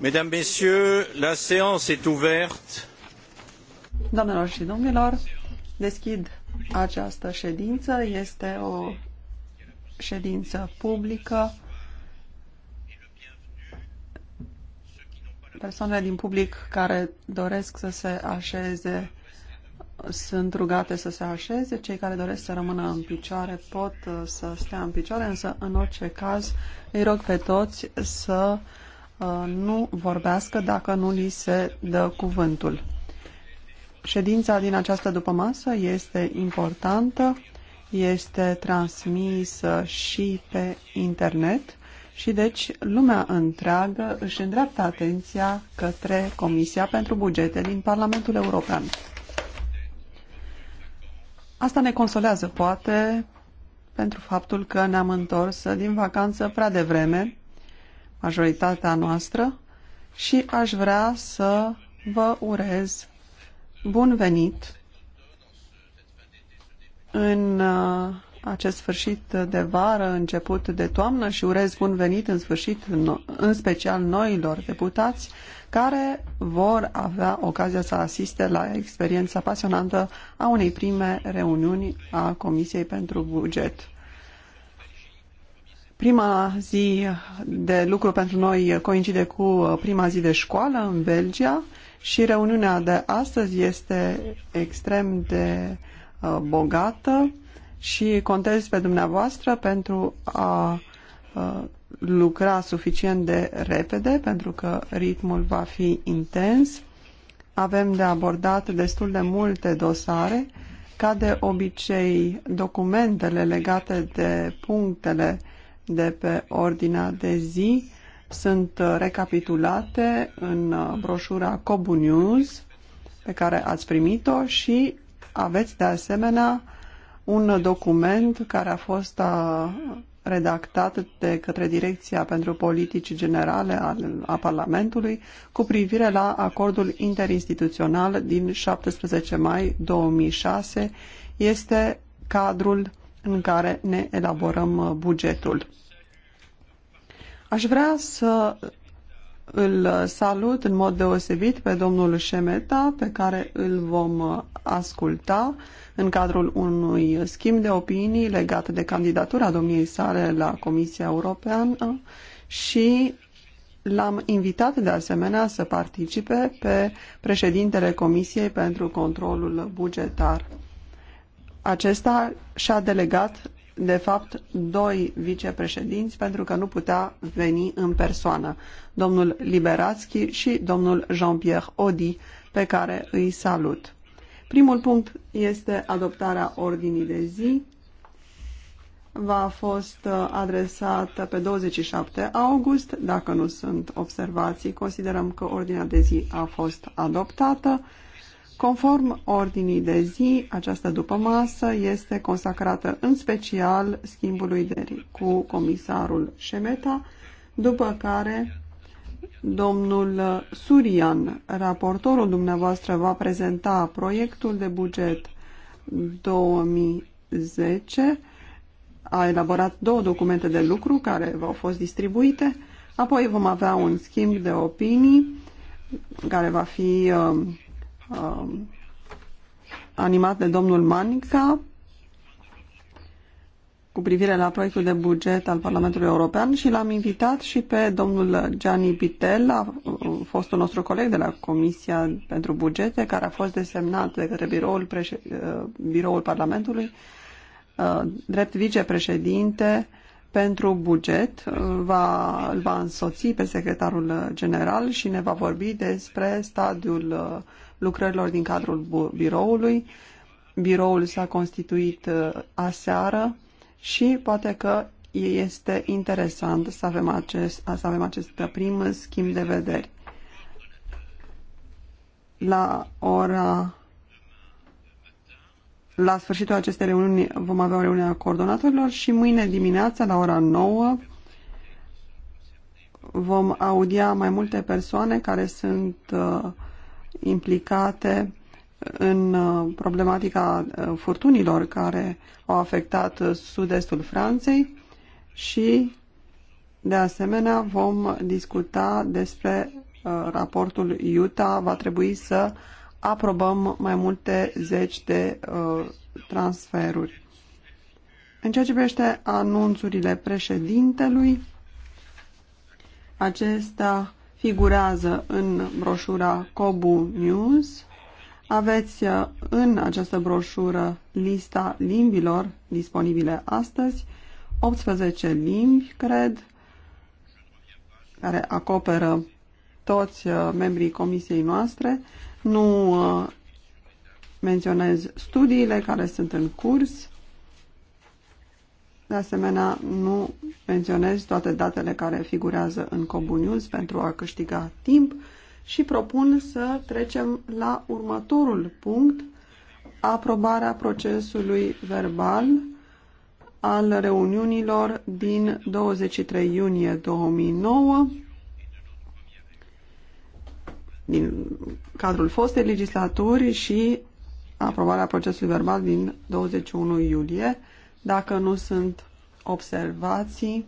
Mesdames, Messieurs, la séance est ouverte. Doamnelor și domnilor, deschid această ședință. Este o ședință publică. Persoanele din public care doresc să se așeze sunt rugate să se așeze, cei care doresc să rămână în picioare pot uh, să stea în picioare, însă în orice caz îi rog pe toți să uh, nu vorbească dacă nu li se dă cuvântul. Ședința din această dupămasă este importantă, este transmisă și pe internet și deci lumea întreagă își îndreaptă atenția către Comisia pentru Bugete din Parlamentul European. Asta ne consolează, poate, pentru faptul că ne-am întors din vacanță prea devreme, majoritatea noastră, și aș vrea să vă urez bun venit în uh, acest sfârșit de vară, început de toamnă și urez bun venit în sfârșit, în special noilor deputați care vor avea ocazia să asiste la experiența pasionantă a unei prime reuniuni a Comisiei pentru Buget. Prima zi de lucru pentru noi coincide cu prima zi de școală în Belgia și reuniunea de astăzi este extrem de uh, bogată și contez pe dumneavoastră pentru a lucra suficient de repede, pentru că ritmul va fi intens. Avem de abordat destul de multe dosare. Ca de obicei, documentele legate de punctele de pe ordinea de zi sunt uh, recapitulate în uh, broșura Cobu News pe care ați primit-o și aveți de asemenea un document care a fost a, redactat de către Direcția pentru Politici Generale al, a Parlamentului cu privire la acordul interinstituțional din 17 mai 2006 este cadrul în care ne elaborăm bugetul. Aș vrea să îl salut în mod deosebit pe domnul Șemeta, pe care îl vom asculta în cadrul unui schimb de opinii legat de candidatura domniei sale la Comisia Europeană și l-am invitat de asemenea să participe pe președintele Comisiei pentru Controlul Bugetar. Acesta și-a delegat de fapt, doi vicepreședinți pentru că nu putea veni în persoană, domnul Liberațchi și domnul Jean-Pierre Odi, pe care îi salut. Primul punct este adoptarea ordinii de zi. va a fost uh, adresată pe 27 august. Dacă nu sunt observații, considerăm că ordinea de zi a fost adoptată. Conform ordinii de zi, această dupămasă este consacrată în special schimbului de cu comisarul Șemeta, după care domnul Surian, raportorul dumneavoastră, va prezenta proiectul de buget 2010, a elaborat două documente de lucru care v-au fost distribuite, apoi vom avea un schimb de opinii care va fi um, Um, animat de domnul Manica cu privire la proiectul de buget al Parlamentului European și l-am invitat și pe domnul Gianni Pitel, uh, fostul nostru coleg de la Comisia pentru Bugete, care a fost desemnat de către biroul, uh, biroul Parlamentului uh, drept vicepreședinte pentru buget. Va, îl va însoți pe secretarul general și ne va vorbi despre stadiul lucrărilor din cadrul biroului. Biroul s-a constituit uh, aseară și poate că este interesant să avem acest, să avem acest prim schimb de vederi. La ora la sfârșitul acestei reuniuni vom avea o reuniune a coordonatorilor și mâine dimineața la ora 9 vom audia mai multe persoane care sunt uh, implicate în uh, problematica uh, furtunilor care au afectat uh, sud-estul Franței și, de asemenea, vom discuta despre raportul Utah. Va trebui să aprobăm mai multe zeci de transferuri. În ceea ce privește anunțurile președintelui, acesta figurează în broșura Cobu News. Aveți uh, în această broșură lista limbilor disponibile astăzi, 18 limbi, cred, care acoperă toți uh, membrii comisiei noastre. Nu uh, menționez studiile care sunt în curs, de asemenea, nu menționez toate datele care figurează în Cobu News pentru a câștiga timp și propun să trecem la următorul punct, aprobarea procesului verbal al reuniunilor din 23 iunie 2009 din cadrul fostei legislaturi și aprobarea procesului verbal din 21 iulie dacă nu sunt observații,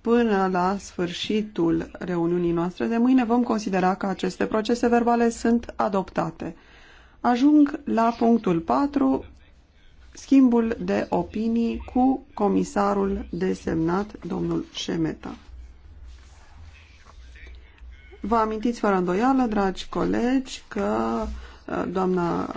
până la sfârșitul reuniunii noastre de mâine vom considera că aceste procese verbale sunt adoptate. Ajung la punctul 4, schimbul de opinii cu comisarul desemnat, domnul Șemeta. Vă amintiți fără îndoială, dragi colegi, că Doamna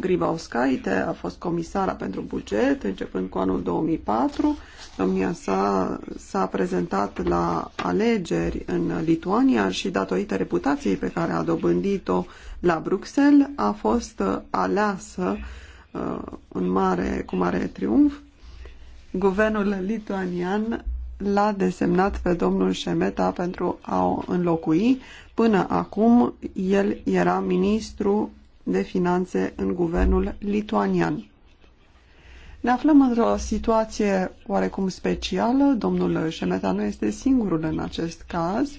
Gribauskaite a fost comisara pentru buget începând cu anul 2004. Domnia sa s-a prezentat la alegeri în Lituania și datorită reputației pe care a dobândit-o la Bruxelles a fost uh, aleasă uh, în mare, cu mare triumf. Guvernul lituanian l-a desemnat pe domnul Șemeta pentru a o înlocui. Până acum, el era ministru de finanțe în guvernul lituanian. Ne aflăm într-o situație oarecum specială. Domnul Șemeta nu este singurul în acest caz.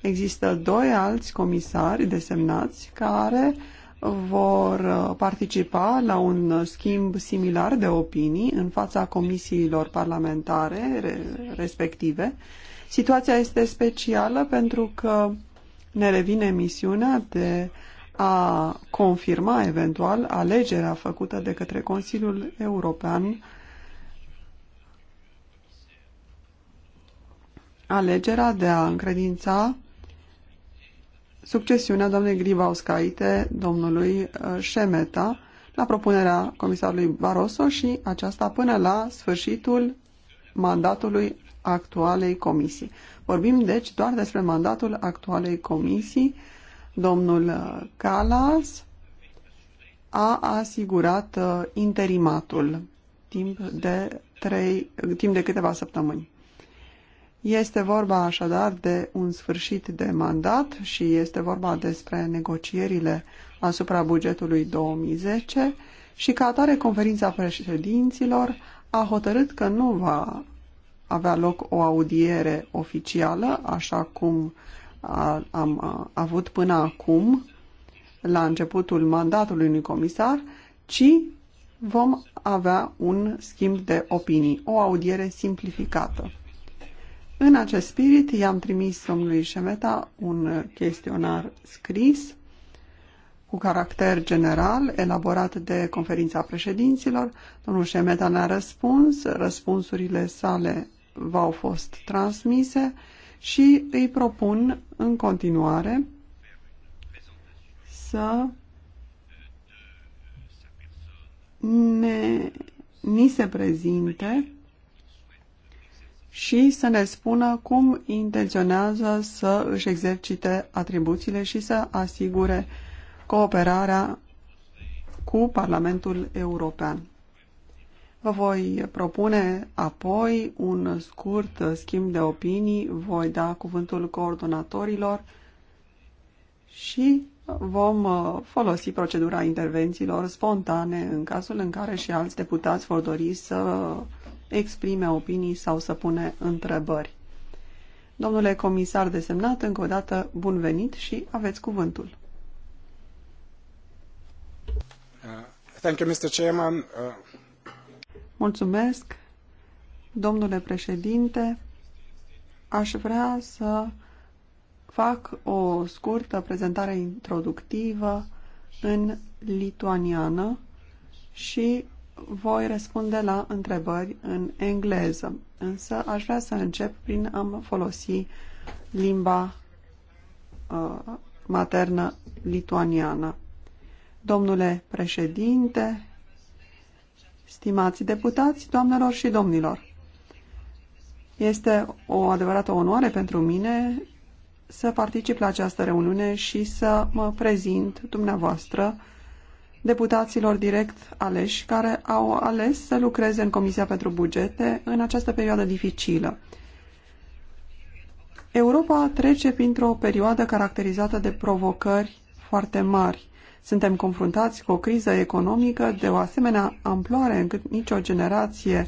Există doi alți comisari desemnați care vor uh, participa la un schimb similar de opinii în fața comisiilor parlamentare respective. Situația este specială pentru că ne revine misiunea de a confirma eventual alegerea făcută de către Consiliul European alegerea de a încredința succesiunea doamnei Gribauskaite, domnului uh, Șemeta, la propunerea comisarului Barroso și aceasta până la sfârșitul mandatului actualei comisii. Vorbim deci doar despre mandatul actualei comisii. Domnul Calas uh, a asigurat uh, interimatul timp de, trei, timp de câteva săptămâni. Este vorba așadar de un sfârșit de mandat și este vorba despre negocierile asupra bugetului 2010 și ca atare conferința președinților a hotărât că nu va avea loc o audiere oficială, așa cum a, am a, avut până acum, la începutul mandatului unui comisar, ci vom avea un schimb de opinii, o audiere simplificată. În acest spirit, i-am trimis domnului Șemeta un chestionar scris cu caracter general, elaborat de conferința președinților. Domnul Șemeta ne-a răspuns, răspunsurile sale v-au fost transmise și îi propun în continuare să ne, ni se prezinte și să ne spună cum intenționează să își exercite atribuțiile și să asigure cooperarea cu Parlamentul European. Vă voi propune apoi un scurt schimb de opinii, voi da cuvântul coordonatorilor și vom uh, folosi procedura intervențiilor spontane în cazul în care și alți deputați vor dori să exprime opinii sau să pune întrebări. Domnule comisar desemnat, încă o dată bun venit și aveți cuvântul. Uh, thank you, Mr. Chairman. Uh, Mulțumesc, domnule președinte. Aș vrea să fac o scurtă prezentare introductivă în lituaniană și voi răspunde la întrebări în engleză, însă aș vrea să încep prin a folosi limba uh, maternă lituaniană. Domnule președinte, stimați deputați, doamnelor și domnilor, este o adevărată onoare pentru mine să particip la această reuniune și să mă prezint dumneavoastră deputaților direct aleși care au ales să lucreze în Comisia pentru Bugete în această perioadă dificilă. Europa trece printr-o perioadă caracterizată de provocări foarte mari. Suntem confruntați cu o criză economică de o asemenea amploare încât nicio generație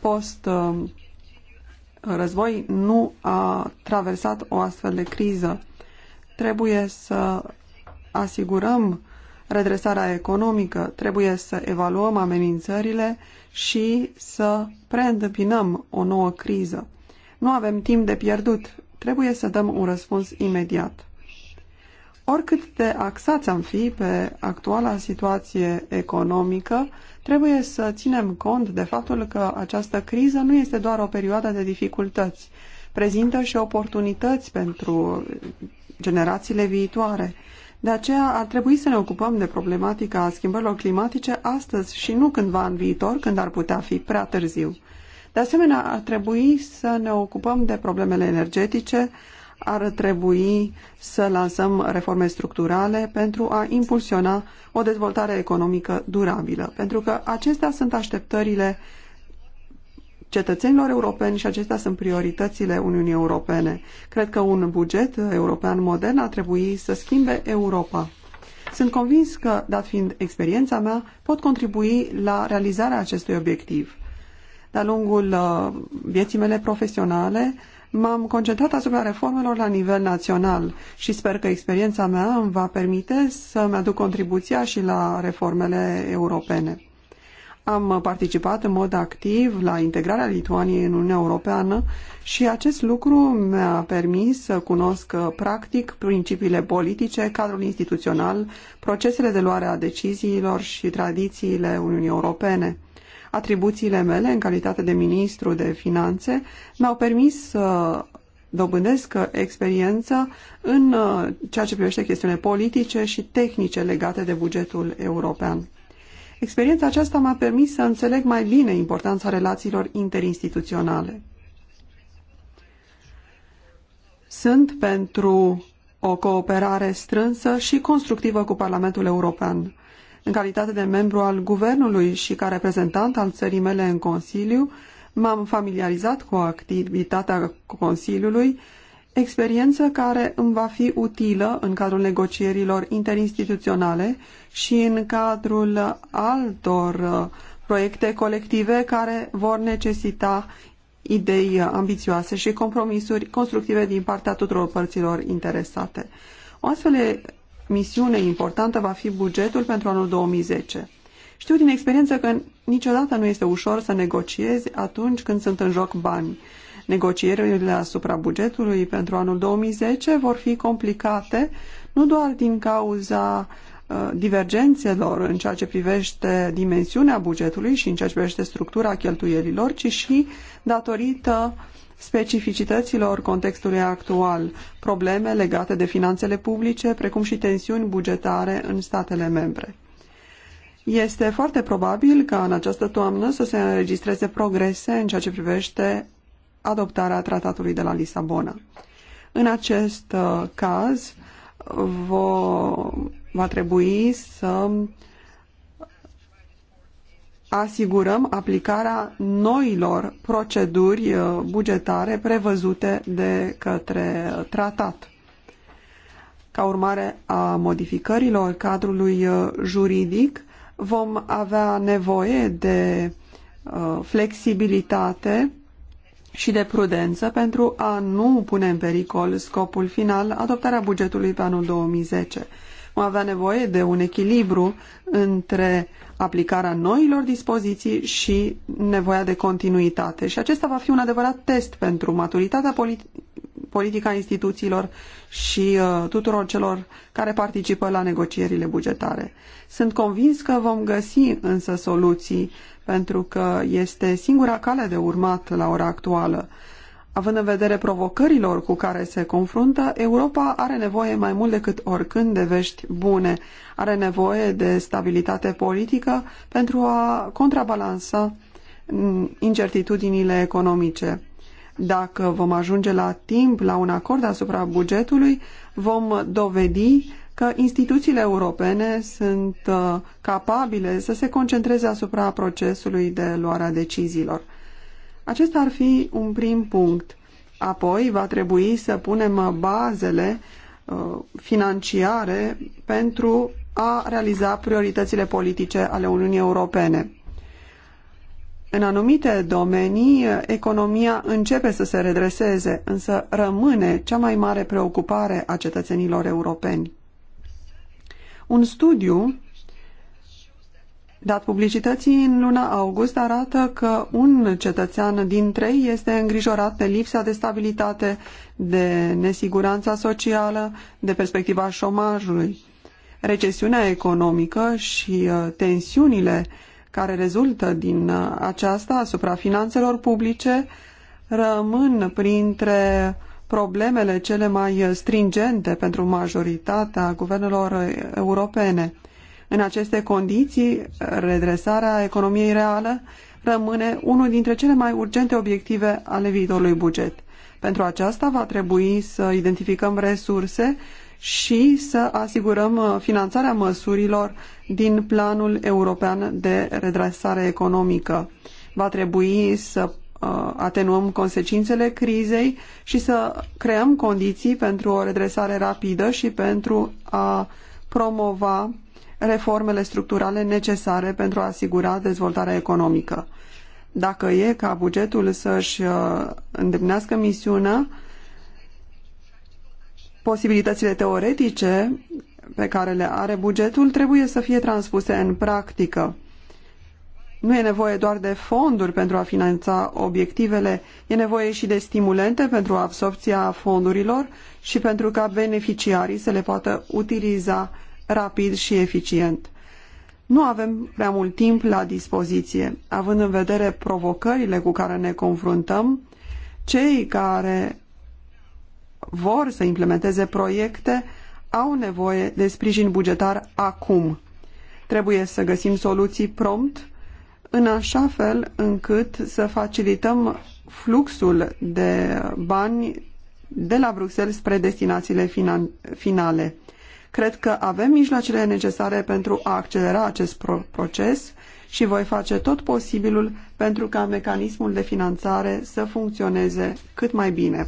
post-război uh, nu a traversat o astfel de criză. Trebuie să asigurăm redresarea economică, trebuie să evaluăm amenințările și să preîntâmpinăm o nouă criză. Nu avem timp de pierdut, trebuie să dăm un răspuns imediat. Oricât de axați am fi pe actuala situație economică, trebuie să ținem cont de faptul că această criză nu este doar o perioadă de dificultăți, prezintă și oportunități pentru generațiile viitoare de aceea ar trebui să ne ocupăm de problematica schimbărilor climatice astăzi și nu cândva în viitor, când ar putea fi prea târziu. De asemenea, ar trebui să ne ocupăm de problemele energetice, ar trebui să lansăm reforme structurale pentru a impulsiona o dezvoltare economică durabilă, pentru că acestea sunt așteptările cetățenilor europeni și acestea sunt prioritățile Uniunii Europene. Cred că un buget european modern ar trebui să schimbe Europa. Sunt convins că, dat fiind experiența mea, pot contribui la realizarea acestui obiectiv. De-a lungul uh, vieții mele profesionale, m-am concentrat asupra reformelor la nivel național și sper că experiența mea îmi va permite să-mi aduc contribuția și la reformele europene. Am participat în mod activ la integrarea Lituaniei în Uniunea Europeană și acest lucru mi-a permis să cunosc uh, practic principiile politice, cadrul instituțional, procesele de luare a deciziilor și tradițiile Uniunii Europene. Atribuțiile mele în calitate de ministru de finanțe mi-au permis să dobândesc uh, experiență în uh, ceea ce privește chestiune politice și tehnice legate de bugetul european. Experiența aceasta m-a permis să înțeleg mai bine importanța relațiilor interinstituționale. Sunt pentru o cooperare strânsă și constructivă cu Parlamentul European. În calitate de membru al guvernului și ca reprezentant al țării mele în Consiliu, m-am familiarizat cu activitatea Consiliului experiență care îmi va fi utilă în cadrul negocierilor interinstituționale și în cadrul altor uh, proiecte colective care vor necesita idei ambițioase și compromisuri constructive din partea tuturor părților interesate. O astfel de misiune importantă va fi bugetul pentru anul 2010. Știu din experiență că niciodată nu este ușor să negociezi atunci când sunt în joc bani Negocierile asupra bugetului pentru anul 2010 vor fi complicate nu doar din cauza uh, divergențelor în ceea ce privește dimensiunea bugetului și în ceea ce privește structura cheltuielilor, ci și datorită specificităților contextului actual, probleme legate de finanțele publice, precum și tensiuni bugetare în statele membre. Este foarte probabil ca în această toamnă să se înregistreze progrese în ceea ce privește adoptarea tratatului de la Lisabona. În acest uh, caz, vo, va trebui să asigurăm aplicarea noilor proceduri uh, bugetare prevăzute de către tratat. Ca urmare a modificărilor cadrului uh, juridic, vom avea nevoie de uh, flexibilitate și de prudență pentru a nu pune în pericol scopul final, adoptarea bugetului pe anul 2010. Va avea nevoie de un echilibru între aplicarea noilor dispoziții și nevoia de continuitate. Și acesta va fi un adevărat test pentru maturitatea politi politică a instituțiilor și uh, tuturor celor care participă la negocierile bugetare. Sunt convins că vom găsi însă soluții uh, pentru că este singura cale de urmat la ora actuală. Având în vedere provocărilor cu care se confruntă, Europa are nevoie mai mult decât oricând de vești bune. Are nevoie de stabilitate politică pentru a contrabalansa mm, incertitudinile economice. Dacă vom ajunge la timp la un acord asupra bugetului, vom dovedi că instituțiile europene sunt uh, capabile să se concentreze asupra procesului de luarea deciziilor. Acesta ar fi un prim punct. Apoi va trebui să punem bazele uh, financiare pentru a realiza prioritățile politice ale Uniunii Europene. În anumite domenii, uh, economia începe să se redreseze, însă rămâne cea mai mare preocupare a cetățenilor europeni. Un studiu dat publicității în luna august arată că un cetățean din trei este îngrijorat de lipsa de stabilitate, de nesiguranța socială, de perspectiva șomajului. Recesiunea economică și uh, tensiunile care rezultă din uh, aceasta asupra finanțelor publice rămân printre uh, problemele cele mai stringente pentru majoritatea guvernelor europene. În aceste condiții, redresarea economiei reală rămâne unul dintre cele mai urgente obiective ale viitorului buget. Pentru aceasta va trebui să identificăm resurse și să asigurăm finanțarea măsurilor din Planul European de Redresare Economică. Va trebui să Uh, atenuăm consecințele crizei și să creăm condiții pentru o redresare rapidă și pentru a promova reformele structurale necesare pentru a asigura dezvoltarea economică. Dacă e ca bugetul să-și uh, îndeplinească misiunea, posibilitățile teoretice pe care le are bugetul trebuie să fie transpuse în practică. Nu e nevoie doar de fonduri pentru a finanța obiectivele, e nevoie și de stimulente pentru absorpția fondurilor și pentru ca beneficiarii să le poată utiliza rapid și eficient. Nu avem prea mult timp la dispoziție, având în vedere provocările cu care ne confruntăm, cei care vor să implementeze proiecte au nevoie de sprijin bugetar acum. Trebuie să găsim soluții prompt în așa fel încât să facilităm fluxul de bani de la Bruxelles spre destinațiile finale. Cred că avem mijloacele necesare pentru a accelera acest proces și voi face tot posibilul pentru ca mecanismul de finanțare să funcționeze cât mai bine.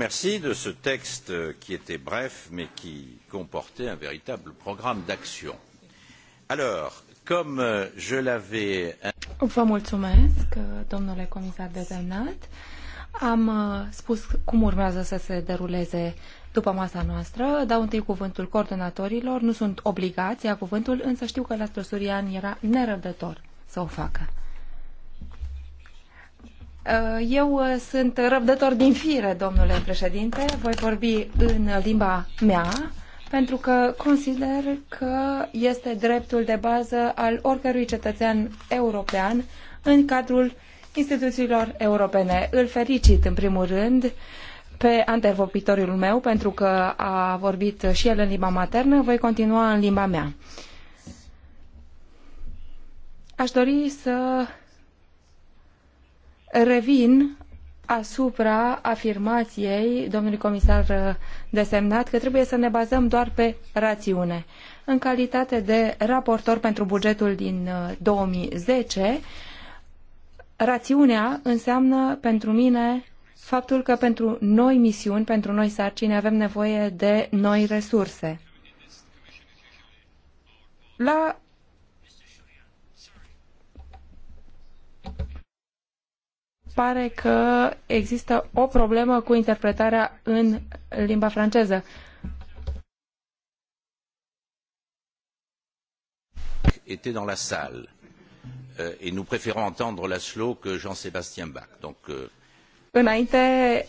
remercie de ce texte qui était bref mais qui comportait un véritable programme d'action. Alors, comme euh, je l'avais... Vă mulțumesc, domnule comisar de desemnat. Am uh, spus cum urmează să se deruleze după masa noastră. Dau întâi cuvântul coordonatorilor. Nu sunt obligați, ia cuvântul, însă știu că la Strosurian era nerăbdător să o facă. Uh, eu uh, sunt răbdător din fire, domnule președinte. Voi vorbi în limba mea, pentru că consider că este dreptul de bază al oricărui cetățean european în cadrul instituțiilor europene. Îl fericit, în primul rând, pe antevorbitorul meu, pentru că a vorbit și el în limba maternă. Voi continua în limba mea. Aș dori să Revin asupra afirmației domnului comisar desemnat că trebuie să ne bazăm doar pe rațiune. În calitate de raportor pentru bugetul din 2010, uh, rațiunea înseamnă pentru mine faptul că pentru noi misiuni, pentru noi sarcini, avem nevoie de noi resurse. La pare că există o problemă cu interpretarea în limba franceză. était dans la salle euh, et nous préférons entendre slow que Jean-Sébastien Bach. Donc, euh... Înainte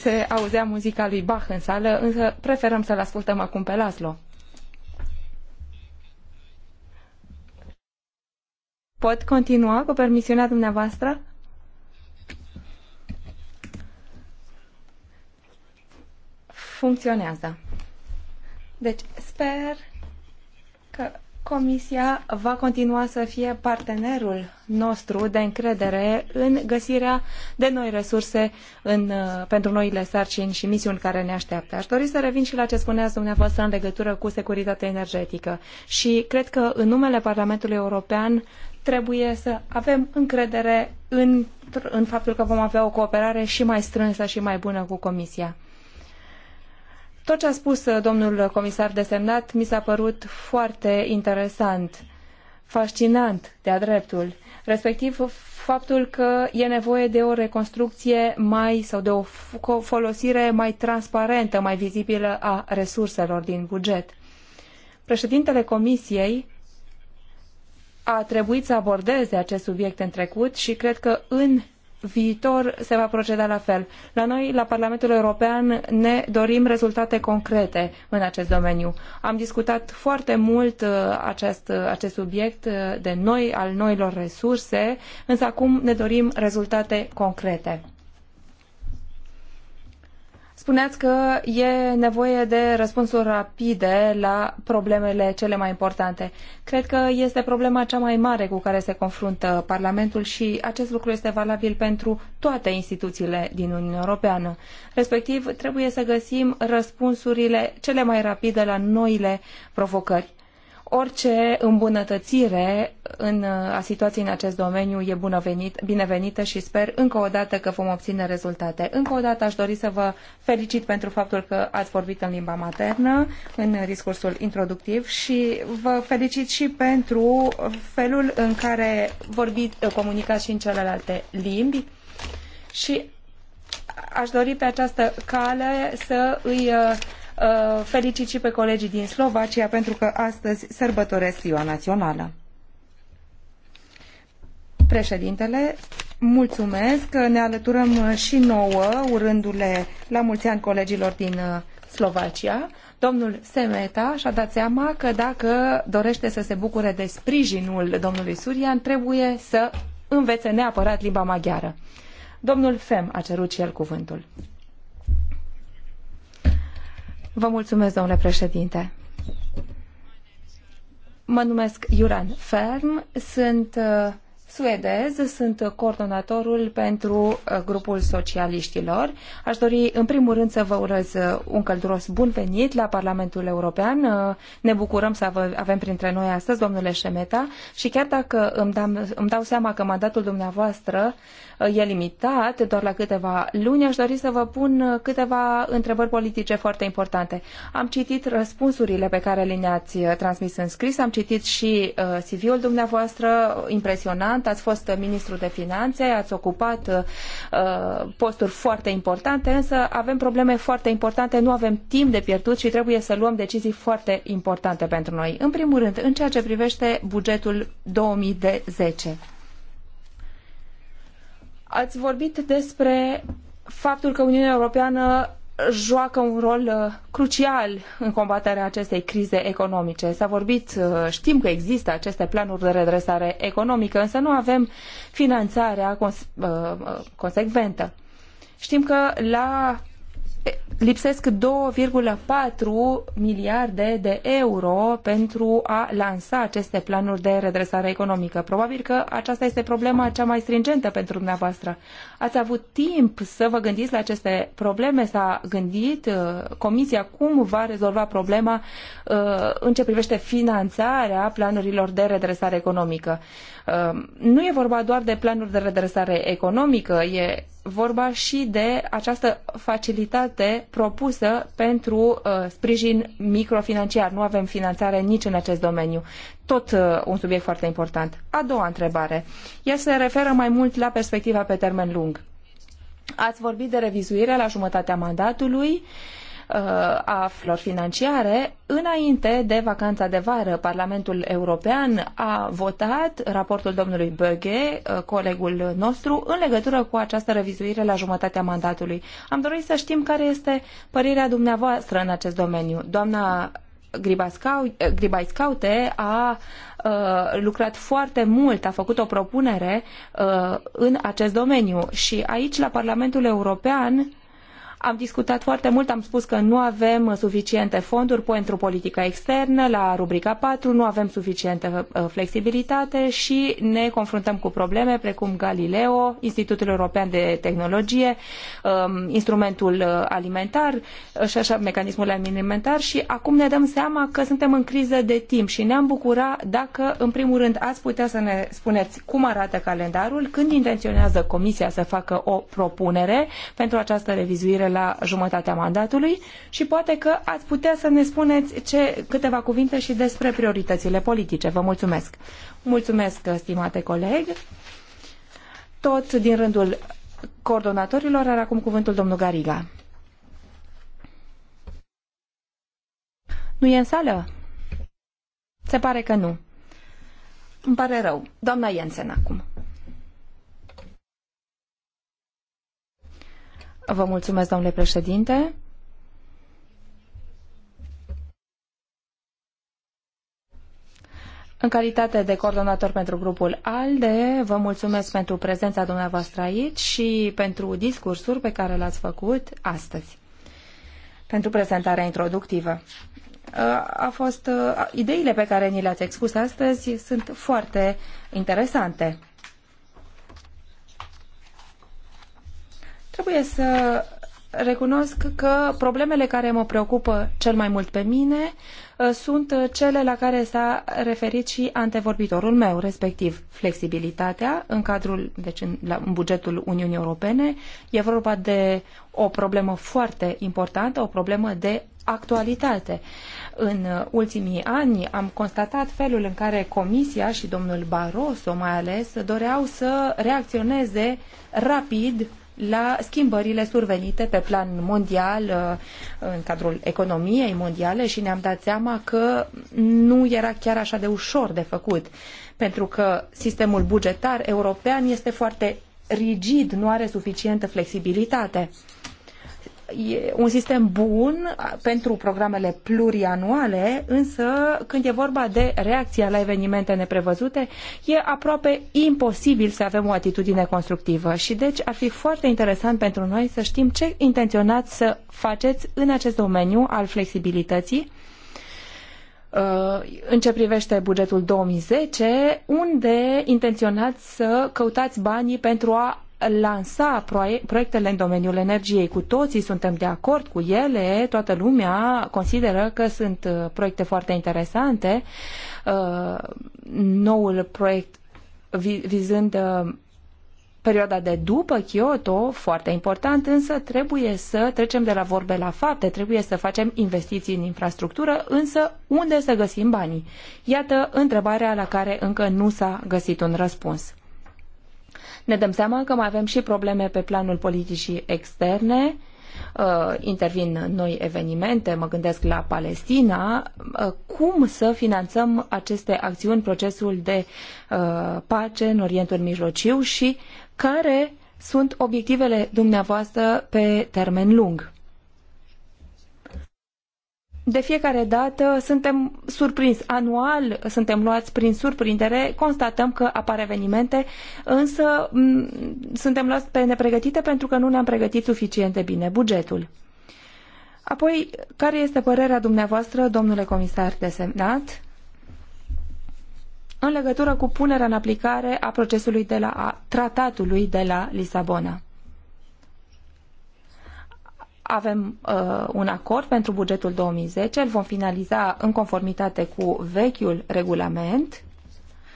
se auzea muzica lui Bach în sală, însă preferăm să-l ascultăm acum pe Laszlo. Pot continua cu permisiunea dumneavoastră? funcționează. Deci sper că Comisia va continua să fie partenerul nostru de încredere în găsirea de noi resurse în, uh, pentru noile sarcini și misiuni care ne așteaptă. Aș dori să revin și la ce spuneați dumneavoastră în legătură cu securitatea energetică și cred că în numele Parlamentului European trebuie să avem încredere în, în faptul că vom avea o cooperare și mai strânsă și mai bună cu Comisia tot ce a spus uh, domnul comisar desemnat mi s-a părut foarte interesant, fascinant de-a dreptul, respectiv faptul că e nevoie de o reconstrucție mai sau de o folosire mai transparentă, mai vizibilă a resurselor din buget. Președintele Comisiei a trebuit să abordeze acest subiect în trecut și cred că în viitor se va proceda la fel. La noi, la Parlamentul European, ne dorim rezultate concrete în acest domeniu. Am discutat foarte mult uh, acest, uh, acest subiect uh, de noi, al noilor resurse, însă acum ne dorim rezultate concrete. Spuneați că e nevoie de răspunsuri rapide la problemele cele mai importante. Cred că este problema cea mai mare cu care se confruntă Parlamentul și acest lucru este valabil pentru toate instituțiile din Uniunea Europeană. Respectiv, trebuie să găsim răspunsurile cele mai rapide la noile provocări orice îmbunătățire în, uh, a situației în acest domeniu e bunăvenit, binevenită și sper încă o dată că vom obține rezultate. Încă o dată aș dori să vă felicit pentru faptul că ați vorbit în limba maternă în discursul introductiv și vă felicit și pentru felul în care vorbiți, uh, comunicați și în celelalte limbi și aș dori pe această cale să îi uh, Uh, felicit și pe colegii din Slovacia pentru că astăzi sărbătoresc ziua națională. Președintele, mulțumesc. Ne alăturăm și nouă urându-le la mulți ani colegilor din uh, Slovacia. Domnul Semeta și-a dat seama că dacă dorește să se bucure de sprijinul domnului Surian, trebuie să învețe neapărat limba maghiară. Domnul Fem a cerut și el cuvântul. Vă mulțumesc, domnule președinte. Mă numesc Juran Ferm, sunt uh, suedez, sunt coordonatorul pentru uh, grupul socialiștilor. Aș dori în primul rând să vă urez uh, un călduros bun venit la Parlamentul European. Ne bucurăm să vă avem printre noi astăzi, domnule Șemeta, și chiar dacă îmi, îmi dau seama că mandatul dumneavoastră uh, Uh, e limitat, doar la câteva luni, aș dori să vă pun uh, câteva întrebări politice foarte importante. Am citit răspunsurile pe care le ne-ați uh, transmis în scris, am citit și CV-ul dumneavoastră, impresionant, ați fost ministru de finanțe, ați ocupat posturi foarte importante, însă avem probleme foarte importante, nu avem timp de pierdut și trebuie să luăm decizii foarte importante pentru noi. În primul rând, în ceea ce privește bugetul 2010. Ați vorbit despre faptul că Uniunea Europeană joacă un rol uh, crucial în combaterea acestei crize economice. S-a vorbit, uh, știm că există aceste planuri de redresare economică, însă nu avem finanțarea uh, consecventă. Știm că la lipsesc 2,4 miliarde de euro pentru a lansa aceste planuri de redresare economică. Probabil că aceasta este problema cea mai stringentă pentru dumneavoastră. Ați avut timp să vă gândiți la aceste probleme? S-a gândit uh, Comisia cum va rezolva problema uh, în ce privește finanțarea planurilor de redresare economică? Um, nu e vorba doar de planuri de redresare economică, e vorba și de această facilitate propusă pentru uh, sprijin microfinanciar. Nu avem finanțare nici în acest domeniu. Tot uh, un subiect foarte important. A doua întrebare. El se referă mai mult la perspectiva pe termen lung. Ați vorbit de revizuire la jumătatea mandatului. Uh, Uh, a flor financiare, înainte de vacanța de vară, Parlamentul European a votat raportul domnului Böge, uh, colegul nostru, în legătură cu această revizuire la jumătatea mandatului. Am dorit să știm care este părerea dumneavoastră în acest domeniu. Doamna uh, Gribaiscaute a uh, lucrat foarte mult, a făcut o propunere uh, în acest domeniu și aici la Parlamentul European am discutat foarte mult, am spus că nu avem suficiente fonduri pentru politica externă, la rubrica 4 nu avem suficientă uh, flexibilitate și ne confruntăm cu probleme precum Galileo, Institutul European de Tehnologie, um, instrumentul uh, alimentar uh, și așa, mecanismul alimentar și acum ne dăm seama că suntem în criză de timp și ne-am bucura dacă, în primul rând, ați putea să ne spuneți cum arată calendarul, când intenționează Comisia să facă o propunere pentru această revizuire la jumătatea mandatului și poate că ați putea să ne spuneți ce, câteva cuvinte și despre prioritățile politice. Vă mulțumesc. Mulțumesc, stimate coleg. Tot din rândul coordonatorilor are acum cuvântul domnul Gariga. Nu e în sală? Se pare că nu. Îmi pare rău. Doamna Jensen acum. Vă mulțumesc, domnule președinte. În calitate de coordonator pentru grupul ALDE, vă mulțumesc pentru prezența dumneavoastră aici și pentru discursuri pe care le-ați făcut astăzi, pentru prezentarea introductivă. A fost, ideile pe care ni le-ați expus astăzi sunt foarte interesante. Trebuie să recunosc că problemele care mă preocupă cel mai mult pe mine uh, sunt uh, cele la care s-a referit și antevorbitorul meu, respectiv flexibilitatea în cadrul, deci în, la, în bugetul Uniunii Europene. E vorba de o problemă foarte importantă, o problemă de actualitate. În uh, ultimii ani am constatat felul în care Comisia și domnul Barroso mai ales doreau să reacționeze rapid la schimbările survenite pe plan mondial, uh, în cadrul economiei mondiale și ne-am dat seama că nu era chiar așa de ușor de făcut, pentru că sistemul bugetar european este foarte rigid, nu are suficientă flexibilitate e un sistem bun pentru programele plurianuale, însă când e vorba de reacția la evenimente neprevăzute, e aproape imposibil să avem o atitudine constructivă și deci ar fi foarte interesant pentru noi să știm ce intenționați să faceți în acest domeniu al flexibilității uh, în ce privește bugetul 2010, unde intenționați să căutați banii pentru a lansa proiectele în domeniul energiei. Cu toții suntem de acord cu ele, toată lumea consideră că sunt uh, proiecte foarte interesante. Uh, noul proiect vizând uh, perioada de după Kyoto, foarte important, însă trebuie să trecem de la vorbe la fapte, trebuie să facem investiții în infrastructură, însă unde să găsim banii? Iată întrebarea la care încă nu s-a găsit un răspuns ne dăm seama că mai avem și probleme pe planul politicii externe, uh, intervin noi evenimente, mă gândesc la Palestina, uh, cum să finanțăm aceste acțiuni, procesul de uh, pace în Orientul Mijlociu și care sunt obiectivele dumneavoastră pe termen lung de fiecare dată suntem surprinși. Anual suntem luați prin surprindere, constatăm că apar evenimente, însă suntem luați pe nepregătite pentru că nu ne-am pregătit suficient de bine bugetul. Apoi, care este părerea dumneavoastră, domnule comisar desemnat, în legătură cu punerea în aplicare a procesului de la a tratatului de la Lisabona? avem uh, un acord pentru bugetul 2010, îl vom finaliza în conformitate cu vechiul regulament.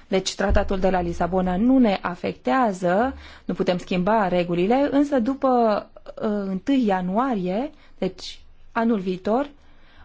Deci tratatul de la Lisabona nu ne afectează, nu putem schimba regulile, însă după uh, 1 ianuarie, deci anul viitor,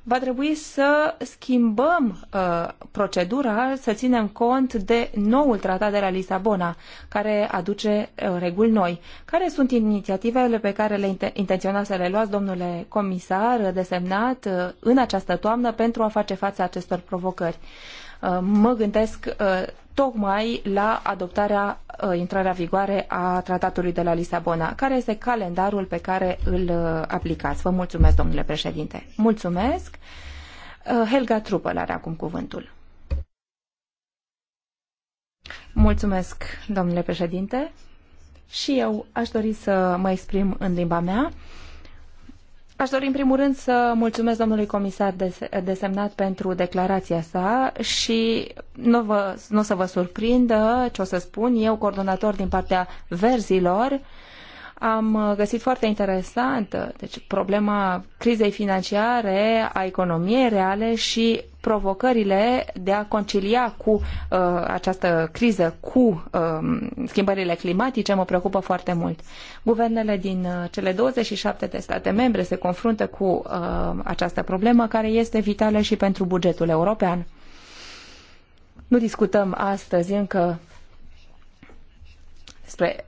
va trebui să schimbăm uh, procedura, să ținem cont de noul tratat de la Lisabona, care aduce uh, reguli noi. Care sunt inițiativele pe care le intenționa să le luați, domnule comisar desemnat, uh, în această toamnă pentru a face față acestor provocări? Uh, Uh, mă gândesc uh, tocmai la adoptarea, uh, intrarea vigoare a tratatului de la Lisabona. Care este calendarul pe care îl aplicați? Vă mulțumesc, domnule președinte. Mulțumesc. Helga Trupăl are acum cuvântul. Mulțumesc, domnule președinte. Și eu aș dori să mă exprim în limba mea. Aș dori în primul rând să mulțumesc domnului comisar desemnat pentru declarația sa și nu, vă, nu o să vă surprindă ce o să spun. Eu, coordonator din partea verzilor, am uh, găsit foarte interesant uh, deci, problema crizei financiare, a economiei reale și provocările de a concilia cu uh, această criză, cu uh, schimbările climatice, mă preocupă foarte mult. Guvernele din uh, cele 27 de state membre se confruntă cu uh, această problemă care este vitală și pentru bugetul european. Nu discutăm astăzi încă despre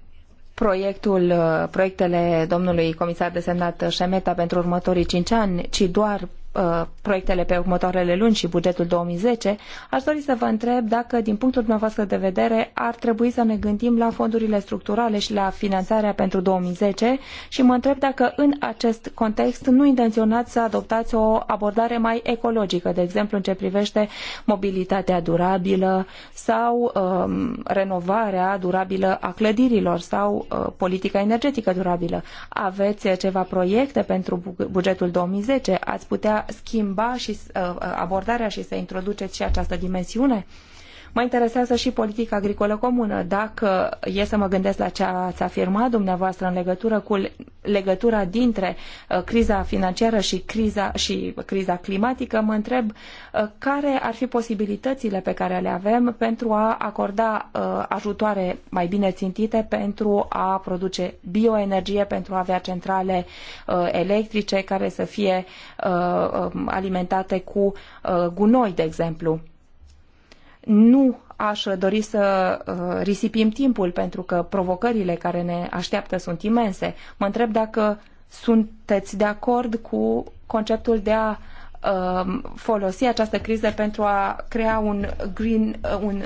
proiectul, uh, proiectele domnului comisar desemnat Șemeta pentru următorii cinci ani, ci doar Uh, proiectele pe următoarele luni și bugetul 2010, aș dori să vă întreb dacă, din punctul dumneavoastră de vedere, ar trebui să ne gândim la fondurile structurale și la finanțarea pentru 2010 și mă întreb dacă, în acest context, nu intenționați să adoptați o abordare mai ecologică, de exemplu, în ce privește mobilitatea durabilă sau um, renovarea durabilă a clădirilor sau uh, politica energetică durabilă. Aveți ceva proiecte pentru bugetul 2010? Ați putea schimba și uh, uh, abordarea și să introduceți și această dimensiune? Uh, Mă interesează și politica agricolă comună. Dacă e să mă gândesc la ce ați afirmat dumneavoastră în legătură cu legătura dintre uh, criza financiară și criza, și criza climatică, mă întreb uh, care ar fi posibilitățile pe care le avem pentru a acorda uh, ajutoare mai bine țintite pentru a produce bioenergie, pentru a avea centrale electrice care să fie um, alimentate cu gunoi, de exemplu nu aș dori să uh, risipim timpul pentru că provocările care ne așteaptă sunt imense. Mă întreb dacă sunteți de acord cu conceptul de a Um, folosi această criză pentru a crea un green, uh, un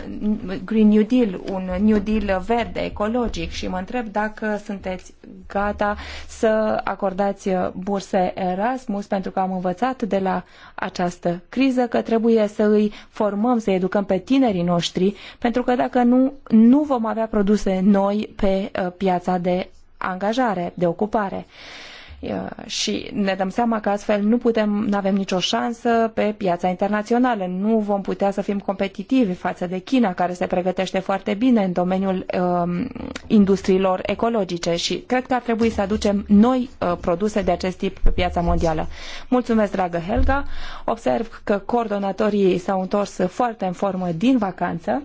green New Deal, un New Deal verde, ecologic și mă întreb dacă sunteți gata să acordați burse Erasmus pentru că am învățat de la această criză că trebuie să îi formăm, să educăm pe tinerii noștri pentru că dacă nu, nu vom avea produse noi pe uh, piața de angajare, de ocupare. Uh, Uh, și ne dăm seama că astfel nu putem, nu avem nicio șansă pe piața internațională. Nu vom putea să fim competitivi față de China, care se pregătește foarte bine în domeniul um, industriilor ecologice și cred că ar trebui să aducem noi uh, produse de acest tip pe piața mondială. Mulțumesc, dragă Helga. Observ că coordonatorii s-au întors foarte în formă din vacanță.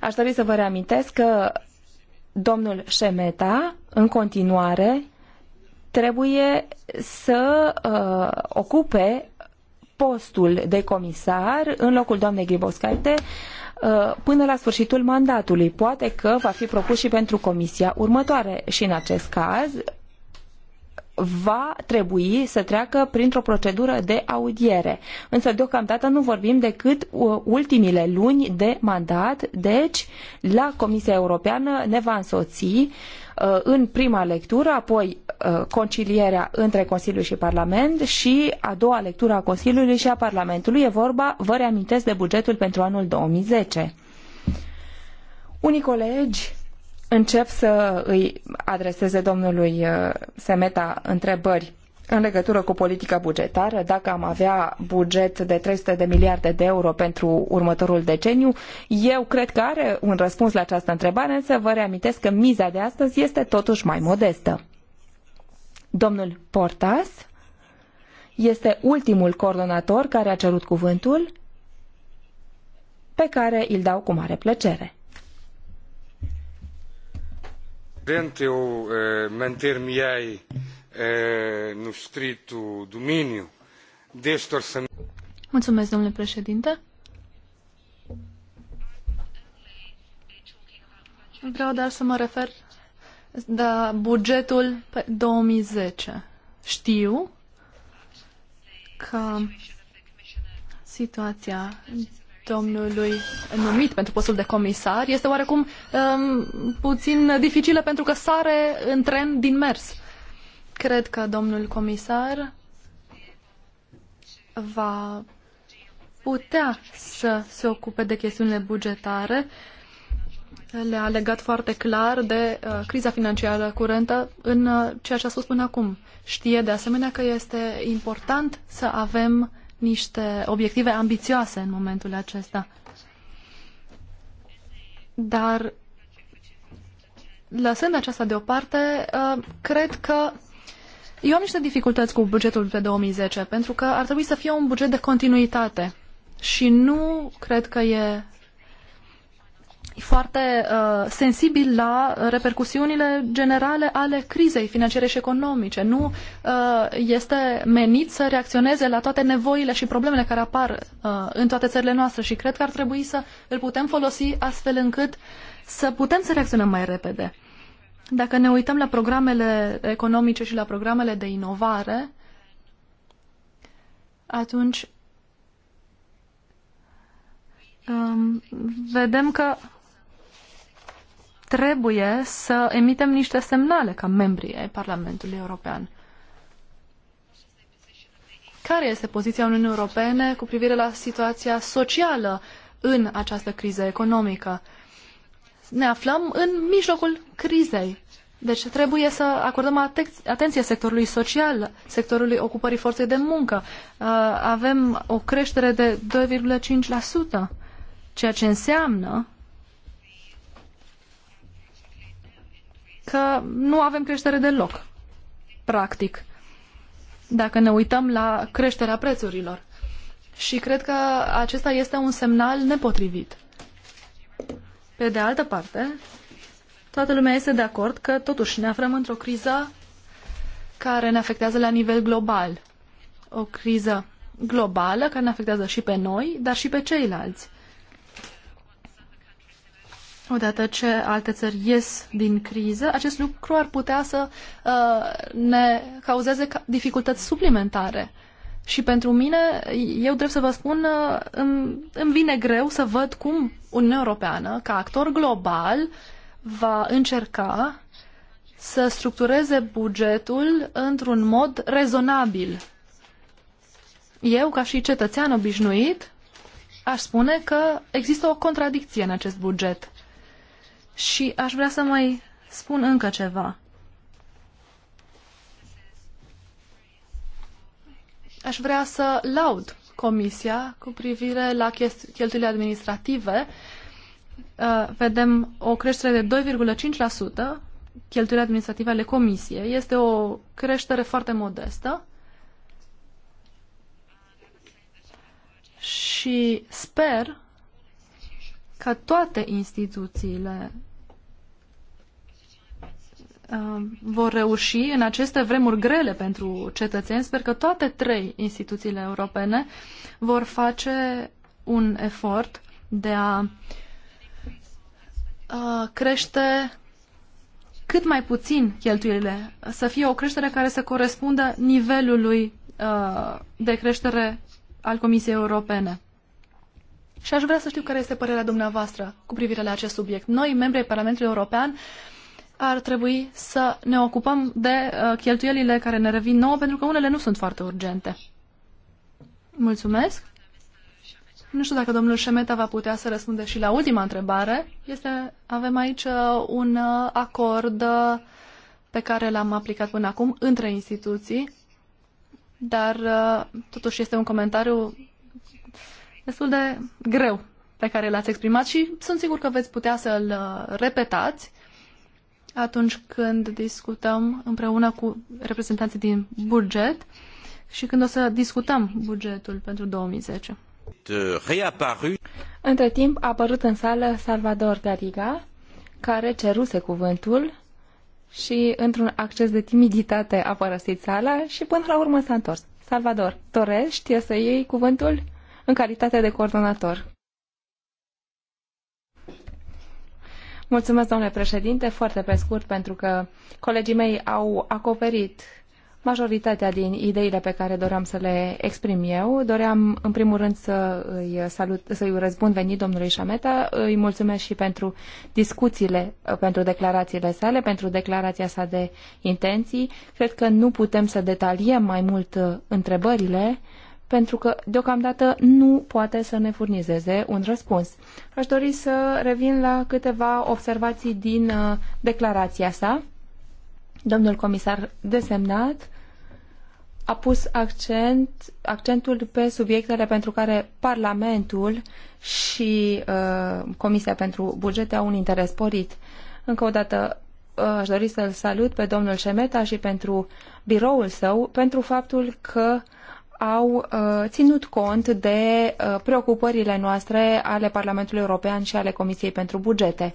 Aș dori să vă reamintesc că domnul Șemeta, în continuare, trebuie să uh, ocupe postul de comisar în locul doamnei Griboscaite uh, până la sfârșitul mandatului. Poate că va fi propus și pentru comisia următoare și în acest caz va trebui să treacă printr-o procedură de audiere. Însă deocamdată nu vorbim decât uh, ultimile luni de mandat, deci la Comisia Europeană ne va însoți uh, Uh, în prima lectură, apoi uh, concilierea între Consiliu și Parlament și a doua lectură a Consiliului și a Parlamentului. E vorba, vă reamintesc, de bugetul pentru anul 2010. Unii colegi încep să îi adreseze domnului uh, Semeta întrebări în legătură cu politica bugetară, dacă am avea buget de 300 de miliarde de euro pentru următorul deceniu, eu cred că are un răspuns la această întrebare, însă vă reamintesc că miza de astăzi este totuși mai modestă. Domnul Portas este ultimul coordonator care a cerut cuvântul, pe care îl dau cu mare plăcere. Eu eh, mă mi no estrito domínio deste orçamento. domnule președinte. Vreau doar să mă refer la bugetul pe 2010. Știu că situația domnului numit pentru postul de comisar este oarecum um, puțin dificilă pentru că sare în tren din mers. Cred că domnul comisar va putea să se ocupe de chestiunile bugetare. Le-a legat foarte clar de uh, criza financiară curentă în uh, ceea ce a spus până acum. Știe de asemenea că este important să avem niște obiective ambițioase în momentul acesta. Dar lăsând aceasta deoparte, uh, cred că eu am niște dificultăți cu bugetul pe 2010, pentru că ar trebui să fie un buget de continuitate și nu cred că e foarte uh, sensibil la repercusiunile generale ale crizei financiare și economice. Nu uh, este menit să reacționeze la toate nevoile și problemele care apar uh, în toate țările noastre și cred că ar trebui să îl putem folosi astfel încât să putem să reacționăm mai repede. Dacă ne uităm la programele economice și la programele de inovare, atunci um, vedem că trebuie să emitem niște semnale ca membri ai Parlamentului European. Care este poziția Uniunii Europene cu privire la situația socială în această criză economică? ne aflăm în mijlocul crizei. Deci trebuie să acordăm atenție sectorului social, sectorului ocupării forței de muncă. Uh, avem o creștere de 2,5%, ceea ce înseamnă că nu avem creștere deloc, practic, dacă ne uităm la creșterea prețurilor. Și cred că acesta este un semnal nepotrivit. Pe de altă parte, toată lumea este de acord că totuși ne aflăm într-o criză care ne afectează la nivel global. O criză globală care ne afectează și pe noi, dar și pe ceilalți. Odată ce alte țări ies din criză, acest lucru ar putea să uh, ne cauzeze dificultăți suplimentare. Și pentru mine, eu trebuie să vă spun, îmi, îmi vine greu să văd cum Uniunea Europeană, ca actor global, va încerca să structureze bugetul într-un mod rezonabil. Eu, ca și cetățean obișnuit, aș spune că există o contradicție în acest buget. Și aș vrea să mai spun încă ceva. aș vrea să laud Comisia cu privire la cheltuielile administrative. Uh, vedem o creștere de 2,5% cheltuielile administrative ale Comisiei. Este o creștere foarte modestă și sper ca toate instituțiile Uh, vor reuși în aceste vremuri grele pentru cetățeni. Sper că toate trei instituțiile europene vor face un efort de a uh, crește cât mai puțin cheltuielile, să fie o creștere care să corespundă nivelului uh, de creștere al Comisiei Europene. Și aș vrea să știu care este părerea dumneavoastră cu privire la acest subiect. Noi, membrii Parlamentului European, uh, ar trebui să ne ocupăm de uh, cheltuielile care ne revin nouă, pentru că unele nu sunt foarte urgente. Mulțumesc. Nu știu dacă domnul Șemeta va putea să răspunde și la ultima întrebare. Este, avem aici uh, un uh, acord pe care l-am aplicat până acum între instituții, dar totuși este un comentariu destul de greu pe care l-ați exprimat și sunt sigur că veți putea să-l repetați atunci când discutăm împreună cu reprezentanții din buget și când o să discutăm bugetul pentru 2010. Între timp a apărut în sală Salvador Gariga, care ceruse cuvântul și, într-un acces de timiditate, a părăsit sala și până la urmă s-a întors. Salvador, dorești să iei cuvântul în calitate de coordonator? Mulțumesc, domnule președinte, foarte pe scurt, pentru că colegii mei au acoperit majoritatea din ideile pe care doream să le exprim eu. Doream, în primul rând, să îi salut, să îi răspund venit domnului Șameta. Îi mulțumesc și pentru discuțiile, pentru declarațiile sale, pentru declarația sa de intenții. Cred că nu putem să detaliem mai mult uh, întrebările pentru că deocamdată nu poate să ne furnizeze un răspuns. Aș dori să revin la câteva observații din uh, declarația sa. Domnul comisar desemnat a pus accent, accentul pe subiectele pentru care Parlamentul și uh, Comisia pentru Bugete au un interes sporit. Încă o dată uh, aș dori să-l salut pe domnul Șemeta și pentru biroul său pentru faptul că au uh, ținut cont de uh, preocupările noastre ale Parlamentului European și ale Comisiei pentru Bugete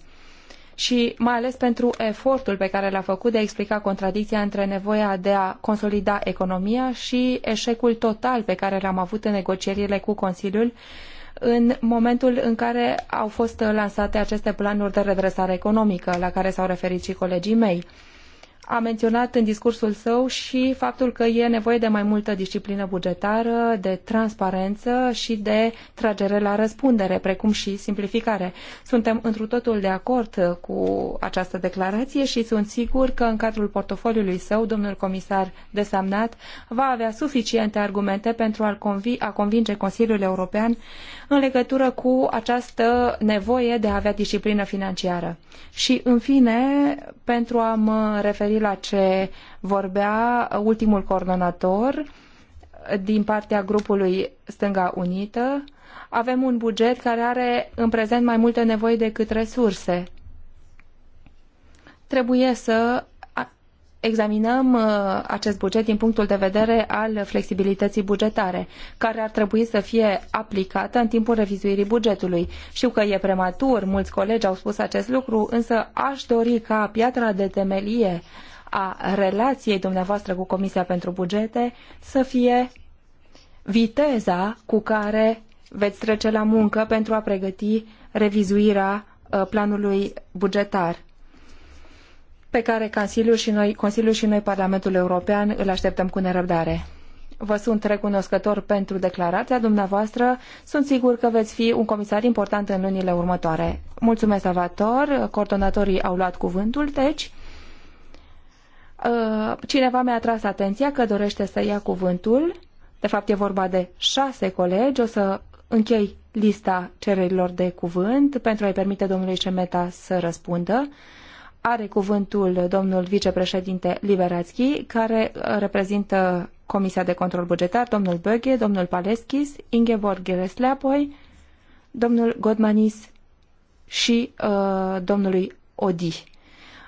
și mai ales pentru efortul pe care l-a făcut de a explica contradicția între nevoia de a consolida economia și eșecul total pe care l-am avut în negocierile cu Consiliul în momentul în care au fost lansate aceste planuri de redresare economică la care s-au referit și colegii mei. Uh, a menționat în discursul său și faptul că e nevoie de mai multă disciplină bugetară, de transparență și de tragere la răspundere, precum și simplificare. Suntem întru totul de acord cu această declarație și sunt sigur că în cadrul portofoliului său, domnul comisar desamnat va avea suficiente argumente pentru a, convi- a convinge Consiliul European în legătură cu această nevoie de a avea disciplină financiară. Și, în fine, pentru a mă referi la ce vorbea ultimul coordonator din partea grupului Stânga Unită. Avem un buget care are în prezent mai multe nevoi decât resurse. Trebuie să examinăm uh, acest buget din punctul de vedere al flexibilității bugetare, care ar trebui să fie aplicată în timpul revizuirii bugetului. Știu că e prematur, mulți colegi au spus acest lucru, însă aș dori ca piatra de temelie uh, a relației dumneavoastră cu Comisia pentru Bugete să fie viteza cu care veți trece la muncă pentru a pregăti revizuirea uh, planului bugetar pe care Consiliul și noi, Consiliul și noi Parlamentul European îl așteptăm cu nerăbdare. Vă sunt recunoscător pentru declarația dumneavoastră. Sunt sigur că veți fi un comisar important în lunile următoare. Mulțumesc, Salvator. Coordonatorii au luat cuvântul, deci Uh, cineva mi-a tras atenția că dorește să ia cuvântul. De fapt, e vorba de șase colegi. O să închei lista cererilor de cuvânt pentru a-i permite domnului Șemeta să răspundă. Are cuvântul domnul vicepreședinte Liberațchi, care uh, reprezintă Comisia de Control Bugetar, domnul Băghe, domnul Paleschis, Ingeborg Gresle, domnul Godmanis și uh, domnului Odi.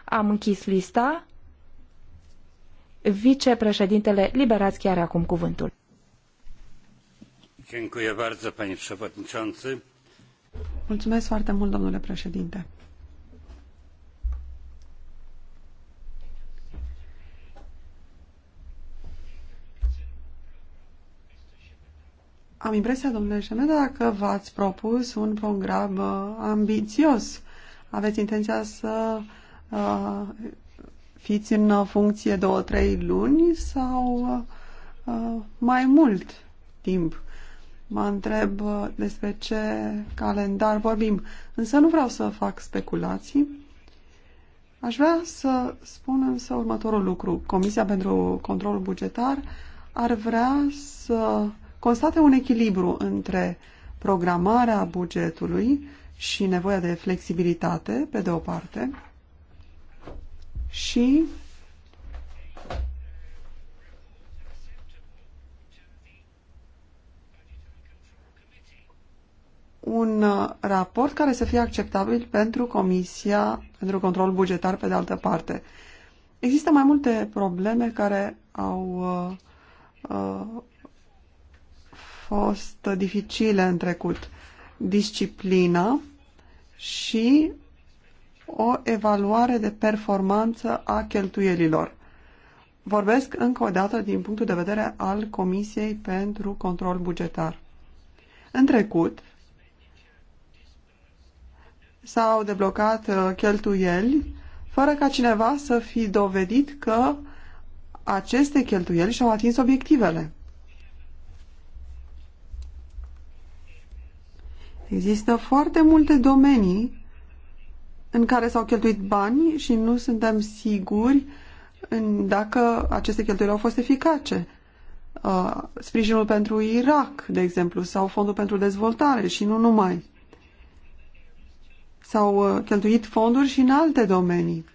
Am închis lista Vicepreședintele, liberați chiar acum cuvântul. Mulțumesc foarte mult, domnule președinte. Am impresia, domnule Șemeda, că v-ați propus un program uh, ambițios. Aveți intenția să uh, fiți în funcție două, trei luni sau uh, mai mult timp. Mă întreb uh, despre ce calendar vorbim, însă nu vreau să fac speculații. Aș vrea să spun însă următorul lucru. Comisia pentru controlul Bugetar ar vrea să constate un echilibru între programarea bugetului și nevoia de flexibilitate, pe de o parte, și un uh, raport care să fie acceptabil pentru Comisia pentru Control Bugetar, pe de altă parte. Există mai multe probleme care au uh, uh, fost dificile în trecut. Disciplina și o evaluare de performanță a cheltuielilor. Vorbesc încă o dată din punctul de vedere al Comisiei pentru Control Bugetar. În trecut, s-au deblocat uh, cheltuieli fără ca cineva să fi dovedit că aceste cheltuieli și-au atins obiectivele. Există foarte multe domenii în care s-au cheltuit bani și nu suntem siguri în, dacă aceste cheltuieli au fost eficace. Uh, sprijinul pentru Irak, de exemplu, sau fondul pentru dezvoltare și nu numai. S-au uh, cheltuit fonduri și în alte domenii.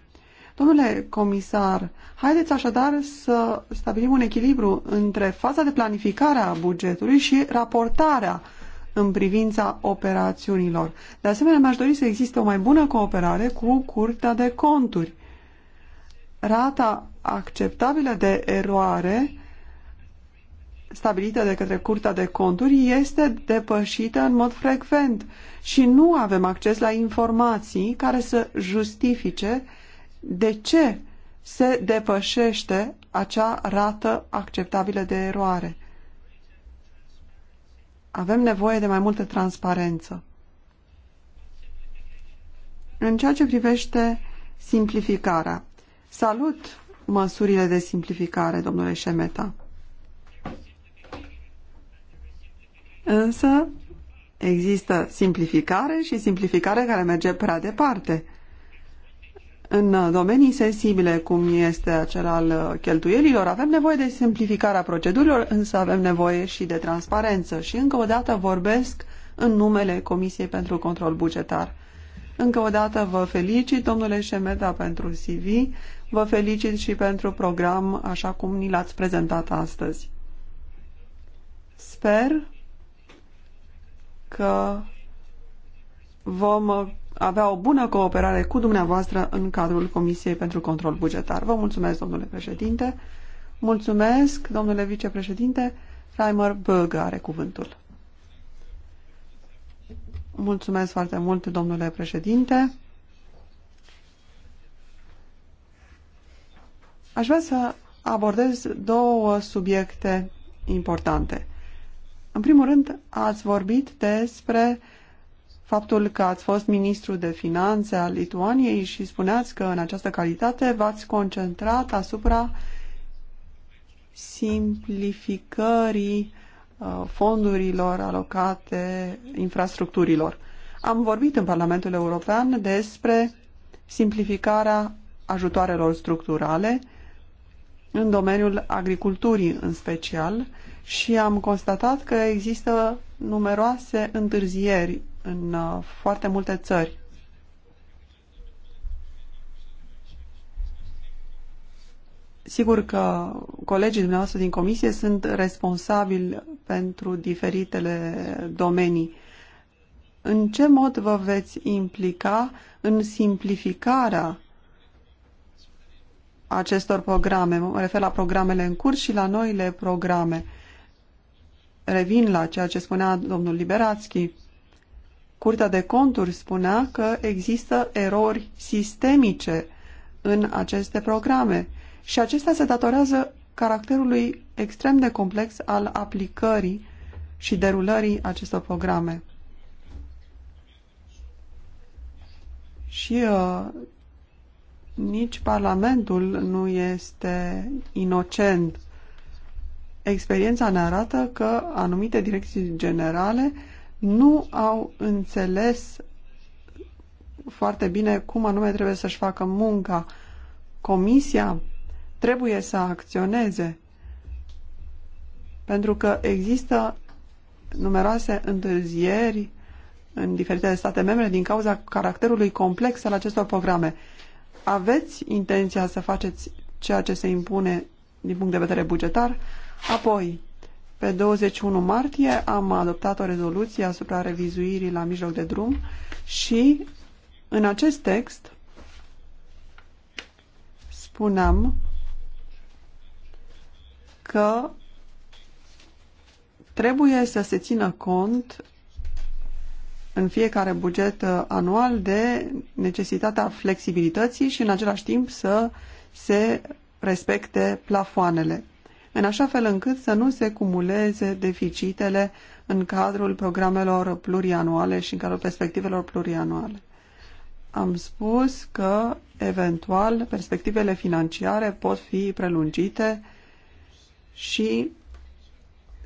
Domnule comisar, haideți așadar să stabilim un echilibru între faza de planificare a bugetului și raportarea uh, în privința operațiunilor. De asemenea, mi-aș dori să existe o mai bună cooperare cu Curtea de Conturi. Rata acceptabilă de eroare stabilită de către Curtea de Conturi este depășită în mod frecvent și nu avem acces la informații care să justifice de ce se depășește acea rată acceptabilă de eroare. Avem nevoie de mai multă transparență. În ceea ce privește simplificarea, salut măsurile de simplificare, domnule Șemeta. Însă există simplificare și simplificare care merge prea departe. În domenii sensibile, cum este acel al uh, cheltuielilor, avem nevoie de simplificarea procedurilor, însă avem nevoie și de transparență. Și încă o dată vorbesc în numele Comisiei pentru Control Bugetar. Încă o dată vă felicit, domnule Șemeta, pentru CV, vă felicit și pentru program, așa cum ni l-ați prezentat astăzi. Sper că vom avea o bună cooperare cu dumneavoastră în cadrul Comisiei pentru Control Bugetar. Vă mulțumesc, domnule președinte. Mulțumesc, domnule vicepreședinte. Reimer Böge are cuvântul. Mulțumesc foarte mult, domnule președinte. Aș vrea să abordez două subiecte importante. În primul rând, ați vorbit despre faptul că ați fost ministru de finanțe al Lituaniei și spuneați că în această calitate v-ați concentrat asupra simplificării uh, fondurilor alocate infrastructurilor. Am vorbit în Parlamentul European despre simplificarea ajutoarelor structurale în domeniul agriculturii în special și am constatat că există numeroase întârzieri în uh, foarte multe țări. Sigur că colegii dumneavoastră din comisie sunt responsabili pentru diferitele domenii. În ce mod vă veți implica în simplificarea acestor programe? Mă refer la programele în curs și la noile programe. Revin la ceea ce spunea domnul Liberațchi. Curtea de conturi spunea că există erori sistemice în aceste programe și acestea se datorează caracterului extrem de complex al aplicării și derulării acestor programe. Și uh, nici Parlamentul nu este inocent. Experiența ne arată că anumite direcții generale nu au înțeles foarte bine cum anume trebuie să-și facă munca. Comisia trebuie să acționeze pentru că există numeroase întârzieri în diferite state membre din cauza caracterului complex al acestor programe. Aveți intenția să faceți ceea ce se impune din punct de vedere bugetar, apoi pe 21 martie am adoptat o rezoluție asupra revizuirii la mijloc de drum și în acest text spuneam că trebuie să se țină cont în fiecare buget uh, anual de necesitatea flexibilității și în același timp să se respecte plafoanele în așa fel încât să nu se cumuleze deficitele în cadrul programelor plurianuale și în cadrul perspectivelor plurianuale. Am spus că, eventual, perspectivele financiare pot fi prelungite și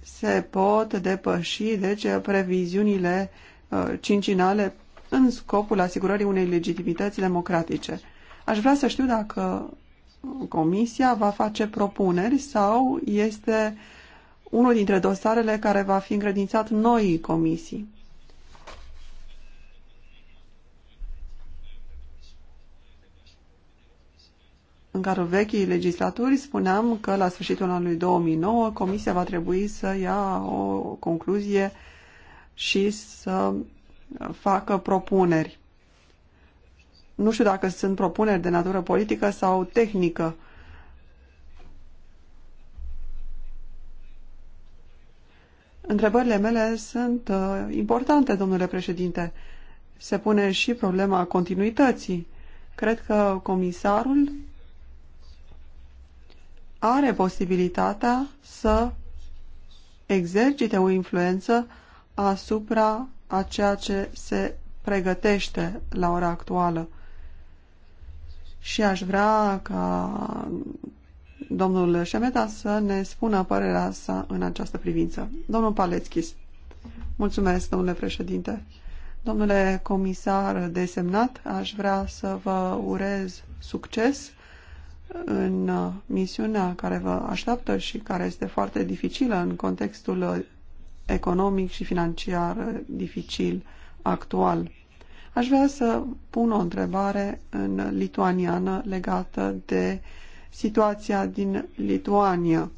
se pot depăși, deci, previziunile uh, cincinale în scopul asigurării unei legitimități democratice. Aș vrea să știu dacă Comisia va face propuneri sau este unul dintre dosarele care va fi încredințat noii comisii? În cadrul vechii legislaturi spuneam că la sfârșitul anului 2009 Comisia va trebui să ia o concluzie și să facă propuneri. Nu știu dacă sunt propuneri de natură politică sau tehnică. Întrebările mele sunt uh, importante, domnule președinte. Se pune și problema continuității. Cred că comisarul are posibilitatea să exercite o influență asupra a ceea ce se pregătește la ora actuală și aș vrea ca domnul Șemeta să ne spună părerea sa în această privință. Domnul Paleschis. Mulțumesc, domnule președinte. Domnule comisar desemnat, aș vrea să vă urez succes în misiunea care vă așteaptă și care este foarte dificilă în contextul economic și financiar dificil actual. Aș vrea să pun o întrebare în lituaniană legată de situația din Lituania.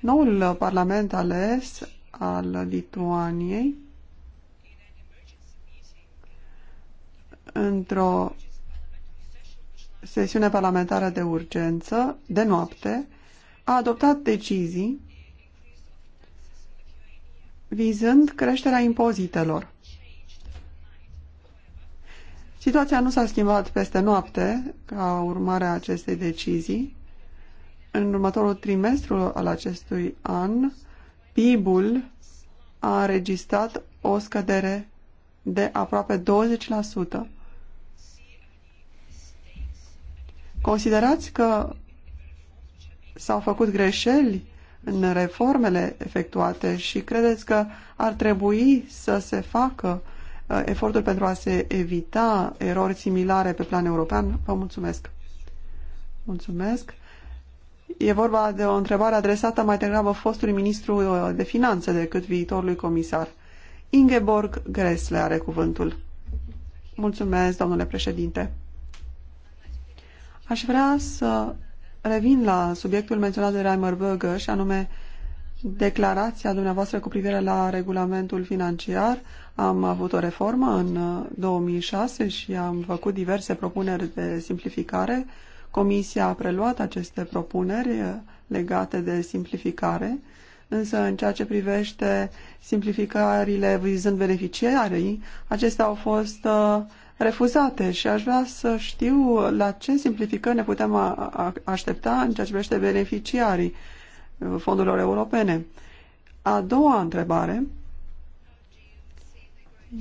Noul parlament ales al Lituaniei într-o sesiune parlamentară de urgență de noapte a adoptat decizii vizând creșterea impozitelor. Situația nu s-a schimbat peste noapte ca urmare a acestei decizii. În următorul trimestru al acestui an, PIB-ul a registrat o scădere de aproape 20%. Considerați că s-au făcut greșeli în reformele efectuate și credeți că ar trebui să se facă uh, eforturi pentru a se evita erori similare pe plan european? Vă mulțumesc! Mulțumesc! E vorba de o întrebare adresată mai degrabă fostului ministru uh, de finanțe decât viitorului comisar. Ingeborg Gresle are cuvântul. Mulțumesc, domnule președinte. Aș vrea să revin la subiectul menționat de Reimer Böge și anume declarația dumneavoastră cu privire la regulamentul financiar. Am avut o reformă în 2006 uh, și am făcut diverse propuneri de simplificare. Comisia a preluat aceste propuneri uh, legate de simplificare, însă în ceea ce privește simplificările vizând beneficiarii, acestea au fost uh, refuzate și aș vrea să știu la ce simplificări ne putem aștepta în ceea ce privește beneficiarii uh, fondurilor europene. A doua întrebare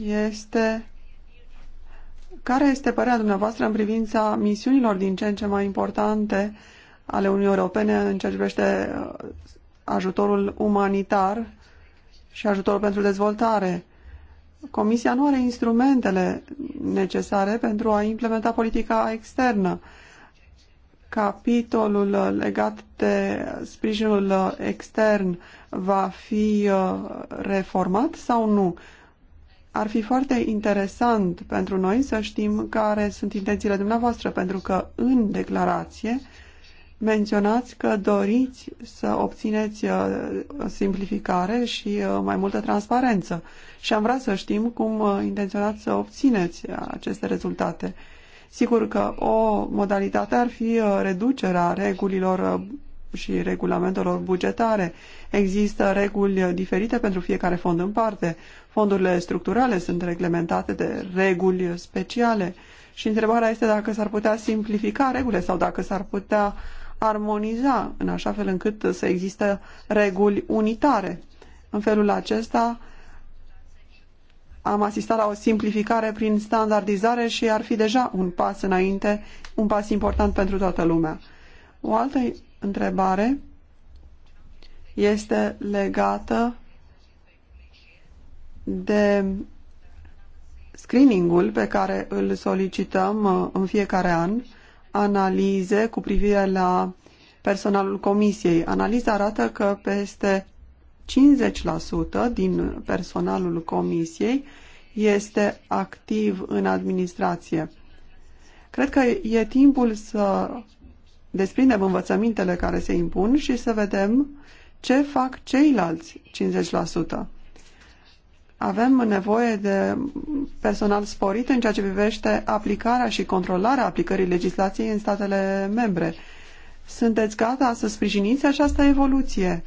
este care este părerea dumneavoastră în privința misiunilor din ce în ce mai importante ale Uniunii Europene în ceea ce privește uh, ajutorul umanitar și ajutorul pentru dezvoltare? Comisia nu are instrumentele necesare pentru a implementa politica externă. Capitolul legat de sprijinul extern va fi uh, reformat sau nu? Ar fi foarte interesant pentru noi să știm care sunt intențiile dumneavoastră, pentru că în declarație menționați că doriți să obțineți uh, simplificare și uh, mai multă transparență și am vrea să știm cum uh, intenționați să obțineți aceste rezultate. Sigur că o modalitate ar fi reducerea regulilor și regulamentelor bugetare. Există reguli diferite pentru fiecare fond în parte. Fondurile structurale sunt reglementate de reguli speciale și întrebarea este dacă s-ar putea simplifica regulile sau dacă s-ar putea uh, armoniza în așa fel încât să existe reguli unitare. În felul acesta am asistat la o simplificare prin standardizare și ar fi deja un pas înainte, un pas important pentru toată lumea. O altă întrebare este legată de screeningul pe care îl solicităm uh, în fiecare an analize cu privire la personalul comisiei. Analiza arată că peste 50% din personalul comisiei este activ în administrație. Cred că e timpul să desprindem învățămintele care se impun și să vedem ce fac ceilalți 50%. Avem nevoie de personal sporit în ceea ce privește aplicarea și controlarea aplicării legislației în statele membre. Sunteți gata să sprijiniți această evoluție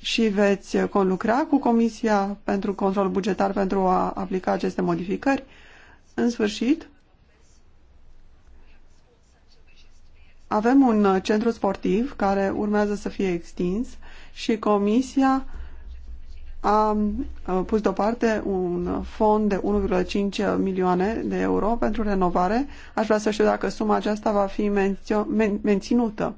și veți conlucra cu Comisia pentru Control Bugetar pentru a aplica aceste modificări? În sfârșit, avem un centru sportiv care urmează să fie extins și Comisia a uh, pus deoparte un fond de 1,5 milioane de euro pentru renovare. Aș vrea să știu dacă suma aceasta va fi men menținută.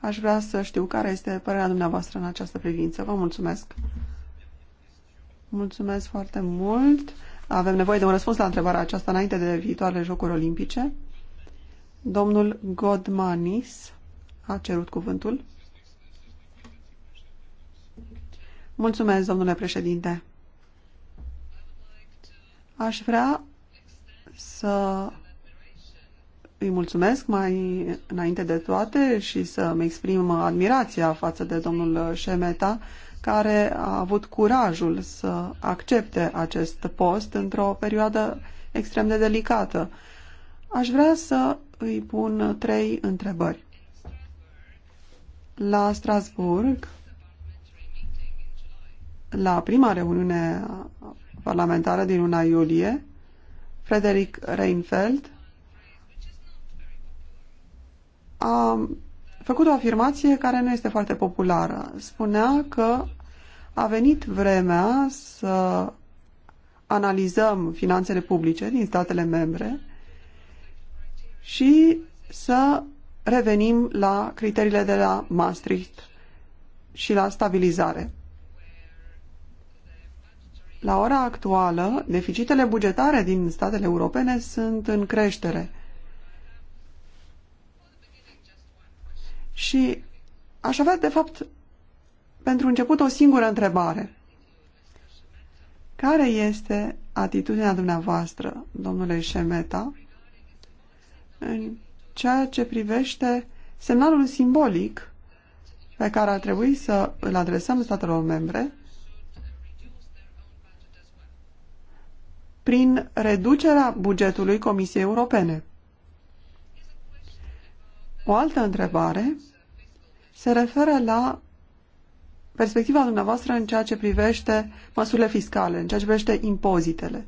Aș vrea să știu care este părerea dumneavoastră în această privință. Vă mulțumesc! Mulțumesc foarte mult! Avem nevoie de un răspuns la întrebarea aceasta înainte de viitoarele Jocuri Olimpice. Domnul Godmanis a cerut cuvântul. Mulțumesc, domnule președinte. Aș vrea să îi mulțumesc mai înainte de toate și să-mi exprim admirația față de domnul Șemeta, care a avut curajul să accepte acest post într-o perioadă extrem de delicată. Aș vrea să îi pun trei întrebări. La Strasburg, la prima reuniune parlamentară din luna iulie, Frederic Reinfeld a făcut o afirmație care nu este foarte populară. Spunea că a venit vremea să analizăm finanțele publice din statele membre și să revenim la criteriile de la Maastricht și la stabilizare. La ora actuală, deficitele bugetare din statele europene sunt în creștere. Și aș avea, de fapt, pentru început o singură întrebare. Care este atitudinea dumneavoastră, domnule Șemeta, în ceea ce privește semnalul simbolic pe care ar trebui să îl adresăm statelor membre prin reducerea bugetului Comisiei Europene. O altă întrebare se referă la perspectiva dumneavoastră în ceea ce privește măsurile fiscale, în ceea ce privește impozitele.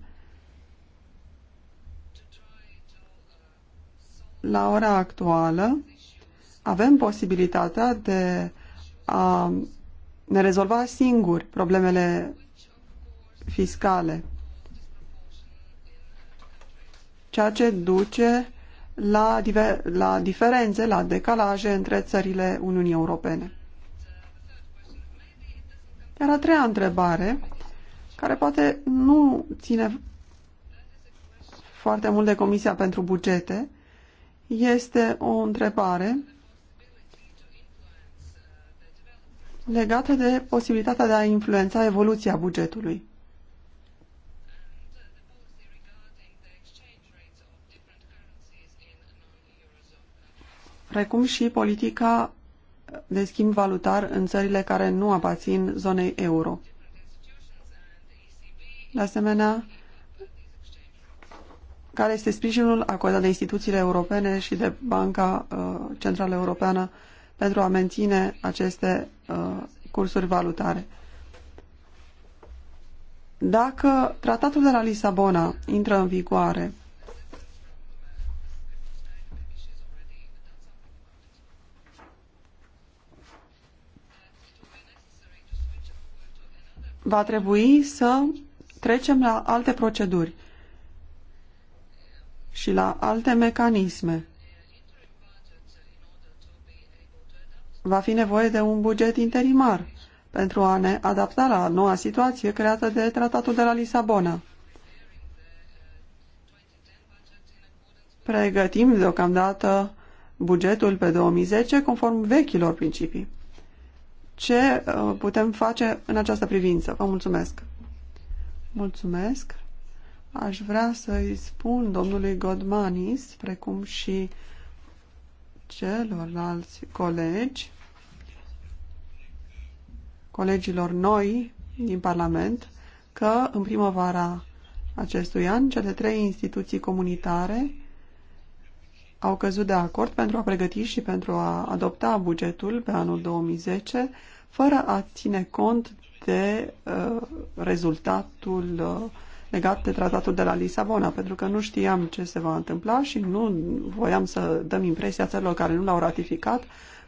La ora actuală avem posibilitatea de a ne rezolva singuri problemele fiscale ceea ce duce la, diver, la diferențe, la decalaje între țările Uniunii Europene. Iar a treia întrebare, care poate nu ține foarte mult de Comisia pentru Bugete, este o întrebare legată de posibilitatea de a influența evoluția bugetului. precum și politica de schimb valutar în țările care nu aparțin zonei euro. De asemenea, care este sprijinul acordat de instituțiile europene și de Banca uh, Centrală Europeană pentru a menține aceste uh, cursuri valutare. Dacă tratatul de la Lisabona intră în vigoare va trebui să trecem la alte proceduri și la alte mecanisme. Va fi nevoie de un buget interimar pentru a ne adapta la noua situație creată de Tratatul de la Lisabona. Pregătim deocamdată bugetul pe 2010 conform vechilor principii ce uh, putem face în această privință. Vă mulțumesc! Mulțumesc! Aș vrea să-i spun domnului Godmanis, precum și celorlalți colegi, colegilor noi din Parlament, că în primăvara acestui an, cele trei instituții comunitare au căzut de acord pentru a pregăti și pentru a adopta bugetul pe anul 2010, fără a ține cont de uh, rezultatul uh, legat de tratatul de la Lisabona, pentru că nu știam ce se va întâmpla și nu voiam să dăm impresia țărilor care nu l-au ratificat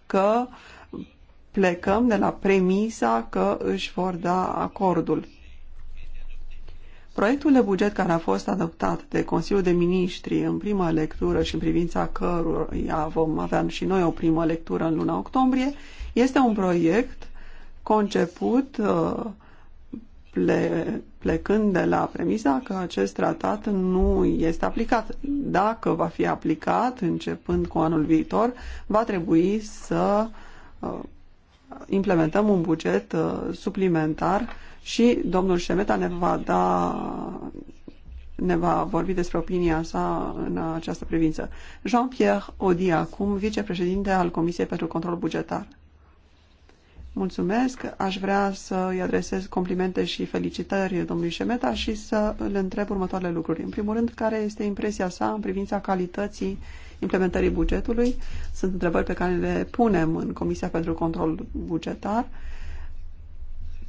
că plecăm de la premisa că își vor da acordul. Proiectul de buget care a fost adoptat de Consiliul de Ministri în prima lectură și în privința căruia vom avea și noi o primă lectură în luna octombrie, este un proiect conceput uh, ple, plecând de la premisa că acest tratat nu este aplicat. Dacă va fi aplicat începând cu anul viitor, va trebui să uh, implementăm un buget uh, suplimentar și domnul Șemeta ne va da ne va vorbi despre opinia sa în această privință. Jean-Pierre Odi, acum vicepreședinte al Comisiei pentru Control Bugetar. Mulțumesc, aș vrea să îi adresez complimente și felicitări domnului Șemeta și să îl întreb următoarele lucruri. În primul rând, care este impresia sa în privința calității implementării bugetului? Sunt întrebări pe care le punem în Comisia pentru Control Bugetar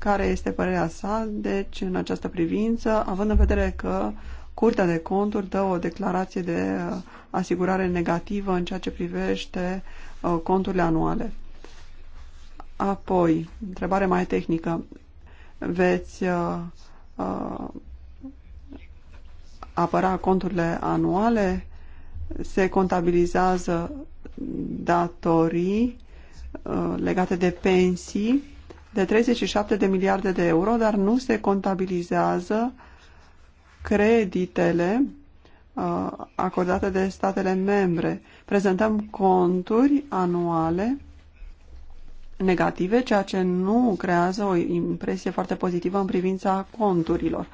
care este părerea sa, deci, în această privință, având în vedere că Curtea de Conturi dă o declarație de uh, asigurare negativă în ceea ce privește uh, conturile anuale. Apoi, întrebare mai tehnică. Veți uh, apăra conturile anuale? Se contabilizează datorii legate de pensii de 37 de miliarde de euro, dar nu se contabilizează creditele uh, acordate de statele membre. Prezentăm conturi anuale negative, ceea ce nu creează o impresie foarte pozitivă în privința conturilor.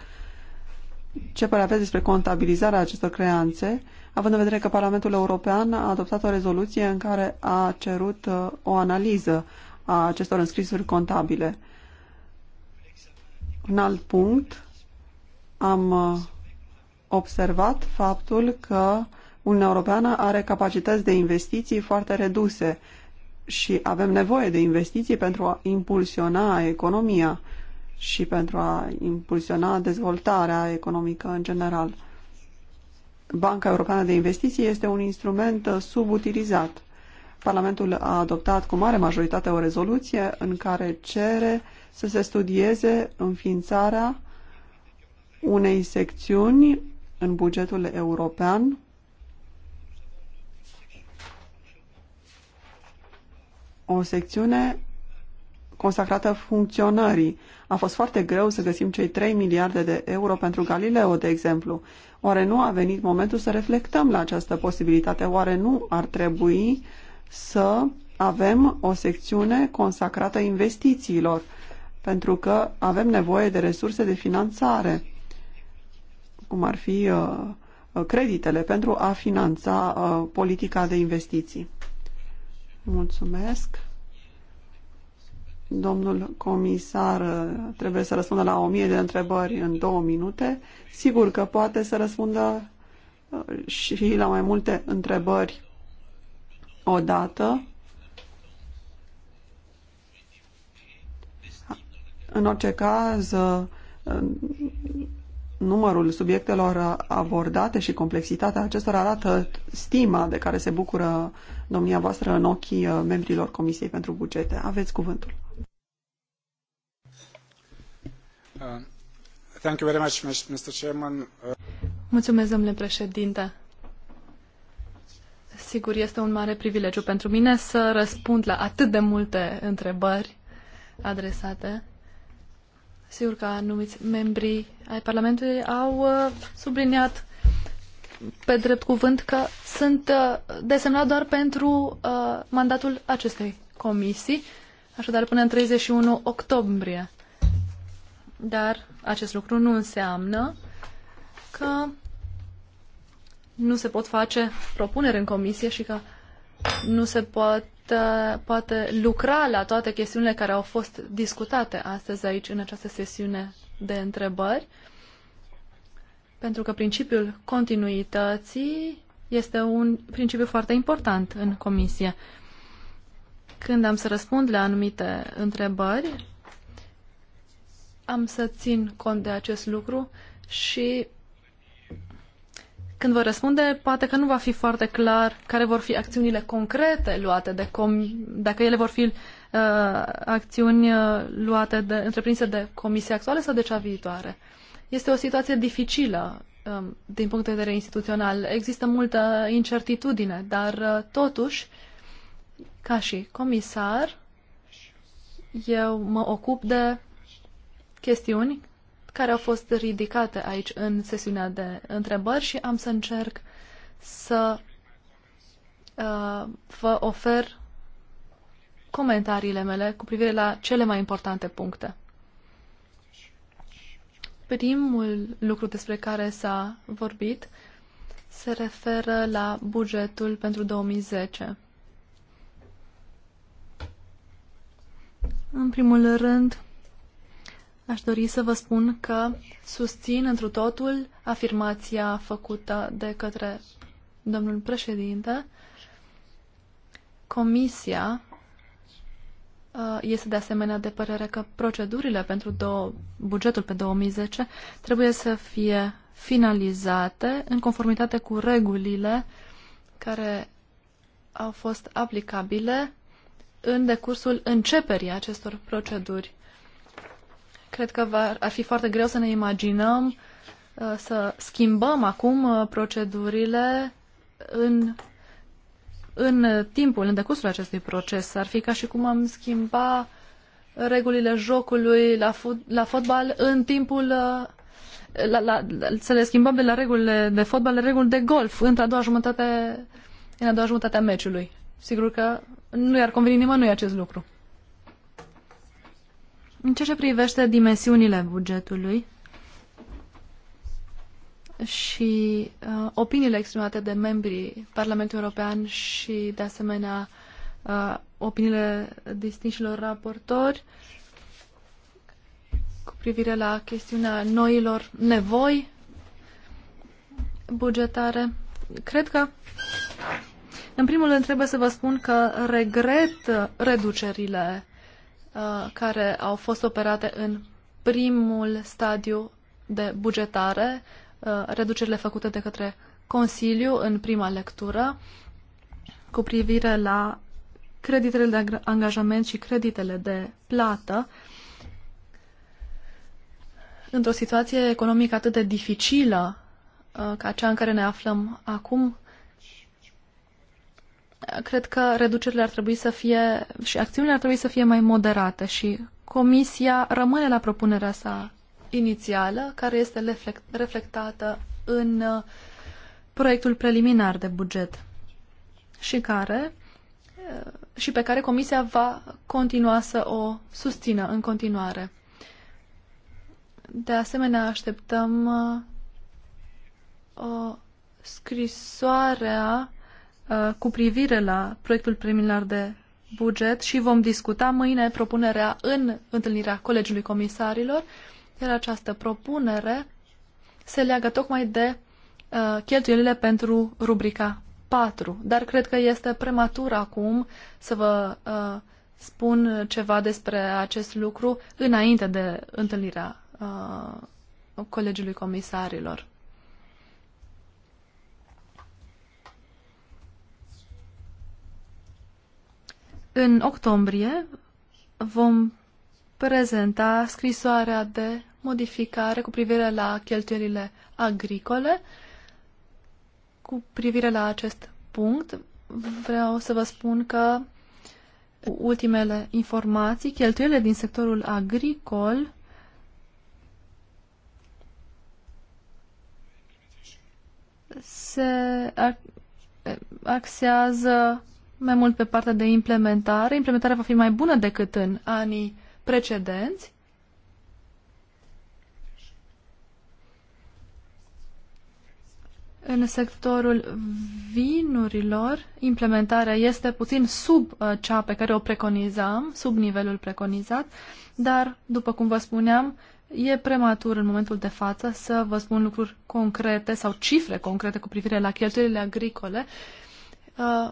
Ce părere aveți despre contabilizarea acestor creanțe, având în vedere că Parlamentul European a adoptat o rezoluție în care a cerut uh, o analiză a acestor înscrisuri contabile. Un alt punct, am uh, observat faptul că Uniunea Europeană are capacități de investiții foarte reduse și avem nevoie de investiții pentru a impulsiona economia și pentru a impulsiona dezvoltarea economică în general. Banca Europeană de Investiții este un instrument uh, subutilizat. Parlamentul a adoptat cu mare majoritate o rezoluție în care cere să se studieze înființarea unei secțiuni în bugetul european o secțiune consacrată funcționării. A fost foarte greu să găsim cei 3 miliarde de euro pentru Galileo, de exemplu. Oare nu a venit momentul să reflectăm la această posibilitate? Oare nu ar trebui uh, să avem o secțiune consacrată investițiilor, pentru că avem nevoie de resurse de finanțare, cum ar fi uh, uh, creditele, pentru a finanța uh, politica de investiții. Mulțumesc. Domnul comisar trebuie să răspundă la o mie de întrebări în două minute. Sigur că poate să răspundă și la mai multe întrebări odată. În orice caz, numărul subiectelor abordate și complexitatea acestora arată stima de care se bucură domnia voastră în ochii membrilor Comisiei pentru Bugete. Aveți cuvântul. Uh, uh, Mulțumesc, domnule președinte. Sigur, este un mare privilegiu pentru mine să răspund la atât de multe întrebări adresate. Sigur că anumiți membri ai Parlamentului au uh, subliniat pe drept cuvânt că sunt uh, desemnat doar pentru uh, mandatul acestei comisii, așadar până în 31 octombrie. Dar acest lucru nu înseamnă că nu se pot face propuneri în comisie și că nu se poate, poate lucra la toate chestiunile care au fost discutate astăzi aici în această sesiune de întrebări, pentru că principiul continuității este un principiu foarte important în comisie. Când am să răspund la anumite întrebări, am să țin cont de acest lucru și când vă răspunde, poate că nu va fi foarte clar care vor fi acțiunile concrete luate de com- dacă ele vor fi uh, acțiuni uh, luate de, întreprinse de comisia actuală sau de cea viitoare. Este o situație dificilă um, din punct de vedere instituțional. Există multă incertitudine, dar uh, totuși, ca și comisar, eu mă ocup de chestiuni care au fost ridicate aici în sesiunea de întrebări și am să încerc să uh, vă ofer comentariile mele cu privire la cele mai importante puncte. Primul lucru despre care s-a vorbit se referă la bugetul pentru 2010. În primul rând, Aș dori să vă spun că susțin întru totul afirmația făcută de către domnul președinte. Comisia uh, este de asemenea de părere că procedurile pentru două, bugetul pe 2010 trebuie să fie finalizate în conformitate cu regulile care au fost aplicabile în decursul începerii acestor proceduri Cred că va, ar fi foarte greu să ne imaginăm uh, să schimbăm acum uh, procedurile în, în timpul, în decursul acestui proces. Ar fi ca și cum am schimba regulile jocului la, fut, la fotbal în timpul uh, la, la, să le schimbăm de la regulile de fotbal la reguli de golf într-a doua jumătate în a doua jumătate a meciului. Sigur că nu i-ar conveni nimănui acest lucru. În ceea ce privește dimensiunile bugetului și uh, opiniile exprimate de membrii Parlamentului European și, de asemenea, uh, opiniile distinșilor raportori cu privire la chestiunea noilor nevoi bugetare. Cred că, în primul rând, trebuie să vă spun că regret reducerile Uh, care au fost operate în primul stadiu de bugetare, uh, reducerile făcute de către Consiliu în prima lectură cu privire la creditele de angajament și creditele de plată. Într-o situație economică atât de dificilă uh, ca cea în care ne aflăm acum, cred că reducerile ar trebui să fie și acțiunile ar trebui să fie mai moderate și Comisia rămâne la propunerea sa inițială, care este reflectată în uh, proiectul preliminar de buget și care uh, și pe care Comisia va continua să o susțină în continuare. De asemenea, așteptăm uh, o scrisoarea Uh, cu privire la proiectul preliminar de buget și vom discuta mâine propunerea în întâlnirea Colegiului Comisarilor, iar această propunere se leagă tocmai de uh, cheltuielile pentru rubrica 4, dar cred că este prematur acum să vă uh, spun ceva despre acest lucru înainte de întâlnirea Colegiului Comisarilor. În octombrie vom prezenta scrisoarea de modificare cu privire la cheltuielile agricole. Cu privire la acest punct, vreau să vă spun că cu ultimele informații, cheltuielile din sectorul agricol se axează mai mult pe partea de implementare. Implementarea va fi mai bună decât în anii precedenți. În sectorul vinurilor, implementarea este puțin sub uh, cea pe care o preconizam, sub nivelul preconizat, dar, după cum vă spuneam, e prematur în momentul de față să vă spun lucruri concrete sau cifre concrete cu privire la cheltuielile agricole. Uh,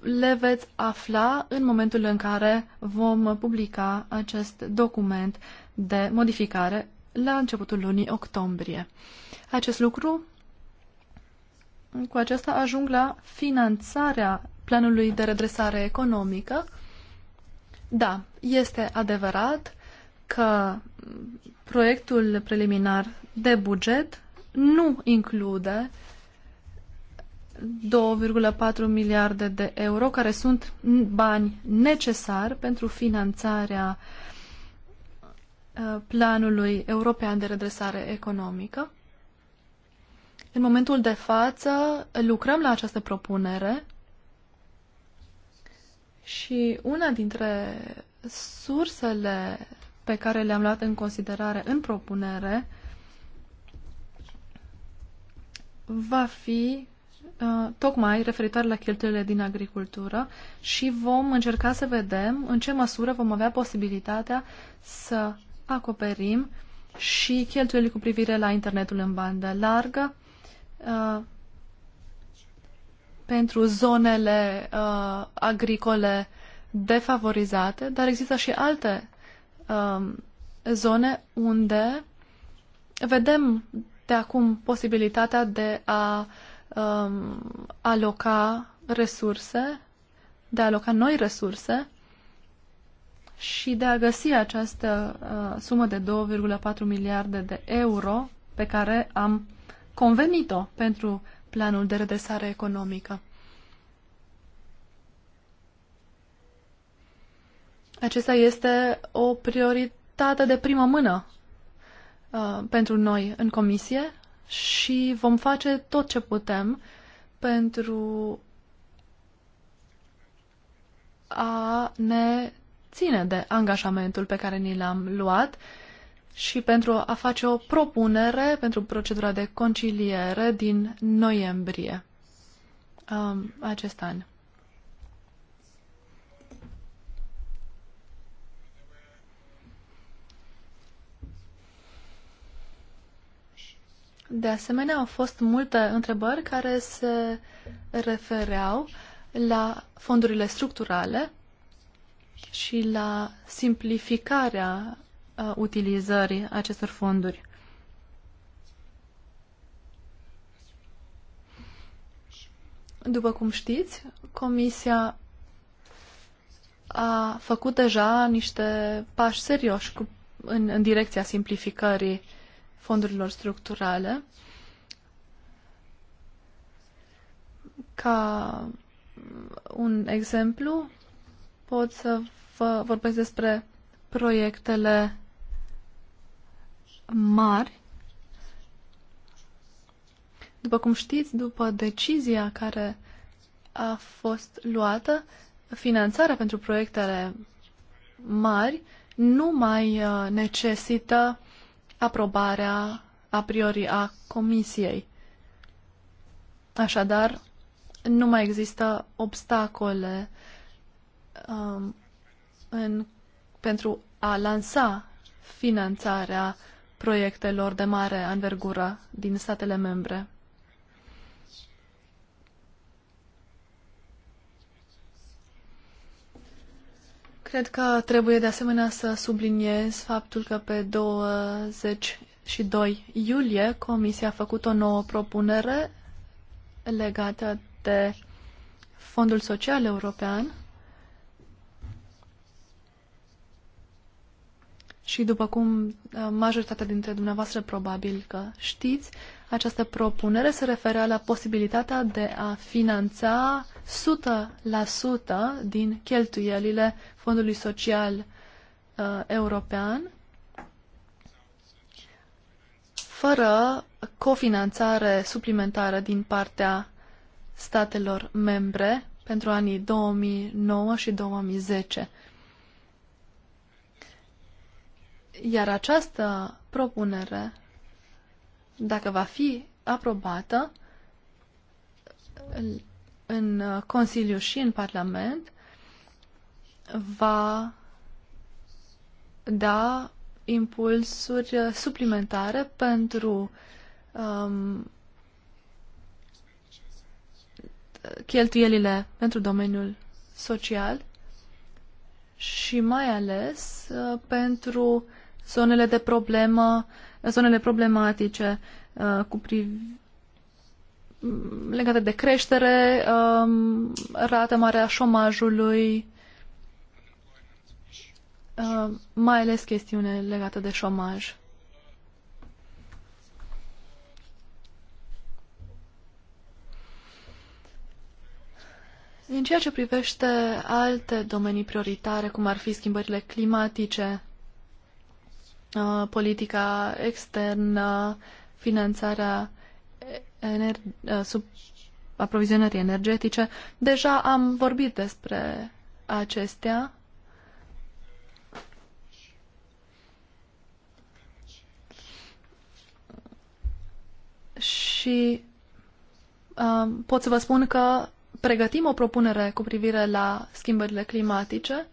le veți afla în momentul în care vom publica acest document de modificare la începutul lunii octombrie. Acest lucru, cu acesta ajung la finanțarea planului de redresare economică. Da, este adevărat că proiectul preliminar de buget nu include 2,4 miliarde de euro, care sunt bani necesari pentru finanțarea uh, planului european de redresare economică. În momentul de față lucrăm la această propunere și una dintre sursele pe care le-am luat în considerare în propunere va fi Uh, tocmai referitor la cheltuielile din agricultură și vom încerca să vedem în ce măsură vom avea posibilitatea să acoperim și cheltuielile cu privire la internetul în bandă largă uh, pentru zonele uh, agricole defavorizate, dar există și alte um, zone unde vedem de acum posibilitatea de a uh, um, aloca resurse, de a aloca noi resurse și de a găsi această uh, sumă de 2,4 miliarde de euro pe care am convenit-o pentru planul de redresare economică. Acesta este o prioritate de primă mână uh, pentru noi în comisie și vom face tot ce putem pentru a ne ține de angajamentul pe care ni l-am luat și pentru a face o propunere pentru procedura de conciliere din noiembrie um, acest an. De asemenea, au fost multe întrebări care se refereau la fondurile structurale și la simplificarea uh, utilizării acestor fonduri. După cum știți, Comisia a făcut deja niște pași serioși cu, în, în direcția simplificării uh, fondurilor structurale ca un exemplu, pot să vă vorbesc despre proiectele mari. După cum știți, după decizia care a fost luată, finanțarea pentru proiectele mari nu mai uh, necesită aprobarea a priori a Comisiei. Așadar, nu mai există obstacole um, în, pentru a lansa finanțarea proiectelor de mare anvergură din statele membre. Cred că trebuie de asemenea să subliniez faptul că pe 22 iulie Comisia a făcut o nouă propunere legată de Fondul Social European și după cum uh, majoritatea dintre dumneavoastră probabil că știți, această propunere se referea la posibilitatea de a finanța 100% din cheltuielile Fondului Social uh, European fără cofinanțare suplimentară din partea statelor membre pentru anii 2009 și 2010. Iar această propunere dacă va fi aprobată în Consiliu și în Parlament, va da impulsuri suplimentare pentru um, cheltuielile pentru domeniul social și mai ales uh, pentru zonele de problemă uh, zonele problematice uh, cu priv... legate de creștere, um, rată mare a șomajului, uh, mai ales chestiune legată de șomaj. În ceea ce privește alte domenii prioritare, cum ar fi schimbările climatice, Uh, politica externă, finanțarea ener- uh, sub aprovizionării energetice. Deja am vorbit despre acestea. Și uh, pot să vă spun că pregătim o propunere cu privire la schimbările climatice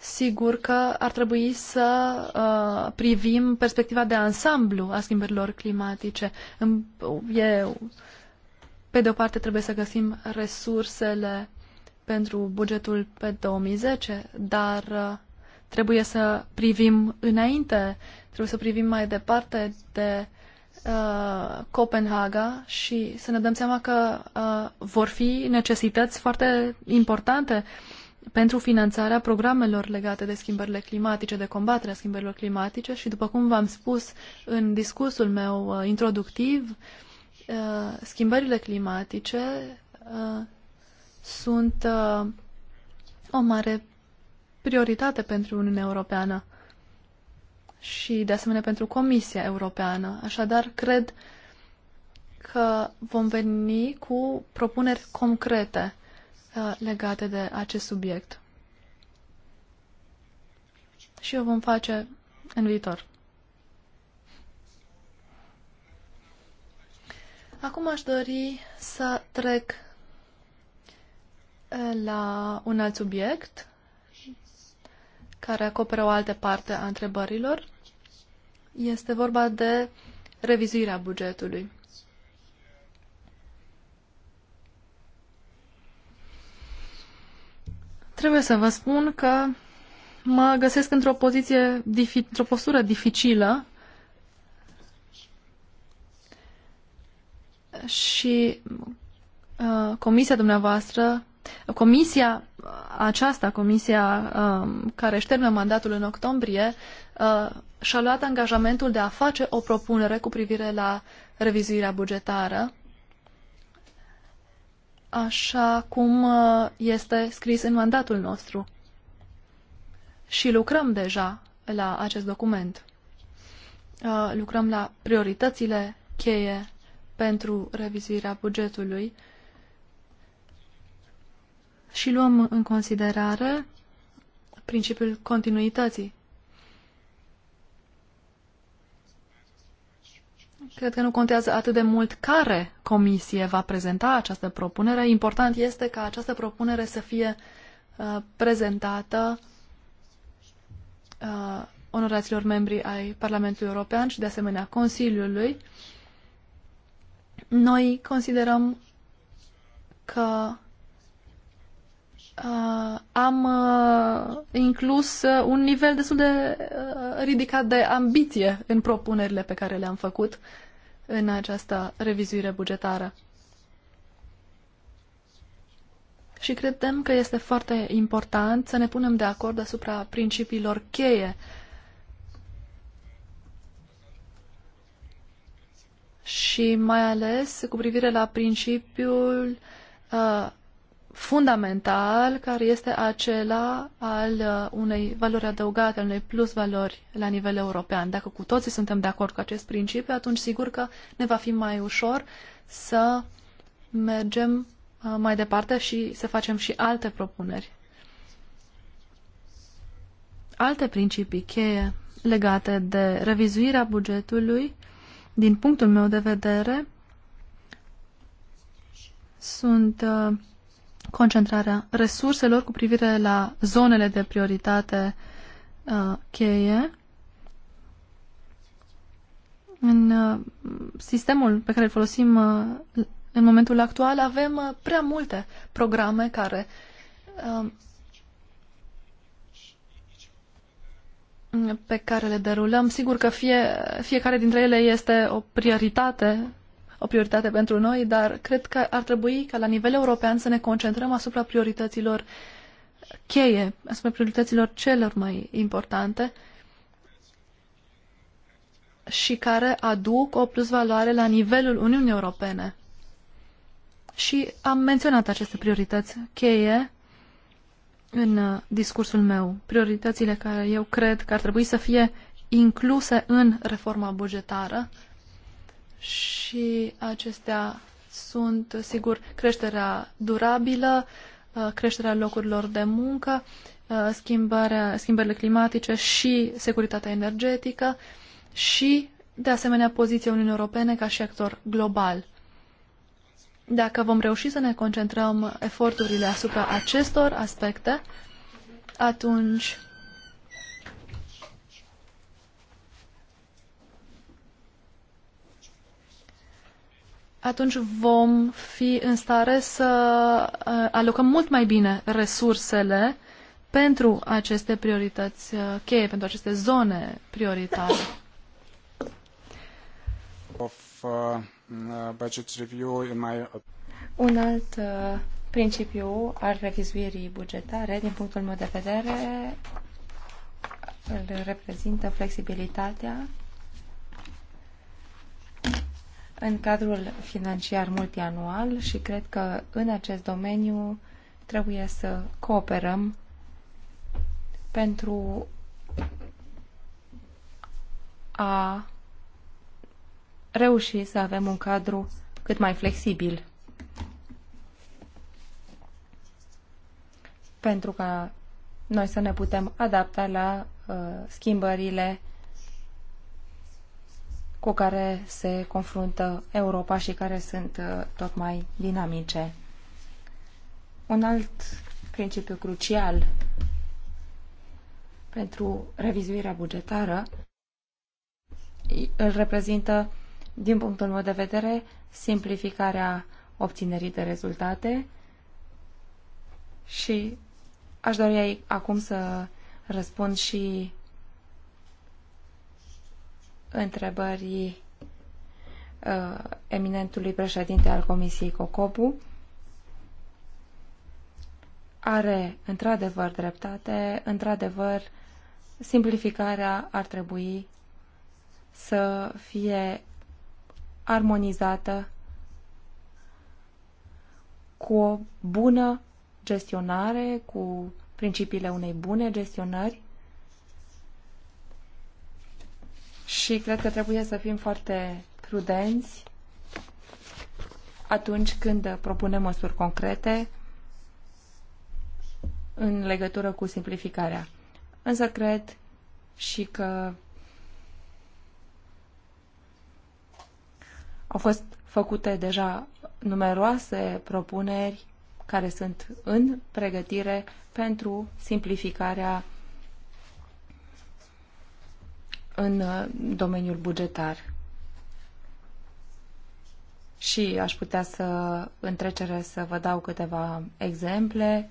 sigur că ar trebui să uh, privim perspectiva de ansamblu a schimbărilor climatice. e, pe de o parte trebuie să găsim resursele pentru bugetul pe 2010, dar uh, trebuie să privim înainte, trebuie să privim mai departe de uh, Copenhaga și să ne dăm seama că uh, vor fi necesități foarte importante uh, pentru finanțarea programelor legate de schimbările climatice, de combaterea schimbărilor climatice și, după cum v-am spus în discursul meu uh, introductiv, uh, schimbările climatice uh, sunt o mare prioritate pentru Uniunea Europeană și, de asemenea, pentru Comisia Europeană. Așadar, cred că vom veni cu propuneri concrete Uh, legate de acest subiect. Și o vom face în viitor. Acum aș dori să trec uh, la un alt subiect care acoperă o altă parte a întrebărilor. Este vorba de revizuirea bugetului. Trebuie să vă spun că mă găsesc într-o poziție, într-o postură dificilă și uh, comisia dumneavoastră, comisia uh, aceasta, comisia uh, care își termină mandatul în octombrie, uh, și-a luat angajamentul de a face o propunere cu privire la revizuirea bugetară așa cum uh, este scris în mandatul nostru. Și lucrăm deja la acest document. Uh, lucrăm la prioritățile cheie pentru revizuirea bugetului și luăm în considerare principiul continuității Cred că nu contează atât de mult care comisie va prezenta această propunere. Important este ca această propunere să fie uh, prezentată uh, onoraților membri ai Parlamentului European și de asemenea Consiliului. Noi considerăm că uh, am uh, inclus uh, un nivel destul de uh, ridicat de ambiție în propunerile pe care le-am făcut în această revizuire bugetară. Și credem că este foarte important să ne punem de acord asupra principiilor cheie și mai ales cu privire la principiul uh, fundamental, care este acela al uh, unei valori adăugate, al unei plus valori la nivel european. Dacă cu toții suntem de acord cu acest principiu, atunci sigur că ne va fi mai ușor să mergem uh, mai departe și să facem și alte propuneri. Alte principii cheie legate de revizuirea bugetului, din punctul meu de vedere, sunt uh, concentrarea resurselor cu privire la zonele de prioritate uh, cheie în uh, sistemul pe care îl folosim uh, în momentul actual avem uh, prea multe programe care uh, pe care le derulăm. Sigur că fie, fiecare dintre ele este o prioritate o prioritate pentru noi, dar cred că ar trebui ca la nivel european să ne concentrăm asupra priorităților cheie, asupra priorităților celor mai importante și care aduc o plusvaloare la nivelul Uniunii Europene. Și am menționat aceste priorități cheie în uh, discursul meu, prioritățile care eu cred că ar trebui să fie incluse în reforma bugetară și acestea sunt, sigur, creșterea durabilă, uh, creșterea locurilor de muncă, uh, schimbarea, schimbările climatice și securitatea energetică și, de asemenea, poziția Uniunii Europene ca și actor global. Dacă vom reuși să ne concentrăm eforturile asupra acestor aspecte, atunci atunci vom fi în stare să uh, alocăm mult mai bine resursele pentru aceste priorități uh, cheie, pentru aceste zone prioritare. Of, uh, mm, budget review in my... Un alt uh, principiu al revizuirii bugetare, din punctul meu de vedere, îl reprezintă flexibilitatea în cadrul financiar multianual și cred că în acest domeniu trebuie să cooperăm pentru a reuși să avem un cadru cât mai flexibil. Pentru ca noi să ne putem adapta la uh, schimbările cu care se confruntă Europa și care sunt uh, tot mai dinamice. Un alt principiu crucial pentru revizuirea bugetară îl reprezintă, din punctul meu de vedere, simplificarea obținerii de rezultate și aș dori acum să răspund și întrebării uh, eminentului președinte al Comisiei COCOBU. Are într-adevăr dreptate, într-adevăr simplificarea ar trebui să fie armonizată cu o bună gestionare, cu principiile unei bune gestionări și cred că trebuie să fim foarte prudenți atunci când propunem măsuri concrete în legătură cu simplificarea. Însă cred și că au fost făcute deja numeroase propuneri care sunt în pregătire pentru simplificarea în uh, domeniul bugetar. Și aș putea să, în trecere, să vă dau câteva exemple.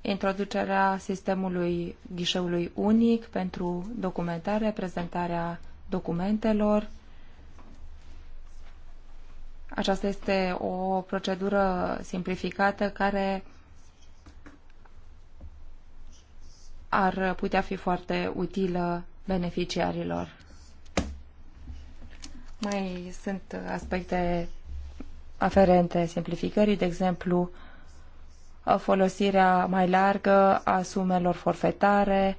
Introducerea sistemului ghișeului unic pentru documentare, prezentarea documentelor. Aceasta este o procedură simplificată care ar putea fi foarte utilă beneficiarilor. Mai sunt aspecte aferente simplificării, de exemplu, folosirea mai largă a sumelor forfetare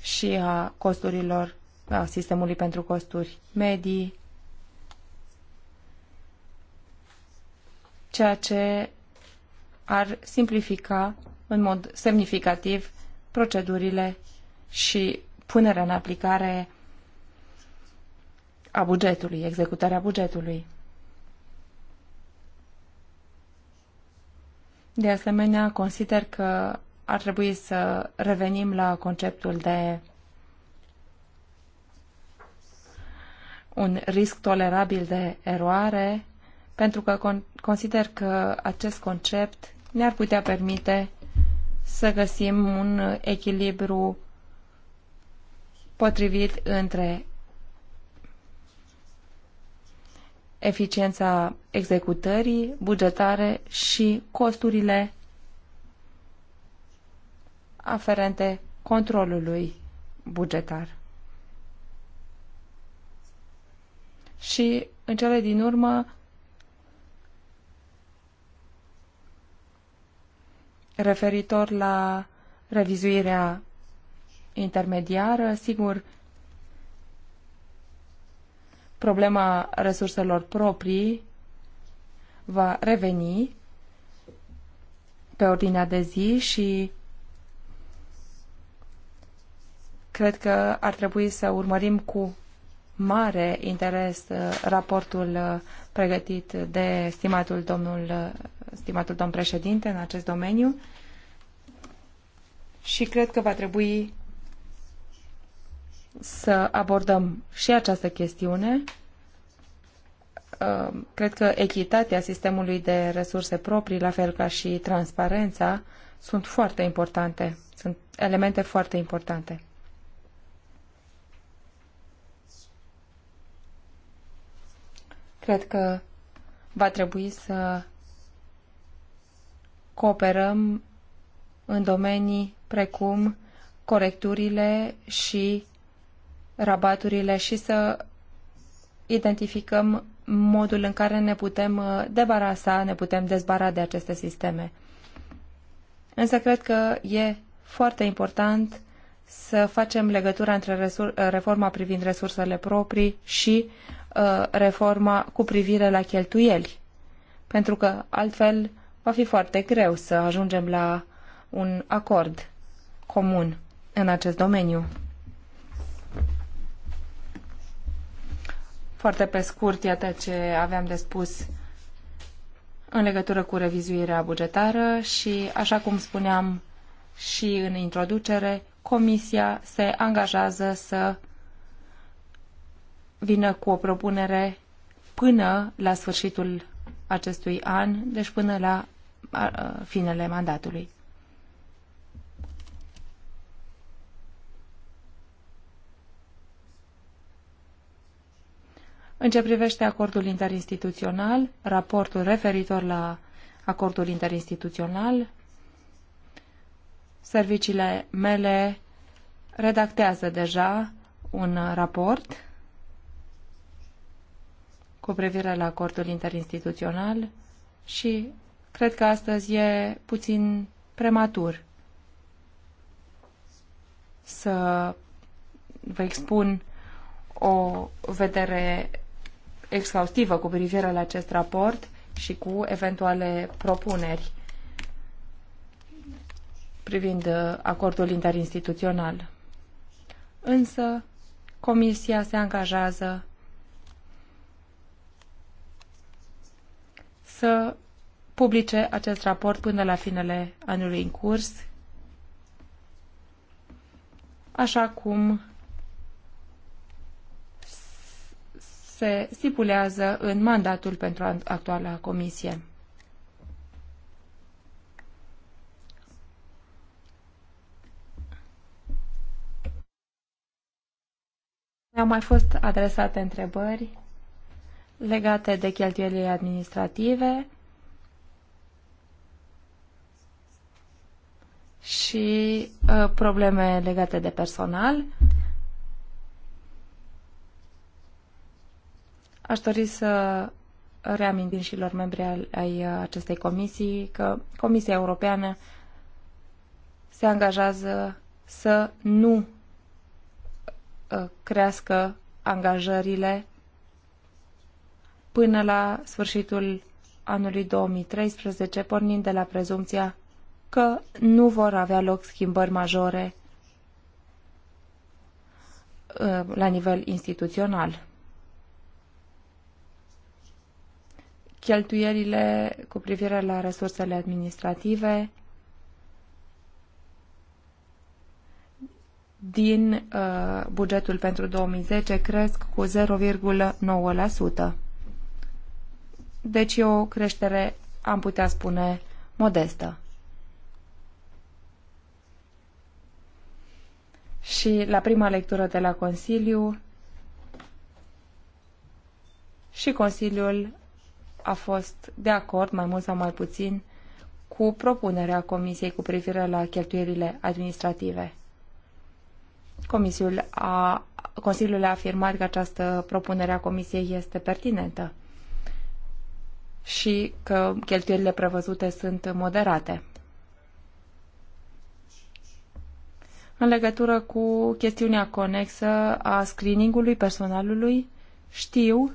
și a costurilor a sistemului pentru costuri medii, ceea ce ar simplifica în mod semnificativ procedurile și punerea în aplicare a bugetului, executarea bugetului. De asemenea, consider că ar trebui să revenim la conceptul de un risc tolerabil de eroare, pentru că consider că acest concept ne-ar putea permite să găsim un echilibru potrivit între eficiența executării bugetare și costurile aferente controlului bugetar. Și, în cele din urmă, referitor la revizuirea intermediară, sigur, problema resurselor proprii va reveni pe ordinea de zi și cred că ar trebui să urmărim cu mare interes uh, raportul uh, pregătit de stimatul, domnul, stimatul domn președinte în acest domeniu și cred că va trebui să abordăm și această chestiune. Uh, cred că echitatea sistemului de resurse proprii, la fel ca și transparența, sunt foarte importante, sunt elemente foarte importante. Cred că va trebui să cooperăm în domenii precum corecturile și rabaturile și să identificăm modul în care ne putem uh, debarasa, ne putem dezbara de aceste sisteme. Însă cred că e foarte important să facem legătura între uh, reforma privind resursele proprii și Uh, reforma cu privire la cheltuieli, pentru că altfel va fi foarte greu să ajungem la un acord comun în acest domeniu. Foarte pe scurt, iată ce aveam de spus în legătură cu revizuirea bugetară și, așa cum spuneam și în introducere, Comisia se angajează să vină cu o propunere până la sfârșitul acestui an, deci până la finele mandatului. În ce privește acordul interinstituțional, raportul referitor la acordul interinstituțional, serviciile mele redactează deja un raport cu privire la acordul interinstituțional și cred că astăzi e puțin prematur să vă expun o vedere exhaustivă cu privire la acest raport și cu eventuale propuneri privind uh, acordul interinstituțional. Însă, Comisia se angajează să publice acest raport până la finele anului în curs, așa cum se stipulează în mandatul pentru actuala comisie. au mai fost adresate întrebări legate de cheltuielile administrative și uh, probleme legate de personal. Aș dori să reamintim și lor membri al, ai uh, acestei comisii că Comisia Europeană se angajează să nu uh, crească angajările până la sfârșitul anului 2013, pornind de la prezumția că nu vor avea loc schimbări majore uh, la nivel instituțional. Cheltuielile cu privire la resursele administrative din uh, bugetul pentru 2010 cresc cu 0,9%. Deci e o creștere, am putea spune, modestă. Și la prima lectură de la Consiliu și Consiliul a fost de acord, mai mult sau mai puțin, cu propunerea Comisiei cu privire la cheltuierile administrative. Comisiul a, Consiliul a afirmat că această propunere a Comisiei este pertinentă și că cheltuielile prevăzute sunt moderate. În legătură cu chestiunea conexă a screeningului personalului, știu,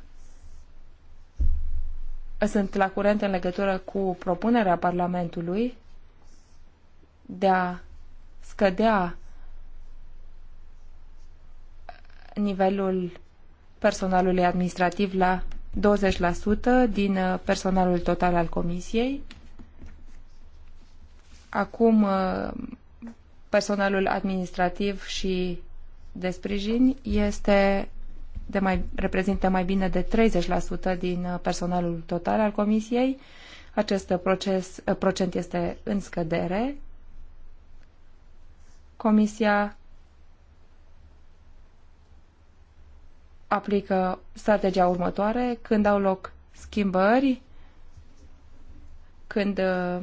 sunt la curent în legătură cu propunerea Parlamentului de a scădea nivelul personalului administrativ la 20% din uh, personalul total al comisiei. Acum uh, personalul administrativ și de sprijin este de mai, reprezintă mai bine de 30% din uh, personalul total al comisiei. Acest proces, procent este în scădere. Comisia aplică strategia următoare când au loc schimbări, când uh,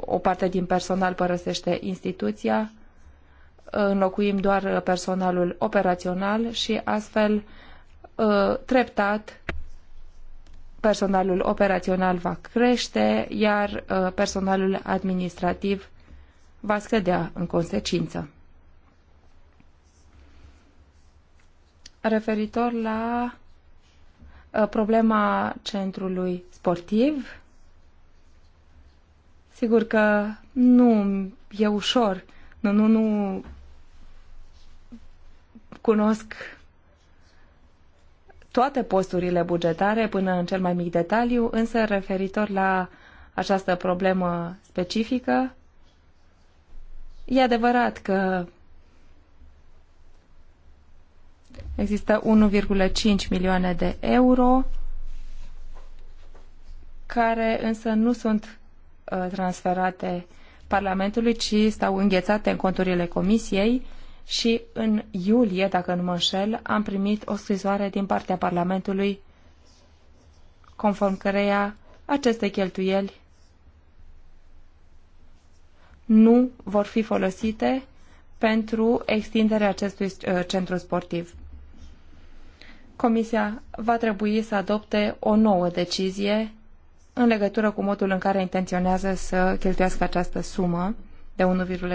o parte din personal părăsește instituția, înlocuim doar personalul operațional și astfel uh, treptat personalul operațional va crește, iar uh, personalul administrativ va scădea în consecință. referitor la uh, problema centrului sportiv. Sigur că nu e ușor, nu, nu, nu cunosc toate posturile bugetare până în cel mai mic detaliu, însă referitor la această problemă specifică, e adevărat că Există 1,5 milioane de euro care însă nu sunt uh, transferate Parlamentului, ci stau înghețate în conturile Comisiei și în iulie, dacă nu mă înșel, am primit o scrisoare din partea Parlamentului conform căreia aceste cheltuieli nu vor fi folosite pentru extinderea acestui uh, centru sportiv. Comisia va trebui să adopte o nouă decizie în legătură cu modul în care intenționează să cheltuiască această sumă de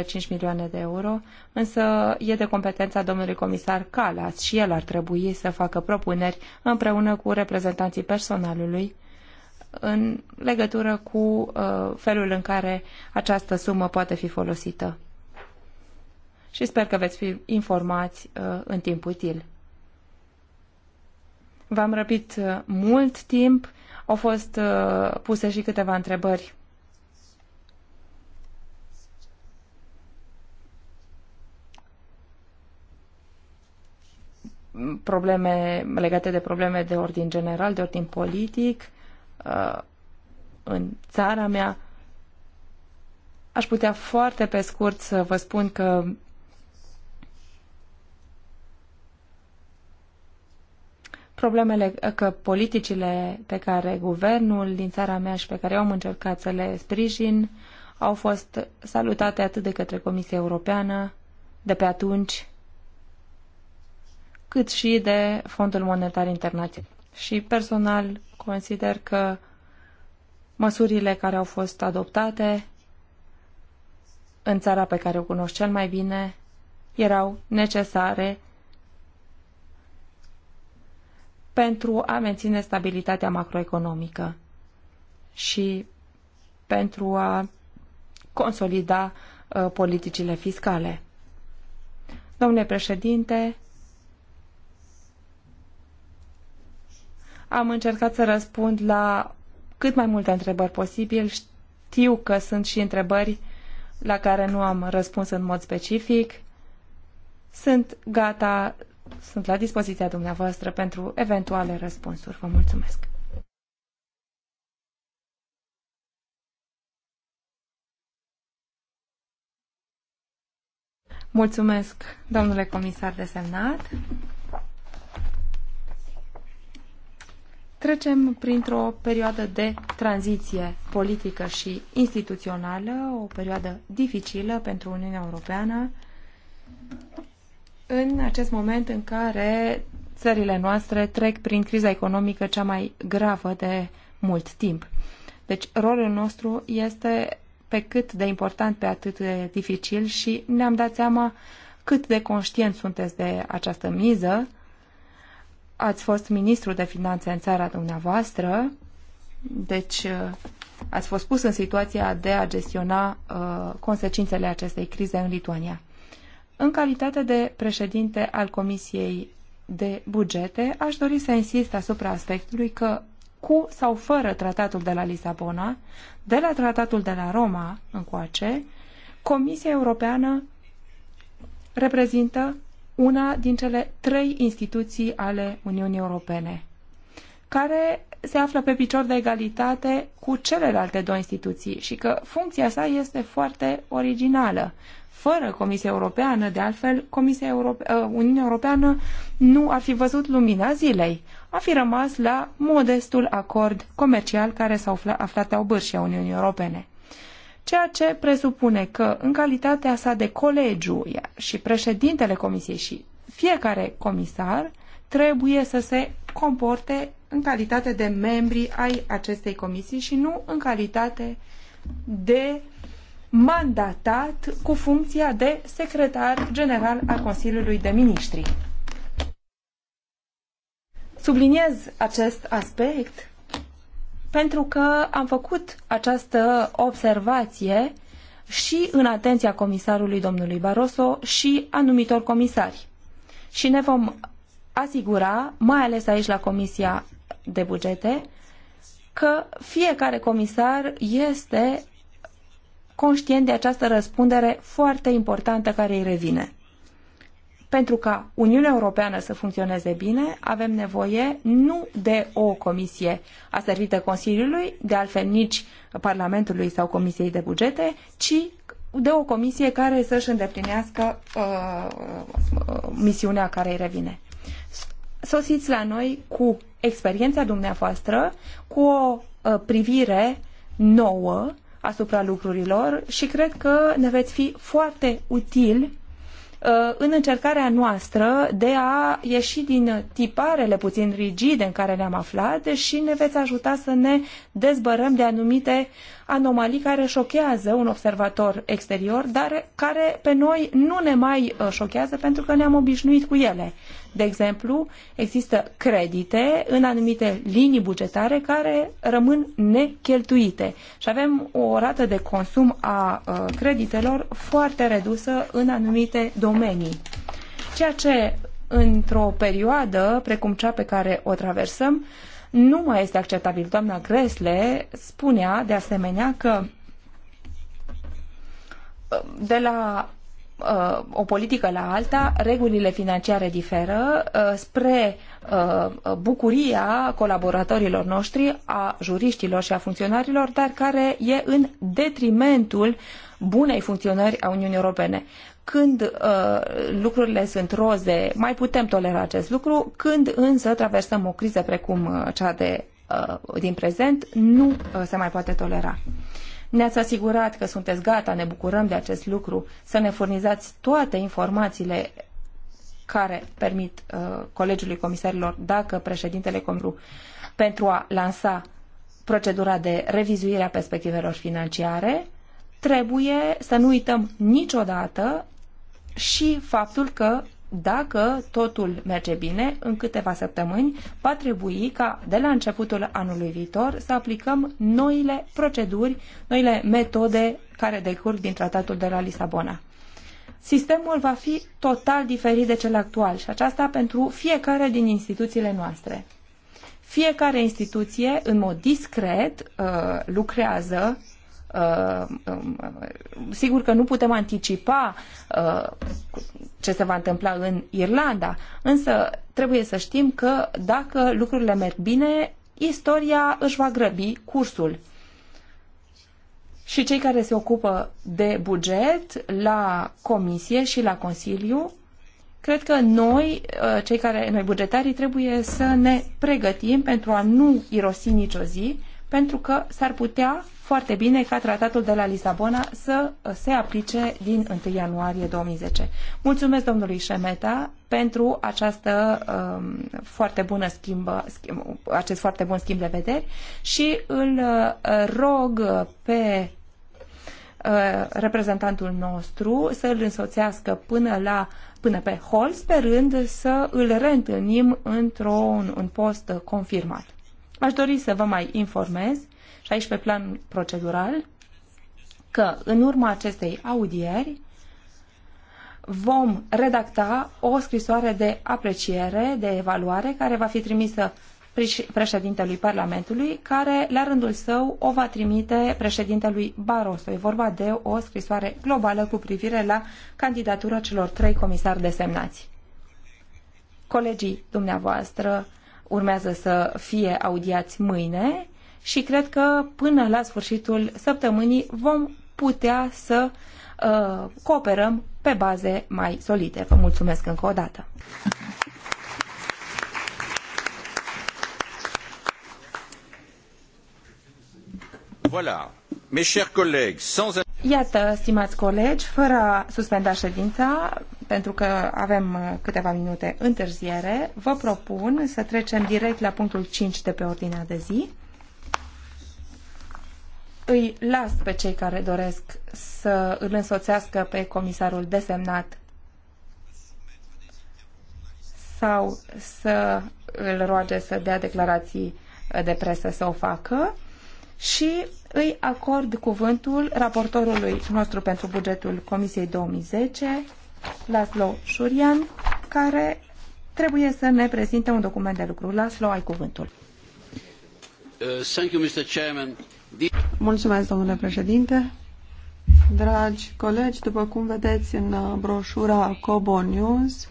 1,5 milioane de euro, însă e de competența domnului comisar Calas și el ar trebui să facă propuneri împreună cu reprezentanții personalului în legătură cu uh, felul în care această sumă poate fi folosită. Și sper că veți fi informați uh, în timp util. V-am răpit uh, mult timp, au fost uh, puse și câteva întrebări. probleme legate de probleme de ordin general, de ordin politic uh, în țara mea. Aș putea foarte pe scurt să vă spun că problemele, că politicile pe care guvernul din țara mea și pe care eu am încercat să le sprijin au fost salutate atât de către Comisia Europeană de pe atunci, cât și de Fondul Monetar Internațional. Și personal consider că măsurile care au fost adoptate în țara pe care o cunosc cel mai bine erau necesare pentru a menține stabilitatea macroeconomică și pentru a consolida uh, politicile fiscale. Domnule președinte, am încercat să răspund la cât mai multe întrebări posibil. Știu că sunt și întrebări la care nu am răspuns în mod specific. Sunt gata sunt la dispoziția dumneavoastră pentru eventuale răspunsuri. Vă mulțumesc! Mulțumesc, domnule comisar desemnat. Trecem printr-o perioadă de tranziție politică și instituțională, o perioadă dificilă pentru Uniunea Europeană în acest moment în care țările noastre trec prin criza economică cea mai gravă de mult timp. Deci rolul nostru este pe cât de important, pe atât de dificil și ne-am dat seama cât de conștient sunteți de această miză. Ați fost ministru de finanțe în țara dumneavoastră, deci uh, ați fost pus în situația de a gestiona uh, consecințele acestei crize în Lituania. În calitate de președinte al Comisiei de Bugete, aș dori să insist asupra aspectului că, cu sau fără tratatul de la Lisabona, de la tratatul de la Roma încoace, Comisia Europeană reprezintă una din cele trei instituții ale Uniunii Europene, care se află pe picior de egalitate cu celelalte două instituții și că funcția sa este foarte originală, fără Comisia Europeană, de altfel, Comisia Europe- ă, Uniunea Europeană nu ar fi văzut lumina zilei. A fi rămas la modestul acord comercial care s-a aflat la obârșia Uniunii Europene. Ceea ce presupune că, în calitatea sa de colegiu și președintele Comisiei și fiecare comisar, trebuie să se comporte în calitate de membri ai acestei comisii și nu în calitate de uh, mandatat cu funcția de secretar general al Consiliului de Ministri. Subliniez acest aspect pentru că am făcut această observație și în atenția comisarului domnului Barroso și anumitor comisari. Și ne vom asigura, mai ales aici la Comisia de Bugete, că fiecare comisar este conștient de această răspundere foarte importantă care îi revine. Pentru ca Uniunea Europeană să funcționeze bine, avem nevoie nu de o comisie aservită Consiliului, de altfel nici Parlamentului sau Comisiei de Bugete, ci de o comisie care să-și îndeplinească uh, uh misiunea care îi revine. Sosiți la noi cu experiența dumneavoastră, cu o uh, privire nouă asupra lucrurilor și cred că ne veți fi foarte utili uh, în încercarea noastră de a ieși din tiparele puțin rigide în care ne-am aflat și ne veți ajuta să ne dezbărăm de anumite anomalii care șochează un observator exterior, dar care pe noi nu ne mai uh, șochează pentru că ne-am obișnuit cu ele. De exemplu, există credite în anumite linii bugetare care rămân necheltuite și avem o rată de consum a uh, creditelor foarte redusă în anumite domenii. Ceea ce într-o perioadă precum cea pe care o traversăm, nu mai este acceptabil. Doamna Gresle spunea de asemenea că de la uh, o politică la alta, regulile financiare diferă uh, spre uh, bucuria colaboratorilor noștri, a juriștilor și a funcționarilor, dar care e în detrimentul bunei funcționări a Uniunii Europene. Când uh, lucrurile sunt roze, mai putem tolera acest lucru, când însă traversăm o criză precum uh, cea de, uh, din prezent, nu uh, se mai poate tolera. Ne-ați asigurat că sunteți gata, ne bucurăm de acest lucru, să ne furnizați toate informațiile care permit uh, Colegiului Comisarilor, dacă președintele Comru, pentru a lansa procedura de revizuire a perspectivelor financiare, trebuie să nu uităm niciodată și faptul că dacă totul merge bine, în câteva săptămâni va trebui ca de la începutul anului viitor să aplicăm noile proceduri, noile metode care decurg din tratatul de la Lisabona. Sistemul va fi total diferit de cel actual și aceasta pentru fiecare din instituțiile noastre. Fiecare instituție, în mod discret, uh, lucrează Uh, um, uh, sigur că nu putem anticipa uh, ce se va întâmpla în Irlanda, însă trebuie să știm că dacă lucrurile merg bine, istoria își va grăbi cursul. Și cei care se ocupă de buget la Comisie și la Consiliu, cred că noi, cei care, noi bugetarii, trebuie să ne pregătim pentru a nu irosi nicio zi, pentru că s-ar putea foarte bine ca tratatul de la Lisabona să uh, se aplice din 1 ianuarie 2010. Mulțumesc domnului Șemeta pentru această um, foarte bună schimbă, schimb, acest foarte bun schimb de vederi și îl uh, rog pe uh, reprezentantul nostru să îl însoțească până la până pe hol, sperând să îl reîntâlnim într-un un post confirmat. Aș dori să vă mai informez și aici pe plan procedural, că în urma acestei audieri vom redacta o scrisoare de apreciere, de evaluare, care va fi trimisă președintelui Parlamentului, care la rândul său o va trimite președintelui Barroso. E vorba de o scrisoare globală cu privire la candidatura celor trei comisari desemnați. Colegii dumneavoastră urmează să fie audiați mâine și cred că până la sfârșitul săptămânii vom putea să uh, cooperăm pe baze mai solide. Vă mulțumesc încă o dată! Voilà. Mes chers collègues, sans... Iată, stimați colegi, fără a suspenda ședința, pentru că avem uh, câteva minute întârziere, vă propun să trecem direct la punctul 5 de pe ordinea de zi îi las pe cei care doresc să îl însoțească pe comisarul desemnat sau să îl roage să dea declarații de presă să o facă și îi acord cuvântul raportorului nostru pentru bugetul Comisiei 2010, Laslo Șurian, care trebuie să ne prezinte un document de lucru. Laslo, ai cuvântul. Uh, thank you, Mr. Chairman. Mulțumesc, domnule președinte. Dragi colegi, după cum vedeți în uh, broșura Cobo News,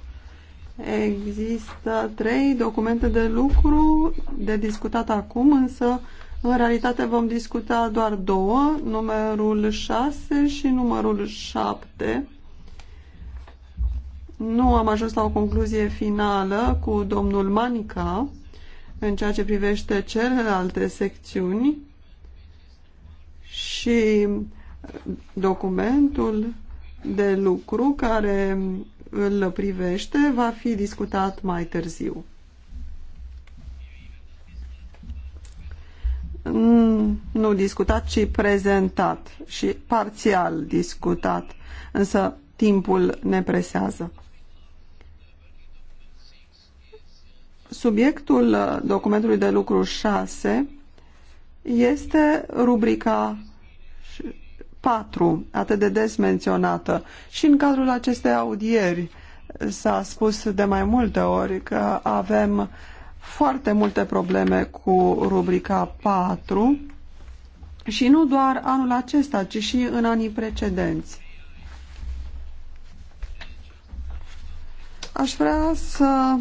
există trei documente de lucru de discutat acum, însă în realitate vom discuta doar două, numărul 6 și numărul 7. Nu am ajuns la o concluzie finală cu domnul Manica în ceea ce privește celelalte secțiuni, și documentul de lucru care îl privește va fi discutat mai târziu. Mm, nu discutat, ci prezentat și parțial discutat, însă timpul ne presează. Subiectul documentului de lucru 6 este rubrica 4, atât de des menționată. Și în cadrul acestei audieri s-a spus de mai multe ori că avem foarte multe probleme cu rubrica 4 și nu doar anul acesta, ci și în anii precedenți. Aș vrea să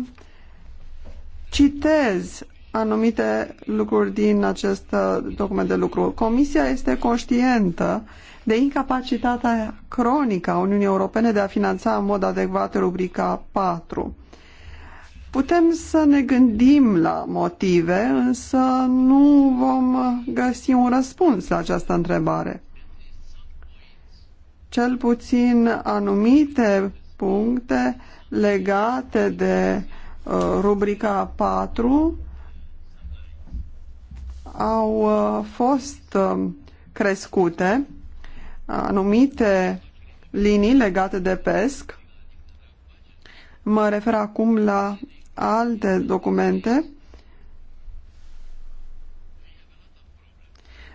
citez anumite lucruri din acest uh, document de lucru. Comisia este conștientă de incapacitatea cronică a Uniunii Europene de a finanța în mod adecvat rubrica 4. Putem să ne gândim la motive, însă nu vom găsi un răspuns la această întrebare. Cel puțin anumite puncte legate de uh, rubrica 4 au uh, fost uh, crescute anumite linii legate de pesc. Mă refer acum la alte documente.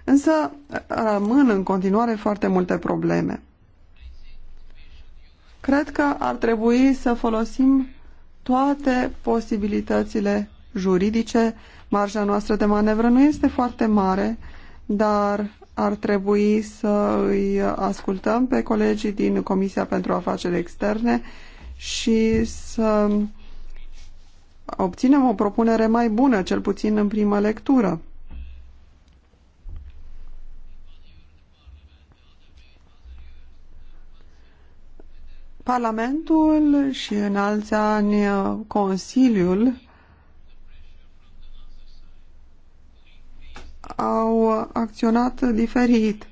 Însă uh, rămân în continuare foarte multe probleme. Cred că ar trebui să folosim toate posibilitățile juridice Marja noastră de manevră nu este foarte mare, dar ar trebui să îi ascultăm pe colegii din Comisia pentru Afaceri Externe și să obținem o propunere mai bună, cel puțin în primă lectură. Parlamentul și în alți ani Consiliul au acționat diferit.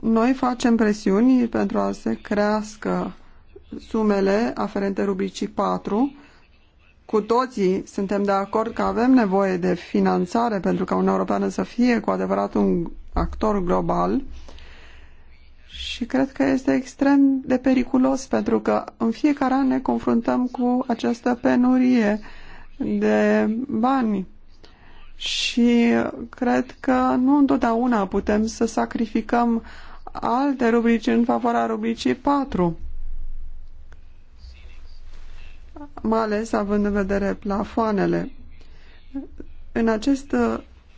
Noi facem presiuni pentru a se crească sumele aferente rubricii 4. Cu toții suntem de acord că avem nevoie de finanțare pentru ca Uniunea Europeană să fie cu adevărat un actor global și cred că este extrem de periculos pentru că în fiecare an ne confruntăm cu această penurie de bani și cred că nu întotdeauna putem să sacrificăm alte rubrici în favoarea rubricii 4. Mai ales având în vedere plafoanele. În acest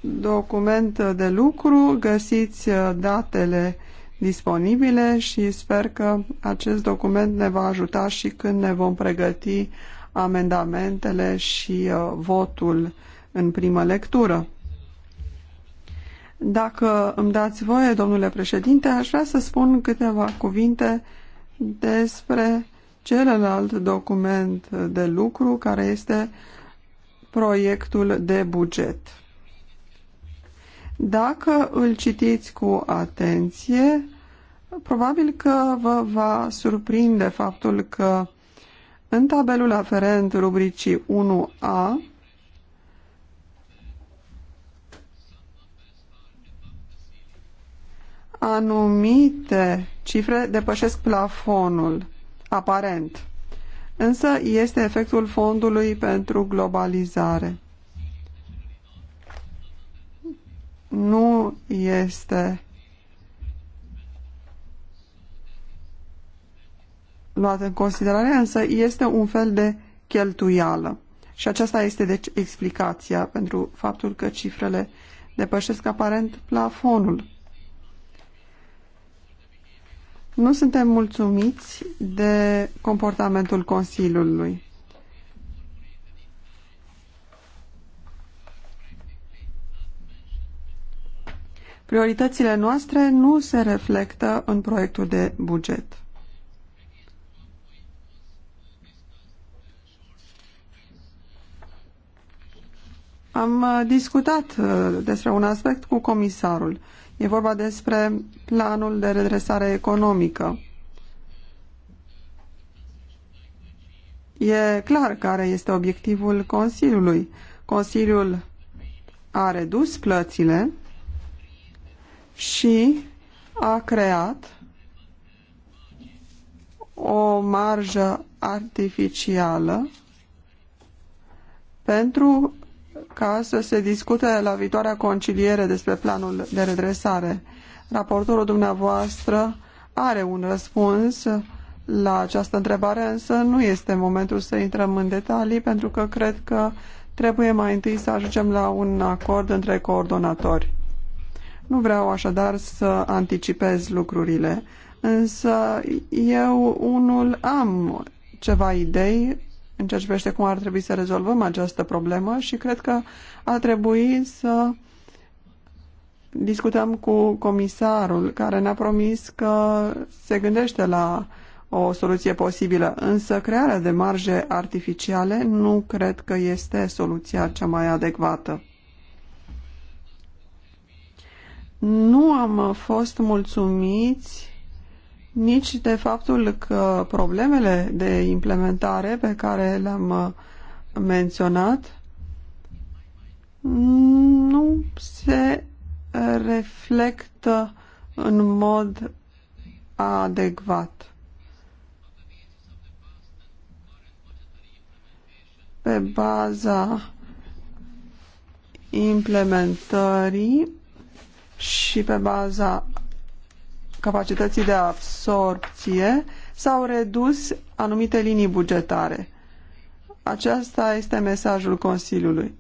document de lucru găsiți datele disponibile și sper că acest document ne va ajuta și când ne vom pregăti amendamentele și uh, votul în primă lectură. Dacă îmi dați voie, domnule președinte, aș vrea să spun câteva cuvinte despre celălalt document de lucru care este proiectul de buget. Dacă îl citiți cu atenție, probabil că vă va surprinde faptul că în tabelul aferent rubricii 1A anumite cifre depășesc plafonul aparent. Însă este efectul fondului pentru globalizare. Nu este luat în considerare, însă este un fel de cheltuială. Și aceasta este deci explicația pentru faptul că cifrele depășesc aparent plafonul. Nu suntem mulțumiți de comportamentul Consiliului. Prioritățile noastre nu se reflectă în proiectul de buget. Am uh, discutat uh, despre un aspect cu comisarul. E vorba despre planul de redresare economică. E clar care este obiectivul Consiliului. Consiliul a redus plățile și a creat o marjă artificială pentru ca să se discute la viitoarea conciliere despre planul de redresare. Raportorul dumneavoastră are un răspuns la această întrebare, însă nu este momentul să intrăm în detalii, pentru că cred că trebuie mai întâi să ajungem la un acord între coordonatori. Nu vreau așadar să anticipez lucrurile, însă eu unul am ceva idei în ceea ce privește cum ar trebui să rezolvăm această problemă și cred că ar trebui să discutăm cu comisarul care ne-a promis că se gândește la o soluție posibilă, însă crearea de marje artificiale nu cred că este soluția cea mai adecvată. Nu am fost mulțumiți nici de faptul că problemele de implementare pe care le-am uh, menționat nu se reflectă în mod adecvat. Pe baza implementării și pe baza capacității de absorpție, s-au redus anumite linii bugetare. Aceasta este mesajul Consiliului.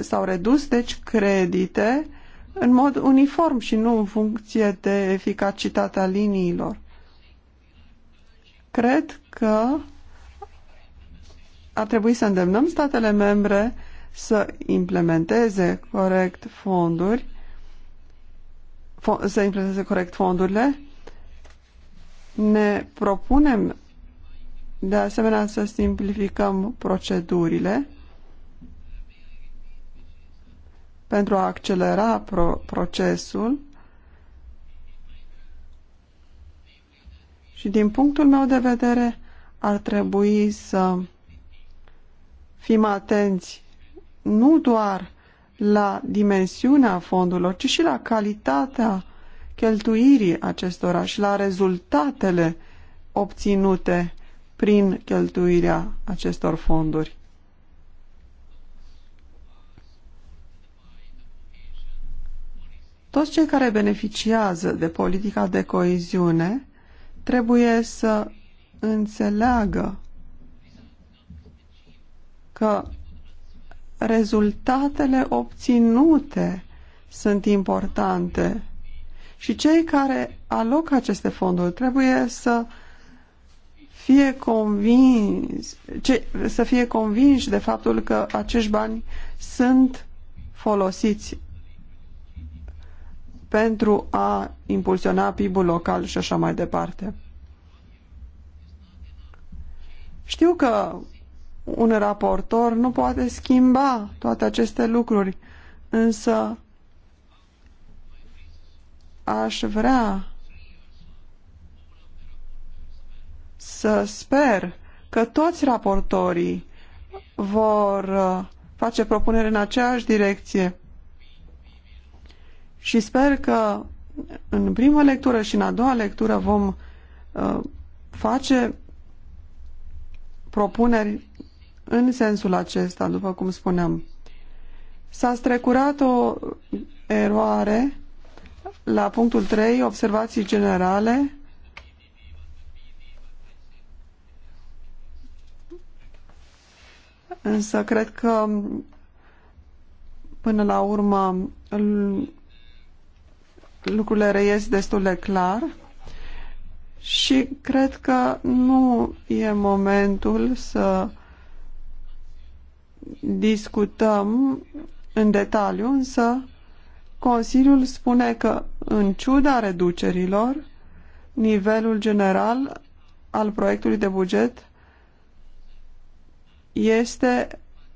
S-au redus, deci, credite în mod uniform și nu în funcție de eficacitatea liniilor. Cred că ar trebui să îndemnăm statele membre să implementeze corect fonduri să implementeze corect fondurile. Ne propunem de asemenea să simplificăm procedurile pentru a accelera pro procesul și din punctul meu de vedere ar trebui să fim atenți nu doar la dimensiunea fondurilor, ci și la calitatea cheltuirii acestora și la rezultatele obținute prin cheltuirea acestor fonduri. Toți cei care beneficiază de politica de coeziune trebuie să înțeleagă că rezultatele obținute sunt importante și cei care aloc aceste fonduri trebuie să fie convinși, ce, să fie convinși de faptul că acești bani sunt folosiți pentru a impulsiona PIB-ul local și așa mai departe. Știu că un raportor nu poate schimba toate aceste lucruri, însă aș vrea să sper că toți raportorii vor uh, face propuneri în aceeași direcție și sper că în prima lectură și în a doua lectură vom uh, face propuneri în sensul acesta, după cum spuneam. S-a strecurat o eroare la punctul 3, observații generale. Însă cred că până la urmă lucrurile reiesc destul de clar și cred că nu e momentul să discutăm în detaliu, însă Consiliul spune că, în ciuda reducerilor, nivelul general al proiectului de buget este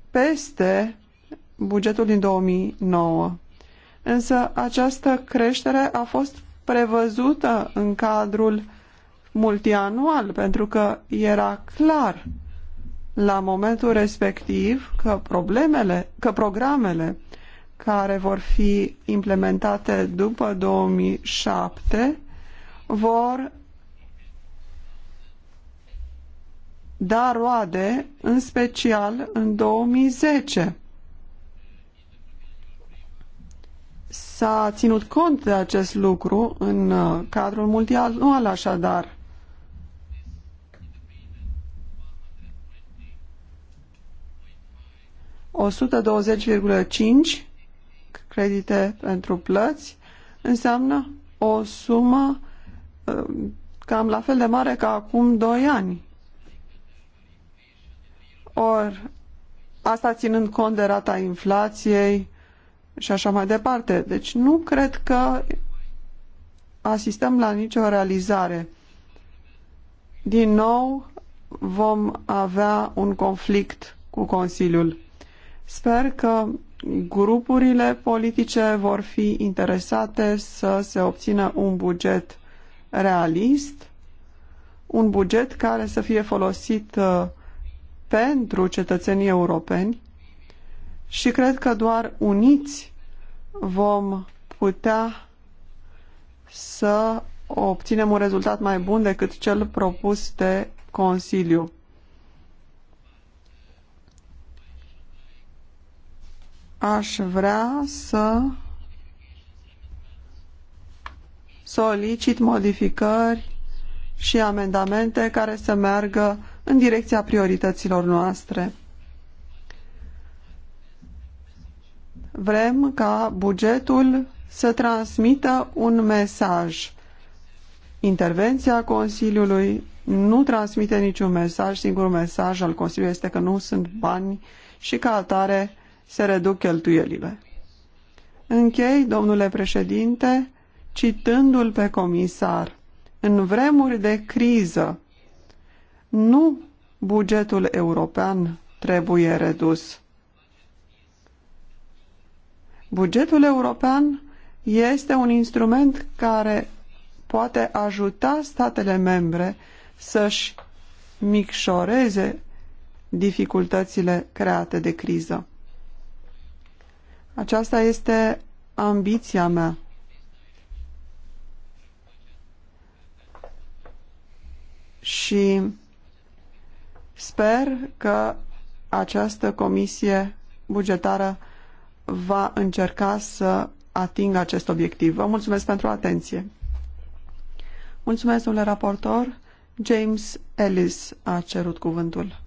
peste bugetul din 2009. Însă această creștere a fost prevăzută în cadrul multianual, pentru că era clar la momentul respectiv că problemele, că programele care vor fi implementate după 2007 vor da roade, în special în 2010. S-a ținut cont de acest lucru în uh, cadrul multianual, așadar. 120,5 credite pentru plăți înseamnă o sumă uh, cam la fel de mare ca acum 2 ani. Or, asta ținând cont de rata inflației și așa mai departe. Deci nu cred că asistăm la nicio realizare. Din nou vom avea un conflict cu Consiliul. Sper că grupurile politice vor fi interesate să se obțină un buget realist, un buget care să fie folosit uh, pentru cetățenii europeni și cred că doar uniți vom putea să obținem un rezultat mai bun decât cel propus de Consiliu. aș vrea să solicit modificări și amendamente care să meargă în direcția priorităților noastre. Vrem ca bugetul să transmită un mesaj. Intervenția Consiliului nu transmite niciun mesaj, singurul mesaj al Consiliului este că nu sunt bani și ca atare se reduc cheltuielile. Închei, domnule președinte, citându-l pe comisar. În vremuri de criză, nu bugetul european trebuie redus. Bugetul european este un instrument care poate ajuta statele membre să-și micșoreze dificultățile create de criză. Aceasta este ambiția mea. Și sper că această comisie bugetară va încerca să atingă acest obiectiv. Vă mulțumesc pentru atenție. Mulțumesc, domnule raportor. James Ellis a cerut cuvântul.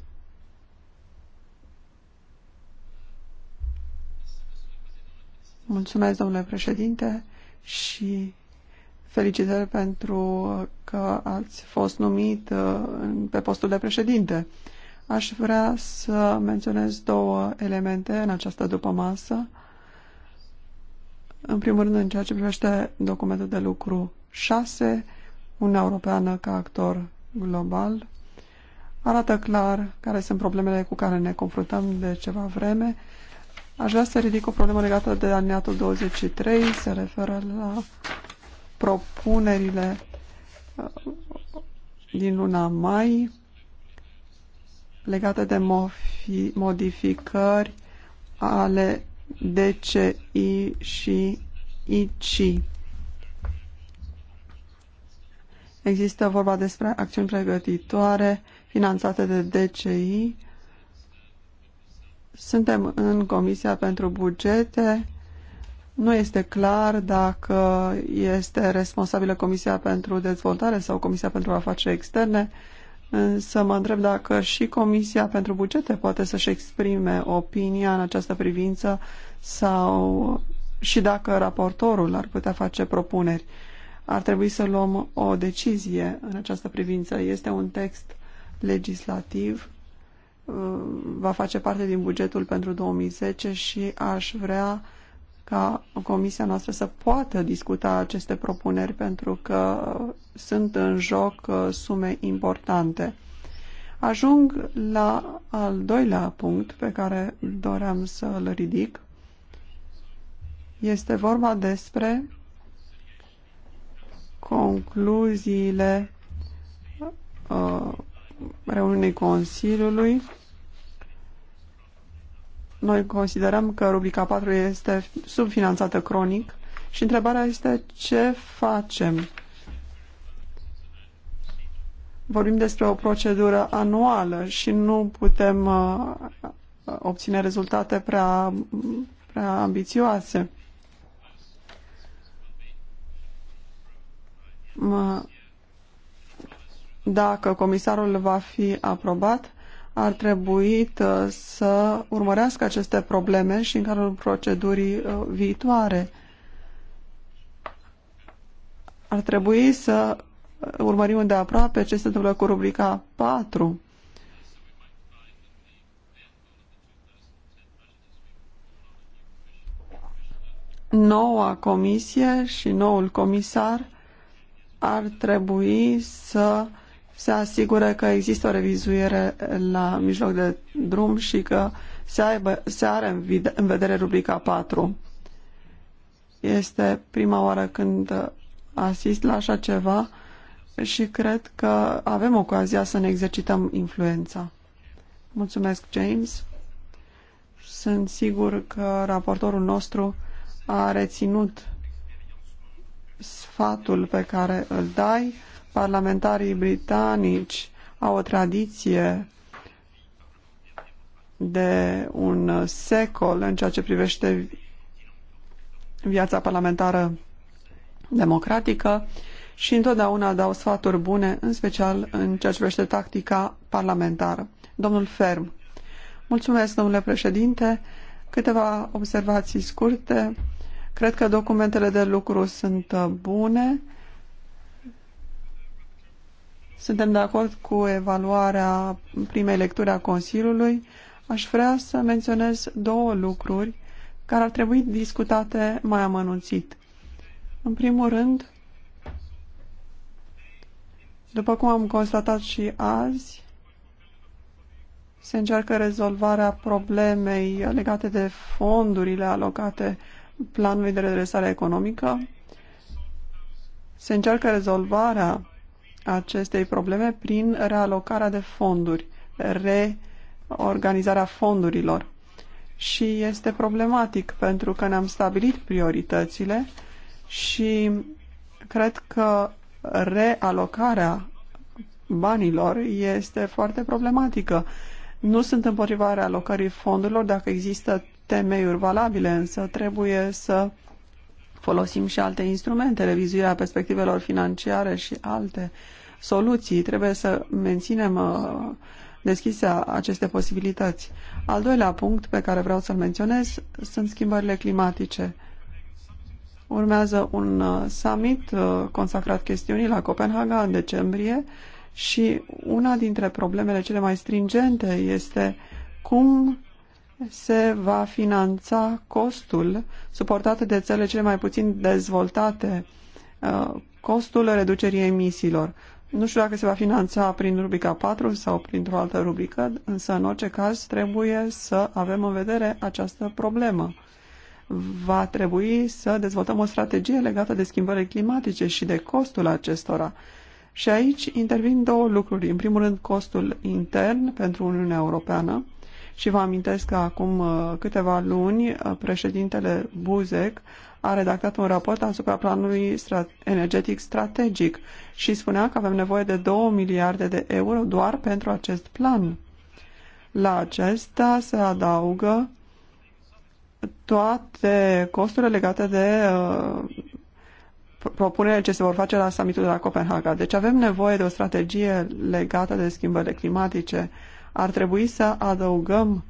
Mulțumesc, domnule președinte, și felicitări pentru că ați fost numit uh, pe postul de președinte. Aș vrea să menționez două elemente în această dupămasă. În primul rând, în ceea ce privește documentul de lucru 6, Uniunea Europeană ca actor global, arată clar care sunt problemele cu care ne confruntăm de ceva vreme, Aș vrea să ridic o problemă legată de alineatul 23, se referă la propunerile uh, din luna mai legate de modificări ale DCI și ICI. Există vorba despre acțiuni pregătitoare finanțate de DCI suntem în Comisia pentru Bugete. Nu este clar dacă este responsabilă Comisia pentru Dezvoltare sau Comisia pentru Afaceri Externe, însă mă întreb dacă și Comisia pentru Bugete poate să-și exprime opinia în această privință sau și dacă raportorul ar putea face propuneri. Ar trebui să luăm o decizie în această privință. Este un text legislativ va face parte din bugetul pentru 2010 și aș vrea ca comisia noastră să poată discuta aceste propuneri pentru că sunt în joc uh, sume importante. Ajung la al doilea punct pe care doream să îl ridic. Este vorba despre concluziile uh, reuniunii Consiliului noi considerăm că rubrica 4 este subfinanțată cronic și întrebarea este ce facem? Vorbim despre o procedură anuală și nu putem uh, obține rezultate prea, prea ambițioase. dacă comisarul va fi aprobat, ar trebui uh, să urmărească aceste probleme și în cadrul procedurii uh, viitoare. Ar trebui să uh, urmărim de aproape ce se întâmplă cu rubrica 4. Noua comisie și noul comisar ar trebui să se asigure că există o revizuire la mijloc de drum și că se, aibă, se are în vedere rubrica 4. Este prima oară când asist la așa ceva și cred că avem ocazia să ne exercităm influența. Mulțumesc, James. Sunt sigur că raportorul nostru a reținut sfatul pe care îl dai Parlamentarii britanici au o tradiție de un secol în ceea ce privește viața parlamentară democratică și întotdeauna dau sfaturi bune, în special în ceea ce privește tactica parlamentară. Domnul Ferm. Mulțumesc, domnule președinte. Câteva observații scurte. Cred că documentele de lucru sunt bune. Suntem de acord cu evaluarea primei lecturi a Consiliului. Aș vrea să menționez două lucruri care ar trebui discutate mai amănunțit. În primul rând, după cum am constatat și azi, se încearcă rezolvarea problemei legate de fondurile alocate planului de redresare economică, se încearcă rezolvarea acestei probleme prin realocarea de fonduri, reorganizarea fondurilor. Și este problematic pentru că ne-am stabilit prioritățile și cred că realocarea banilor este foarte problematică. Nu sunt împotriva realocării fondurilor dacă există temeiuri valabile, însă trebuie să Folosim și alte instrumente, revizuirea perspectivelor financiare și alte soluții. Trebuie să menținem uh, deschise aceste posibilități. Al doilea punct pe care vreau să-l menționez sunt schimbările climatice. Urmează un uh, summit uh, consacrat chestiunii la Copenhaga în decembrie și una dintre problemele cele mai stringente este cum se va finanța costul suportat de țările cele mai puțin dezvoltate, uh, costul reducerii emisiilor. Nu știu dacă se va finanța prin rubrica 4 sau printr-o altă rubrică, însă în orice caz trebuie să avem în vedere această problemă. Va trebui să dezvoltăm o strategie legată de schimbările climatice și de costul acestora. Și aici intervin două lucruri. În primul rând, costul intern pentru Uniunea Europeană, și vă amintesc că acum uh, câteva luni uh, președintele Buzek a redactat un raport asupra planului energetic strategic și spunea că avem nevoie de 2 miliarde de euro doar pentru acest plan. La acesta se adaugă toate costurile legate de uh, propunerile ce se vor face la summitul de la Copenhaga. Deci avem nevoie de o strategie legată de schimbările climatice, ar trebui să adăugăm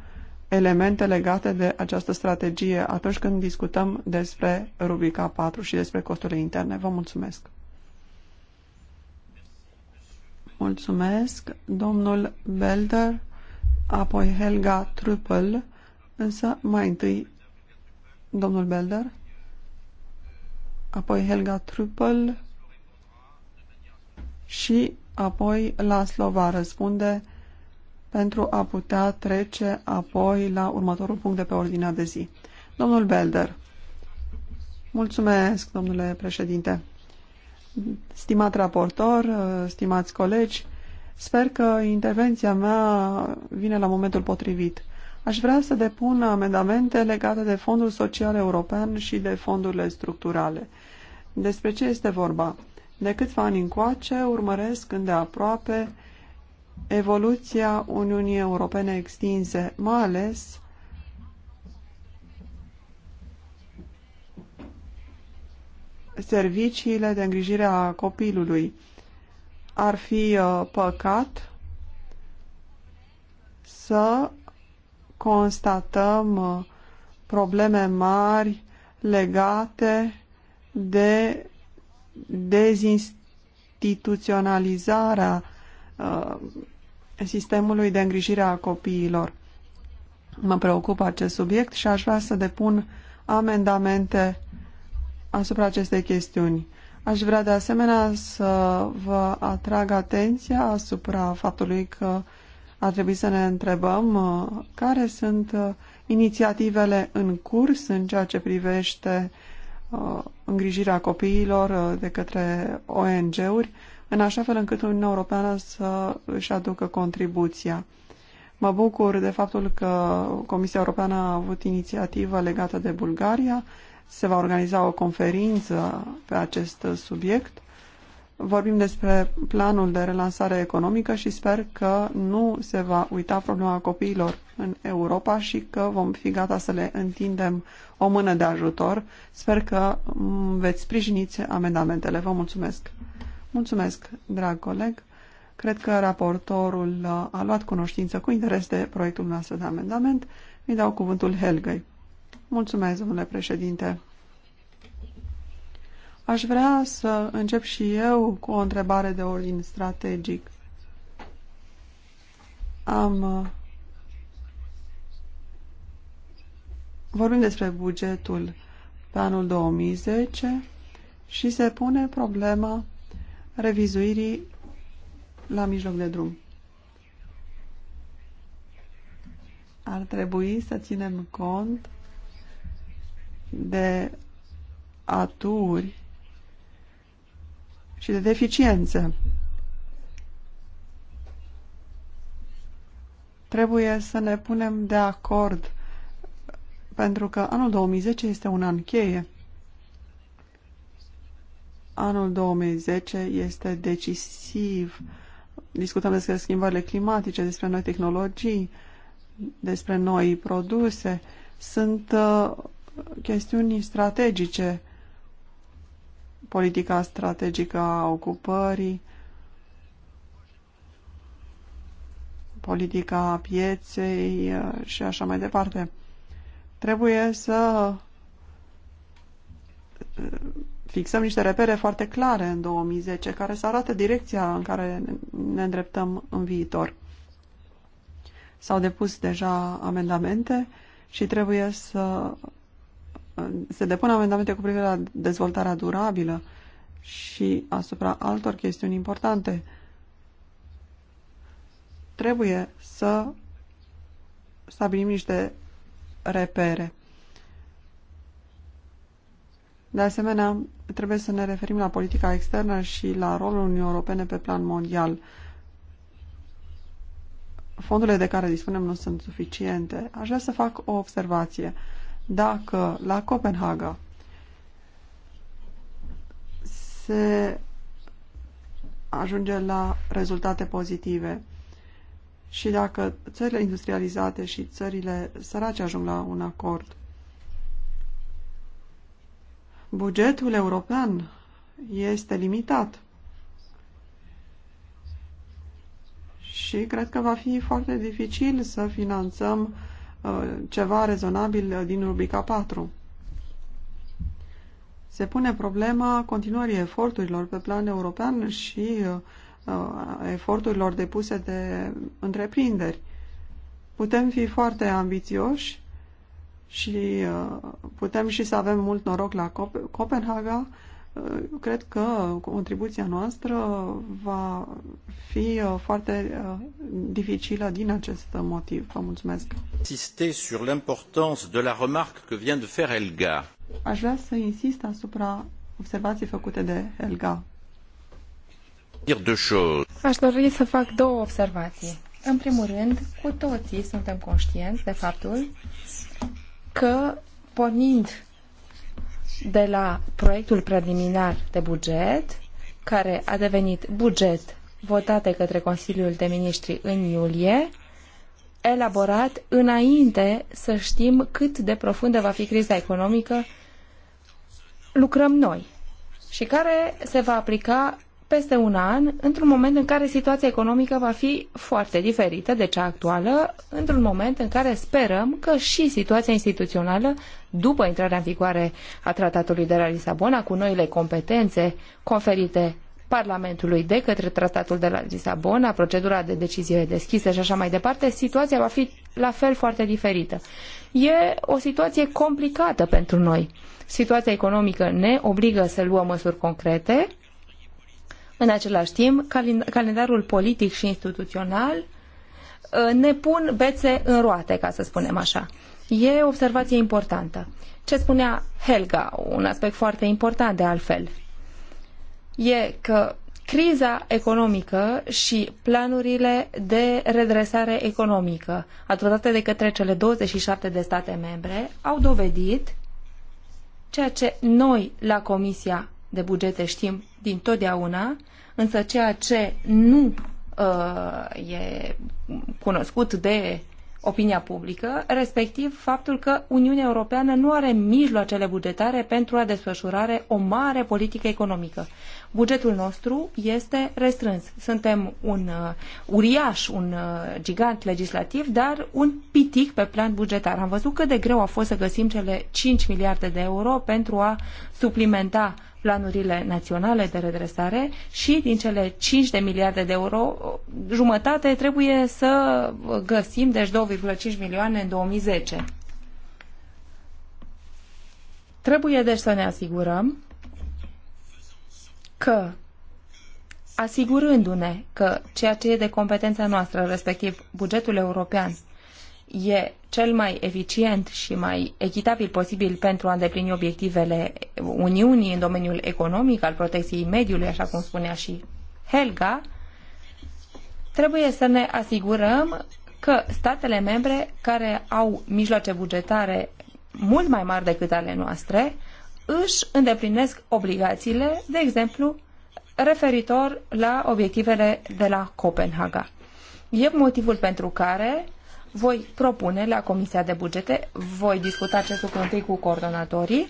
elemente legate de această strategie atunci când discutăm despre rubrica 4 și despre costurile interne. Vă mulțumesc! Mulțumesc, domnul Belder, apoi Helga Trüppel, însă mai întâi domnul Belder, apoi Helga Trüppel și apoi Laslo va răspunde pentru a putea trece apoi la următorul punct de pe ordinea de zi. Domnul Belder. Mulțumesc, domnule președinte. Stimat raportor, stimați colegi, sper că intervenția mea vine la momentul potrivit. Aș vrea să depun amendamente legate de Fondul Social European și de fondurile structurale. Despre ce este vorba? De câțiva ani încoace urmăresc îndeaproape aproape evoluția Uniunii Europene extinse, mai ales serviciile de îngrijire a copilului. Ar fi uh, păcat să constatăm uh, probleme mari legate de dezinstituționalizarea Uh, sistemului de îngrijire a copiilor. Mă preocupă acest subiect și aș vrea să depun amendamente asupra acestei chestiuni. Aș vrea de asemenea să vă atrag atenția asupra faptului că ar trebui să ne întrebăm uh, care sunt uh, inițiativele în curs în ceea ce privește îngrijirea copiilor de către ONG-uri în așa fel încât Uniunea Europeană să își aducă contribuția. Mă bucur de faptul că Comisia Europeană a avut inițiativă legată de Bulgaria. Se va organiza o conferință pe acest subiect. Vorbim despre planul de relansare economică și sper că nu se va uita problema copiilor în Europa și că vom fi gata să le întindem o mână de ajutor. Sper că veți sprijiniți amendamentele. Vă mulțumesc! Mulțumesc, drag coleg. Cred că raportorul uh, a luat cunoștință cu interes de proiectul nostru de amendament. Îi dau cuvântul Helgăi. Mulțumesc, domnule președinte. Aș vrea să încep și eu cu o întrebare de ordin strategic. Am uh, vorbim despre bugetul pe anul 2010 și se pune problema revizuirii la mijloc de drum. Ar trebui să ținem cont de aturi și de deficiențe. Trebuie să ne punem de acord pentru că anul 2010 este un an cheie anul 2010 este decisiv. Discutăm despre schimbările climatice, despre noi tehnologii, despre noi produse. Sunt uh, chestiuni strategice, politica strategică a ocupării, politica pieței uh, și așa mai departe. Trebuie să uh, fixăm niște repere foarte clare în 2010 care să arate direcția în care ne îndreptăm în viitor. S-au depus deja amendamente și trebuie să se depună amendamente cu privire la dezvoltarea durabilă și asupra altor chestiuni importante. Trebuie să stabilim niște repere. De asemenea, trebuie să ne referim la politica externă și la rolul Uniunii Europene pe plan mondial. Fondurile de care dispunem nu sunt suficiente. Aș vrea să fac o observație. Dacă la Copenhaga se ajunge la rezultate pozitive și dacă țările industrializate și țările sărace ajung la un acord, Bugetul european este limitat și cred că va fi foarte dificil să finanțăm uh, ceva rezonabil uh, din rubrica 4. Se pune problema continuării eforturilor pe plan european și uh, eforturilor depuse de întreprinderi. Putem fi foarte ambițioși și uh, putem și să avem mult noroc la Copenhaga, uh, cred că contribuția noastră va fi uh, foarte dificilă din acest motiv. Vă mulțumesc. Insiste sur l'importance de la remarque que vient de faire Helga. Aș vrea să insist asupra observației făcute de Helga. Aș dori să fac două observații. În primul rând, cu toții suntem conștienți de faptul că pornind de la proiectul preliminar de buget, care a devenit buget votat de către Consiliul de Ministri în iulie, elaborat înainte să știm cât de profundă va fi criza economică, lucrăm noi și care se va aplica peste un an, într-un moment în care situația economică va fi foarte diferită de cea actuală, într-un moment în care sperăm că și situația instituțională, după intrarea în vigoare a Tratatului de la Lisabona, cu noile competențe conferite Parlamentului de către Tratatul de la Lisabona, procedura de decizie deschisă și așa mai departe, situația va fi la fel foarte diferită. E o situație complicată pentru noi. Situația economică ne obligă să luăm măsuri concrete, în același timp, calendarul politic și instituțional uh, ne pun bețe în roate, ca să spunem așa. E o observație importantă. Ce spunea Helga, un aspect foarte important de altfel, e că criza economică și planurile de redresare economică adoptate de către cele 27 de state membre au dovedit ceea ce noi la Comisia de bugete știm din totdeauna, însă ceea ce nu uh, e cunoscut de opinia publică, respectiv faptul că Uniunea Europeană nu are mijloacele bugetare pentru a desfășurare o mare politică economică. Bugetul nostru este restrâns. Suntem un uh, uriaș, un uh, gigant legislativ, dar un pitic pe plan bugetar. Am văzut cât de greu a fost să găsim cele 5 miliarde de euro pentru a suplimenta uh, planurile naționale de redresare și din cele 5 de miliarde de euro, jumătate trebuie să găsim, deci 2,5 milioane în 2010. Trebuie deci să ne asigurăm că asigurându-ne că ceea ce e de competența noastră, respectiv bugetul european, e cel mai eficient și mai echitabil posibil pentru a îndeplini obiectivele Uniunii în domeniul economic, al protecției mediului, așa cum spunea și Helga, trebuie să ne asigurăm că statele membre care au mijloace bugetare mult mai mari decât ale noastre își îndeplinesc obligațiile, de exemplu, referitor la obiectivele de la Copenhaga. E motivul pentru care voi propune la Comisia de Bugete, voi discuta acest lucru întâi cu coordonatorii,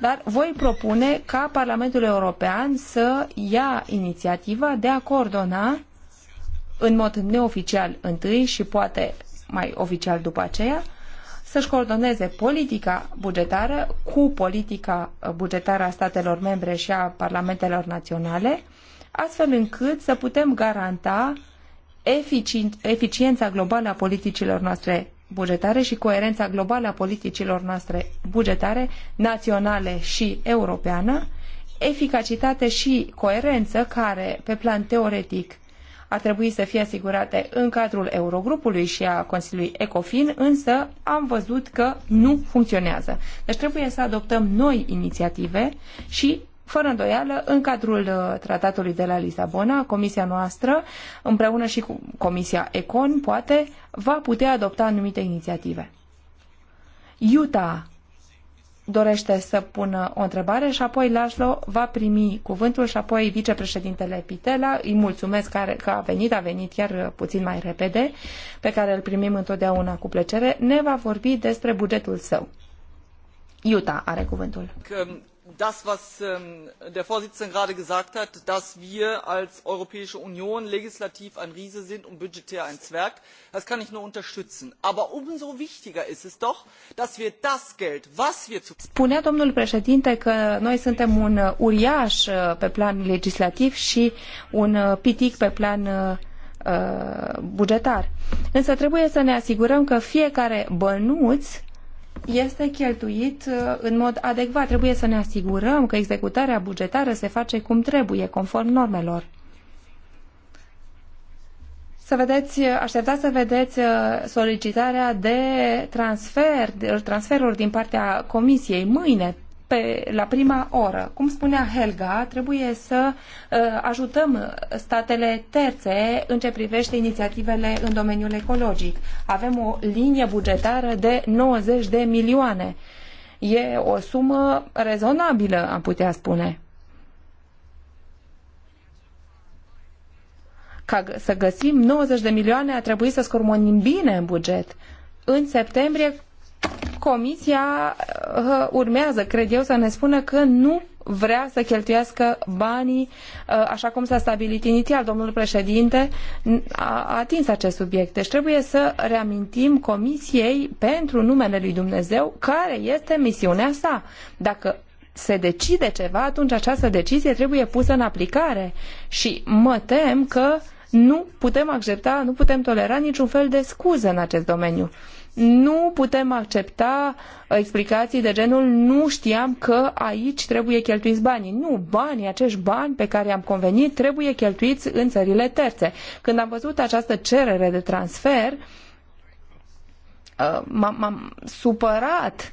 dar voi propune ca Parlamentul European să ia inițiativa de a coordona în mod neoficial întâi și poate mai oficial după aceea, să-și coordoneze politica bugetară cu politica bugetară a statelor membre și a parlamentelor naționale, astfel încât să putem garanta eficiența globală a politicilor noastre bugetare și coerența globală a politicilor noastre bugetare, naționale și europeană, eficacitate și coerență care, pe plan teoretic, ar trebui să fie asigurate în cadrul Eurogrupului și a Consiliului Ecofin, însă am văzut că nu funcționează. Deci trebuie să adoptăm noi inițiative și fără îndoială, în cadrul uh, tratatului de la Lisabona, comisia noastră, împreună și cu comisia Econ, poate, va putea adopta anumite inițiative. Utah dorește să pună o întrebare și apoi Laszlo va primi cuvântul și apoi vicepreședintele Pitela. Îi mulțumesc că a venit, a venit chiar uh, puțin mai repede, pe care îl primim întotdeauna cu plăcere. Ne va vorbi despre bugetul său. Iuta are cuvântul das was ähm, der vorsitzende gerade gesagt hat dass wir als europäische union legislativ ein riese sind und budgetär ein zwerg das kann ich nur unterstützen. aber umso wichtiger ist es doch dass wir das geld was wir zu. spunea domnul președinte că noi suntem un uh, uriaș uh, pe plan legislativ și un uh, pitic pe plan bugetar însă trebuie să ne asigurăm că fiecare bănuț este cheltuit uh, în mod adecvat. Trebuie să ne asigurăm că executarea bugetară se face cum trebuie, conform normelor. Să vedeți, așteptați să vedeți uh, solicitarea de transfer, transferuri din partea Comisiei mâine, pe, la prima oră. Cum spunea Helga, trebuie să uh, ajutăm statele terțe în ce privește inițiativele în domeniul ecologic. Avem o linie bugetară de 90 de milioane. E o sumă rezonabilă, am putea spune. Ca să găsim 90 de milioane a trebuit să scurmonim bine în buget. În septembrie Comisia uh, urmează, cred eu, să ne spună că nu vrea să cheltuiască banii uh, așa cum s-a stabilit inițial. Domnul președinte a atins acest subiect. Deci trebuie să reamintim Comisiei pentru numele lui Dumnezeu care este misiunea sa. Dacă se decide ceva, atunci această decizie trebuie pusă în aplicare. Și mă tem că nu putem accepta, nu putem tolera niciun fel de scuză în acest domeniu nu putem accepta explicații de genul nu știam că aici trebuie cheltuiți banii. Nu, banii, acești bani pe care i-am convenit trebuie cheltuiți în țările terțe. Când am văzut această cerere de transfer, uh, m-am supărat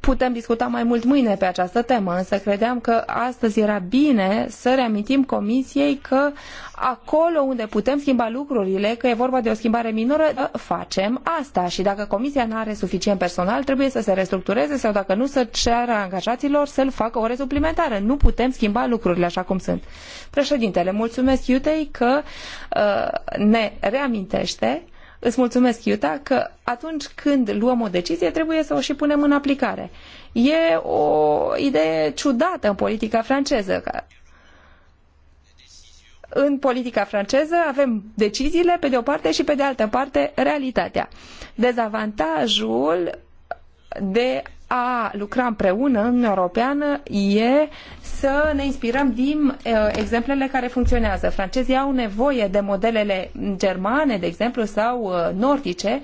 Putem discuta mai mult mâine pe această temă, însă credeam că astăzi era bine să reamintim Comisiei că acolo unde putem schimba lucrurile, că e vorba de o schimbare minoră, facem asta. Și dacă Comisia nu are suficient personal, trebuie să se restructureze sau dacă nu, să ceară angajaților să-l facă o suplimentară. Nu putem schimba lucrurile așa cum sunt. Președintele, mulțumesc Iutei că uh, ne reamintește Îți mulțumesc, Iuta, că atunci când luăm o decizie, trebuie să o și punem în aplicare. E o idee ciudată în politica franceză. În politica franceză avem deciziile pe de o parte și pe de altă parte realitatea. Dezavantajul de a lucra împreună în Europeană e să ne inspirăm din uh, exemplele care funcționează. Francezii au nevoie de modelele germane, de exemplu, sau uh, nordice,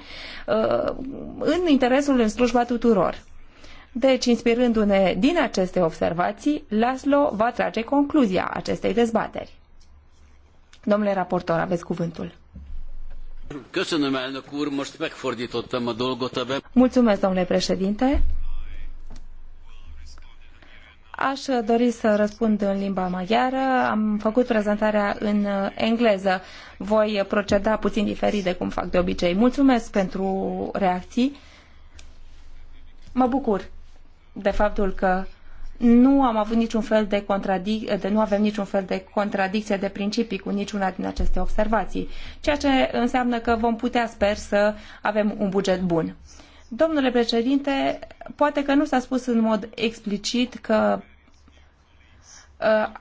uh, în interesul în slujba tuturor. Deci, inspirându-ne din aceste observații, Laslo va trage concluzia acestei dezbateri. Domnule raportor, aveți cuvântul. Mulțumesc, domnule președinte. Aș dori să răspund în limba maghiară. Am făcut prezentarea în engleză. Voi proceda puțin diferit de cum fac de obicei. Mulțumesc pentru reacții. Mă bucur de faptul că nu am avut niciun fel de contradic, de, nu avem niciun fel de contradicție de principii cu niciuna din aceste observații, ceea ce înseamnă că vom putea, sper, să avem un buget bun. Domnule președinte, poate că nu s-a spus în mod explicit că uh,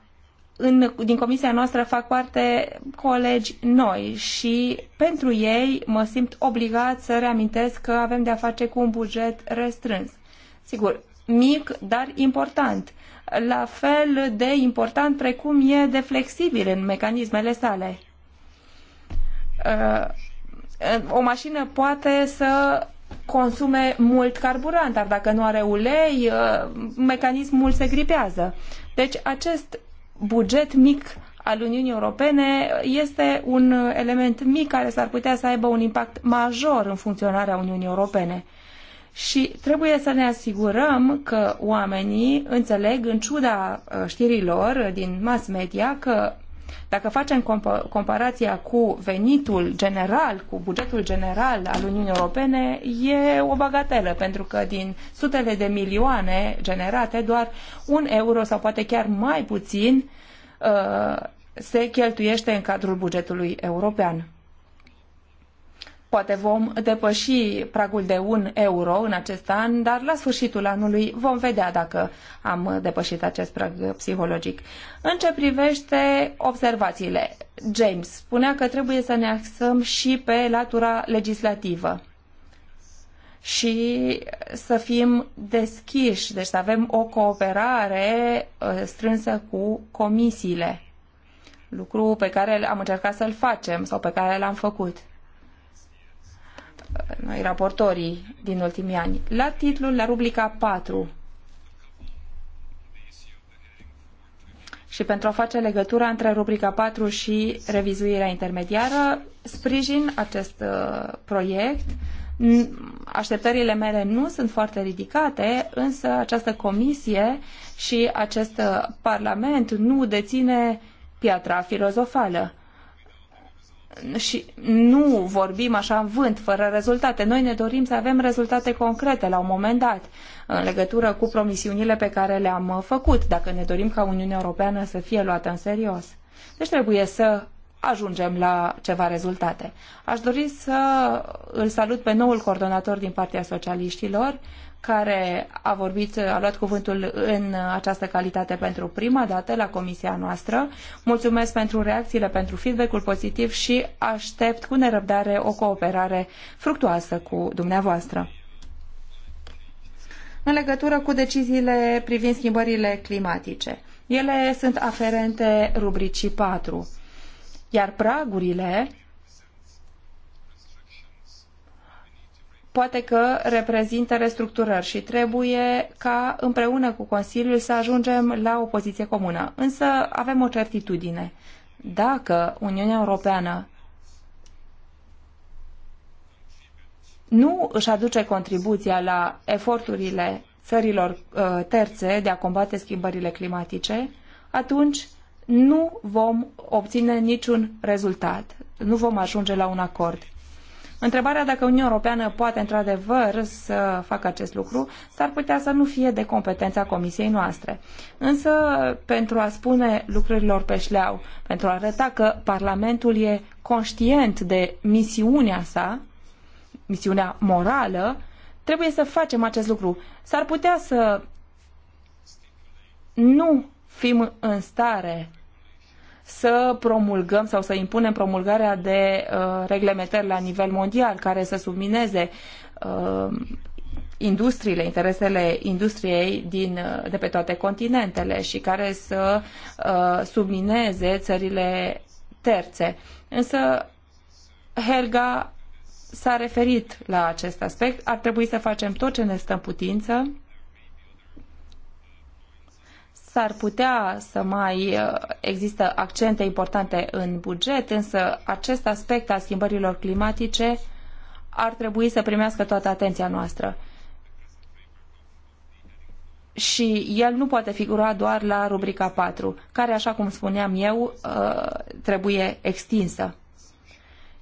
în, din comisia noastră fac parte colegi noi și pentru ei mă simt obligat să reamintesc că avem de-a face cu un buget restrâns. Sigur, mic, dar important. La fel de important precum e de flexibil în mecanismele sale. Uh, o mașină poate să consume mult carburant, dar dacă nu are ulei, uh, mecanismul se gripează. Deci acest buget mic al Uniunii Europene este un element mic care s-ar putea să aibă un impact major în funcționarea Uniunii Europene. Și trebuie să ne asigurăm că oamenii înțeleg, în ciuda uh, știrilor uh, din mass media, că dacă facem comparația cu venitul general, cu bugetul general al Uniunii Europene, e o bagatelă, pentru că din sutele de milioane generate, doar un euro sau poate chiar mai puțin uh, se cheltuiește în cadrul bugetului european. Poate vom depăși pragul de un euro în acest an, dar la sfârșitul anului vom vedea dacă am depășit acest prag psihologic. În ce privește observațiile, James spunea că trebuie să ne axăm și pe latura legislativă și să fim deschiși, deci să avem o cooperare ă, strânsă cu comisiile. Lucru pe care am încercat să-l facem sau pe care l-am făcut noi raportorii din ultimii ani. La titlul, la rubrica 4, și pentru a face legătura între rubrica 4 și revizuirea intermediară, sprijin acest uh, proiect. Așteptările mele nu sunt foarte ridicate, însă această comisie și acest uh, parlament nu deține piatra filozofală și nu vorbim așa în vânt, fără rezultate. Noi ne dorim să avem rezultate concrete la un moment dat în legătură cu promisiunile pe care le-am uh, făcut, dacă ne dorim ca Uniunea Europeană să fie luată în serios. Deci trebuie să ajungem la ceva rezultate. Aș dori să îl salut pe noul coordonator din partea socialiștilor, care a vorbit, a luat cuvântul în această calitate pentru prima dată la comisia noastră. Mulțumesc pentru reacțiile, pentru feedback-ul pozitiv și aștept cu nerăbdare o cooperare fructuoasă cu dumneavoastră. În legătură cu deciziile privind schimbările climatice, ele sunt aferente rubricii 4, iar pragurile poate că reprezintă restructurări și trebuie ca împreună cu Consiliul să ajungem la o poziție comună. Însă avem o certitudine. Dacă Uniunea Europeană nu își aduce contribuția la eforturile țărilor uh, terțe de a combate schimbările climatice, atunci nu vom obține niciun rezultat, nu vom ajunge la un acord. Întrebarea dacă Uniunea Europeană poate într-adevăr să facă acest lucru s-ar putea să nu fie de competența comisiei noastre. Însă, pentru a spune lucrurilor pe șleau, pentru a arăta că Parlamentul e conștient de misiunea sa, misiunea morală, trebuie să facem acest lucru. S-ar putea să nu fim în stare să promulgăm sau să impunem promulgarea de uh, reglementări la nivel mondial care să submineze uh, industriile, interesele industriei din, uh, de pe toate continentele și care să uh, submineze țările terțe. Însă Helga s-a referit la acest aspect. Ar trebui să facem tot ce ne stă în putință S-ar putea să mai uh, există accente importante în buget, însă acest aspect al schimbărilor climatice ar trebui să primească toată atenția noastră. Și el nu poate figura doar la rubrica 4, care, așa cum spuneam eu, uh, trebuie extinsă.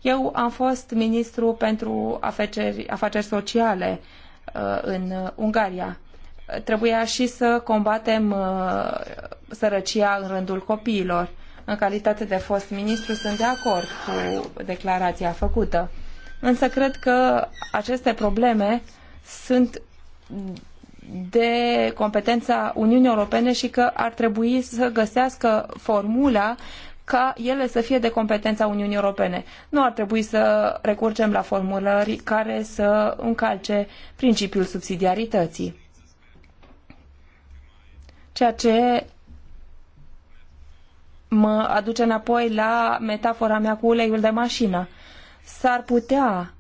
Eu am fost ministru pentru afaceri, afaceri sociale uh, în Ungaria trebuia și să combatem uh, sărăcia în rândul copiilor. În calitate de fost ministru sunt de acord cu declarația făcută. Însă cred că aceste probleme sunt de competența Uniunii Europene și că ar trebui să găsească formula ca ele să fie de competența Uniunii Europene. Nu ar trebui să recurgem la formulări care să încalce principiul subsidiarității ceea ce mă aduce înapoi la metafora mea cu uleiul de mașină. S-ar putea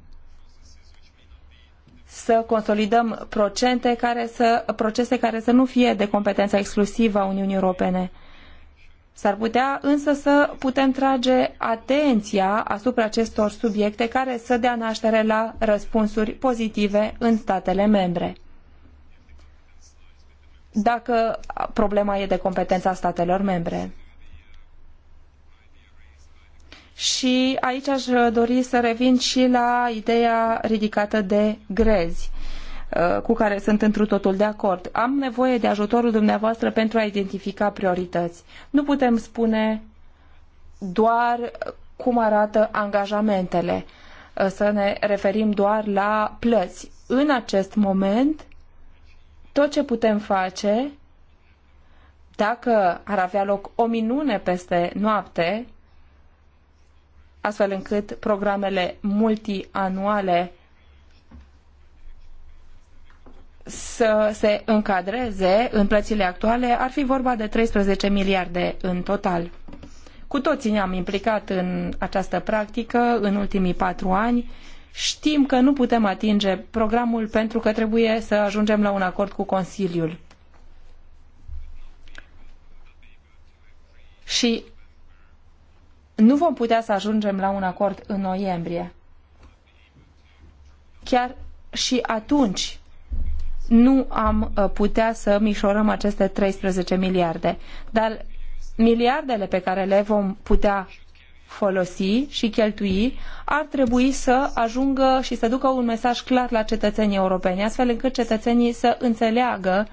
să consolidăm procente care să, procese care să nu fie de competența exclusivă a Uniunii Europene. S-ar putea însă să putem trage atenția asupra acestor subiecte care să dea naștere la răspunsuri pozitive în statele membre dacă problema e de competența statelor membre. Și aici aș dori să revin și la ideea ridicată de grezi uh, cu care sunt întru totul de acord. Am nevoie de ajutorul dumneavoastră pentru a identifica priorități. Nu putem spune doar cum arată angajamentele, uh, să ne referim doar la plăți. În acest moment tot ce putem face, dacă ar avea loc o minune peste noapte, astfel încât programele multianuale să se încadreze în plățile actuale, ar fi vorba de 13 miliarde în total. Cu toții ne-am implicat în această practică în ultimii patru ani Știm că nu putem atinge programul pentru că trebuie să ajungem la un acord cu Consiliul. Și nu vom putea să ajungem la un acord în noiembrie. Chiar și atunci nu am uh, putea să mișorăm aceste 13 miliarde. Dar miliardele pe care le vom putea folosi și cheltui ar trebui să ajungă și să ducă un mesaj clar la cetățenii europeni, astfel încât cetățenii să înțeleagă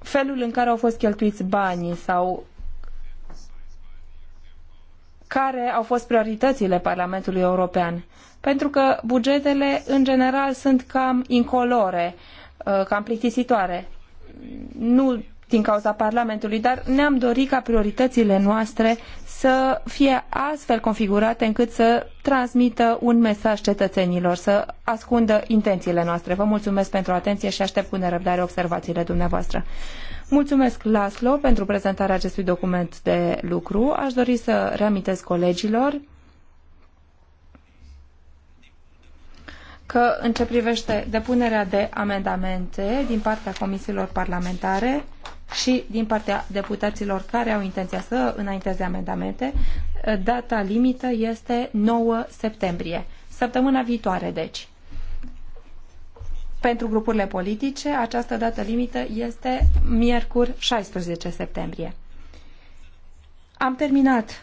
felul în care au fost cheltuiți banii sau care au fost prioritățile Parlamentului European. Pentru că bugetele, în general, sunt cam incolore, uh, cam plictisitoare. Nu din cauza Parlamentului, dar ne-am dorit ca prioritățile noastre să fie astfel configurate încât să transmită un mesaj cetățenilor, să ascundă intențiile noastre. Vă mulțumesc pentru atenție și aștept cu nerăbdare observațiile dumneavoastră. Mulțumesc, Laslo, pentru prezentarea acestui document de lucru. Aș dori să reamintesc colegilor că în ce privește depunerea de amendamente din partea comisiilor parlamentare, și din partea deputaților care au intenția să înainteze amendamente. Data limită este 9 septembrie, săptămâna viitoare, deci. Pentru grupurile politice, această dată limită este miercuri 16 septembrie. Am terminat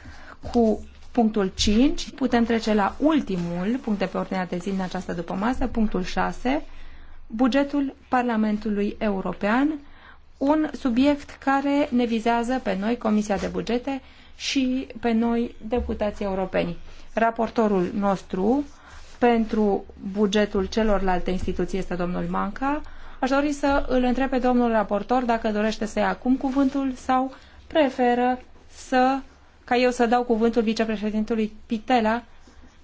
cu punctul 5. Putem trece la ultimul punct de pe ordinea de zi în această dupămasă, punctul 6, bugetul Parlamentului European un subiect care ne vizează pe noi, Comisia de Bugete, și pe noi, deputații europeni. Raportorul nostru pentru bugetul celorlalte instituții este domnul Manca. Aș dori să îl întreb pe domnul raportor dacă dorește să ia acum cuvântul sau preferă să, ca eu să dau cuvântul vicepreședintului Pitela.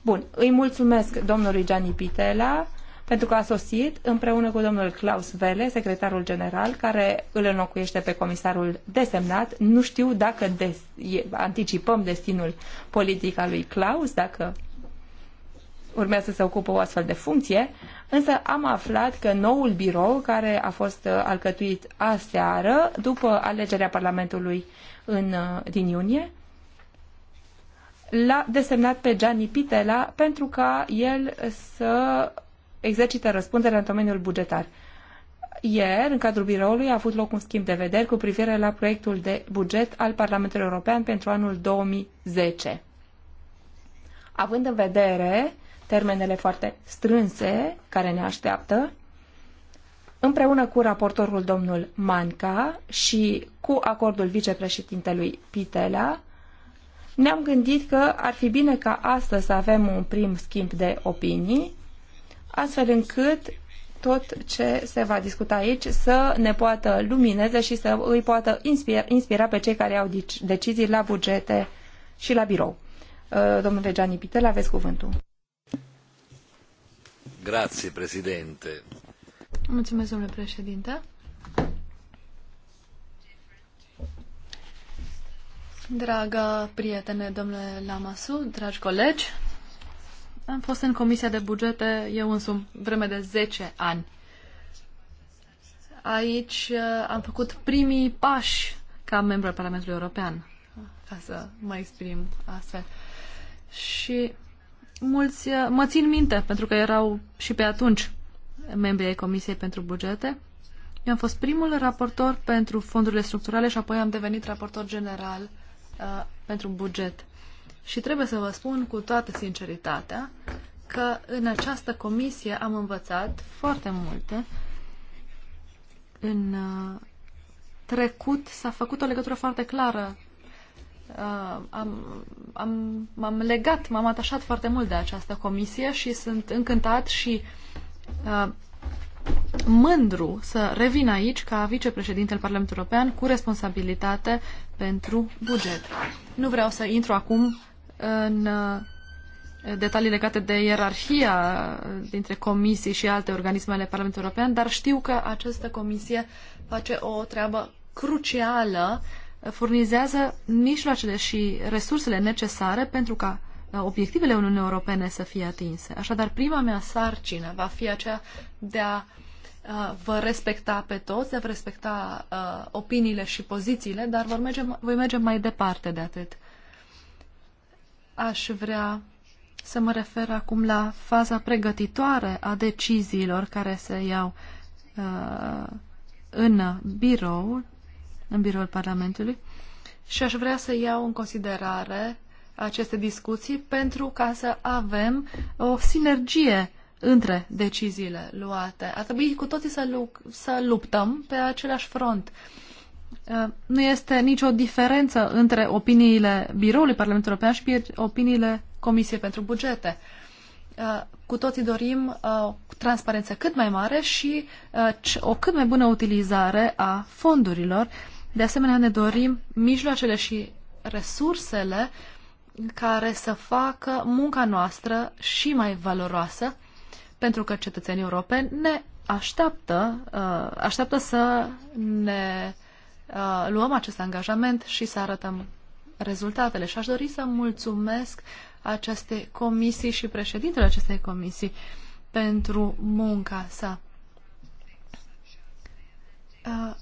Bun, îi mulțumesc domnului Gianni Pitela pentru că a sosit împreună cu domnul Klaus Vele, secretarul general, care îl înlocuiește pe comisarul desemnat. Nu știu dacă des, anticipăm destinul politic al lui Klaus, dacă urmează să ocupă o astfel de funcție, însă am aflat că noul birou, care a fost uh, alcătuit aseară, după alegerea Parlamentului în, uh, din iunie, l-a desemnat pe Gianni Pitela pentru ca el să exercită răspunderea în domeniul bugetar. Ieri, în cadrul biroului, a avut loc un schimb de vederi cu privire la proiectul de buget al Parlamentului European pentru anul 2010. Având în vedere termenele foarte strânse care ne așteaptă, împreună cu raportorul domnul Manca și cu acordul vicepreședintelui Pitela, ne-am gândit că ar fi bine ca astăzi să avem un prim schimb de opinii astfel încât tot ce se va discuta aici să ne poată lumineze și să îi poată inspira, inspira pe cei care au decizii la bugete și la birou. Uh, domnule Gianni Pitel, aveți cuvântul. Grazie, președinte. Mulțumesc, domnule președinte. Dragă prietene, domnule Lamasu, dragi colegi, am fost în Comisia de Bugete eu însumi vreme de 10 ani. Aici uh, am făcut primii pași ca membru al Parlamentului European, ca să mă exprim astfel. Și mulți uh, mă țin minte, pentru că erau și pe atunci membri ai Comisiei pentru Bugete. Eu am fost primul raportor pentru fondurile structurale și apoi am devenit raportor general uh, pentru buget. Și trebuie să vă spun cu toată sinceritatea că în această comisie am învățat foarte multe. În uh, trecut s-a făcut o legătură foarte clară. Uh, am, am, m-am legat, m-am atașat foarte mult de această comisie și sunt încântat și uh, mândru să revin aici ca vicepreședinte al Parlamentului European cu responsabilitate pentru buget. Nu vreau să intru acum în uh, detalii legate de ierarhia uh, dintre comisii și alte organisme ale Parlamentului European, dar știu că această comisie face o treabă crucială, uh, furnizează mijloacele și resursele necesare pentru ca obiectivele Uniunii Europene să fie atinse. Așadar, prima mea sarcină va fi aceea de a vă respecta pe toți, de a vă respecta opiniile și pozițiile, dar vor merge, voi merge mai departe de atât aș vrea să mă refer acum la faza pregătitoare a deciziilor care se iau uh, în birou, în biroul Parlamentului și aș vrea să iau în considerare aceste discuții pentru ca să avem o sinergie între deciziile luate. Ar trebui cu toții să, lu- să luptăm pe același front. Uh, Uh, nu este nicio diferență între opiniile biroului Parlamentului European și opiniile Comisiei pentru Bugete. Uh, cu toții dorim o uh, transparență cât mai mare și o cât mai bună utilizare a fondurilor. De asemenea, ne dorim mijloacele și resursele care să facă munca noastră și mai valoroasă, pentru că cetățenii europeni ne așteaptă, așteaptă să ne Uh, luăm acest angajament și să arătăm rezultatele. Și aș dori să mulțumesc aceste comisii și președintele acestei comisii pentru munca sa. Uh,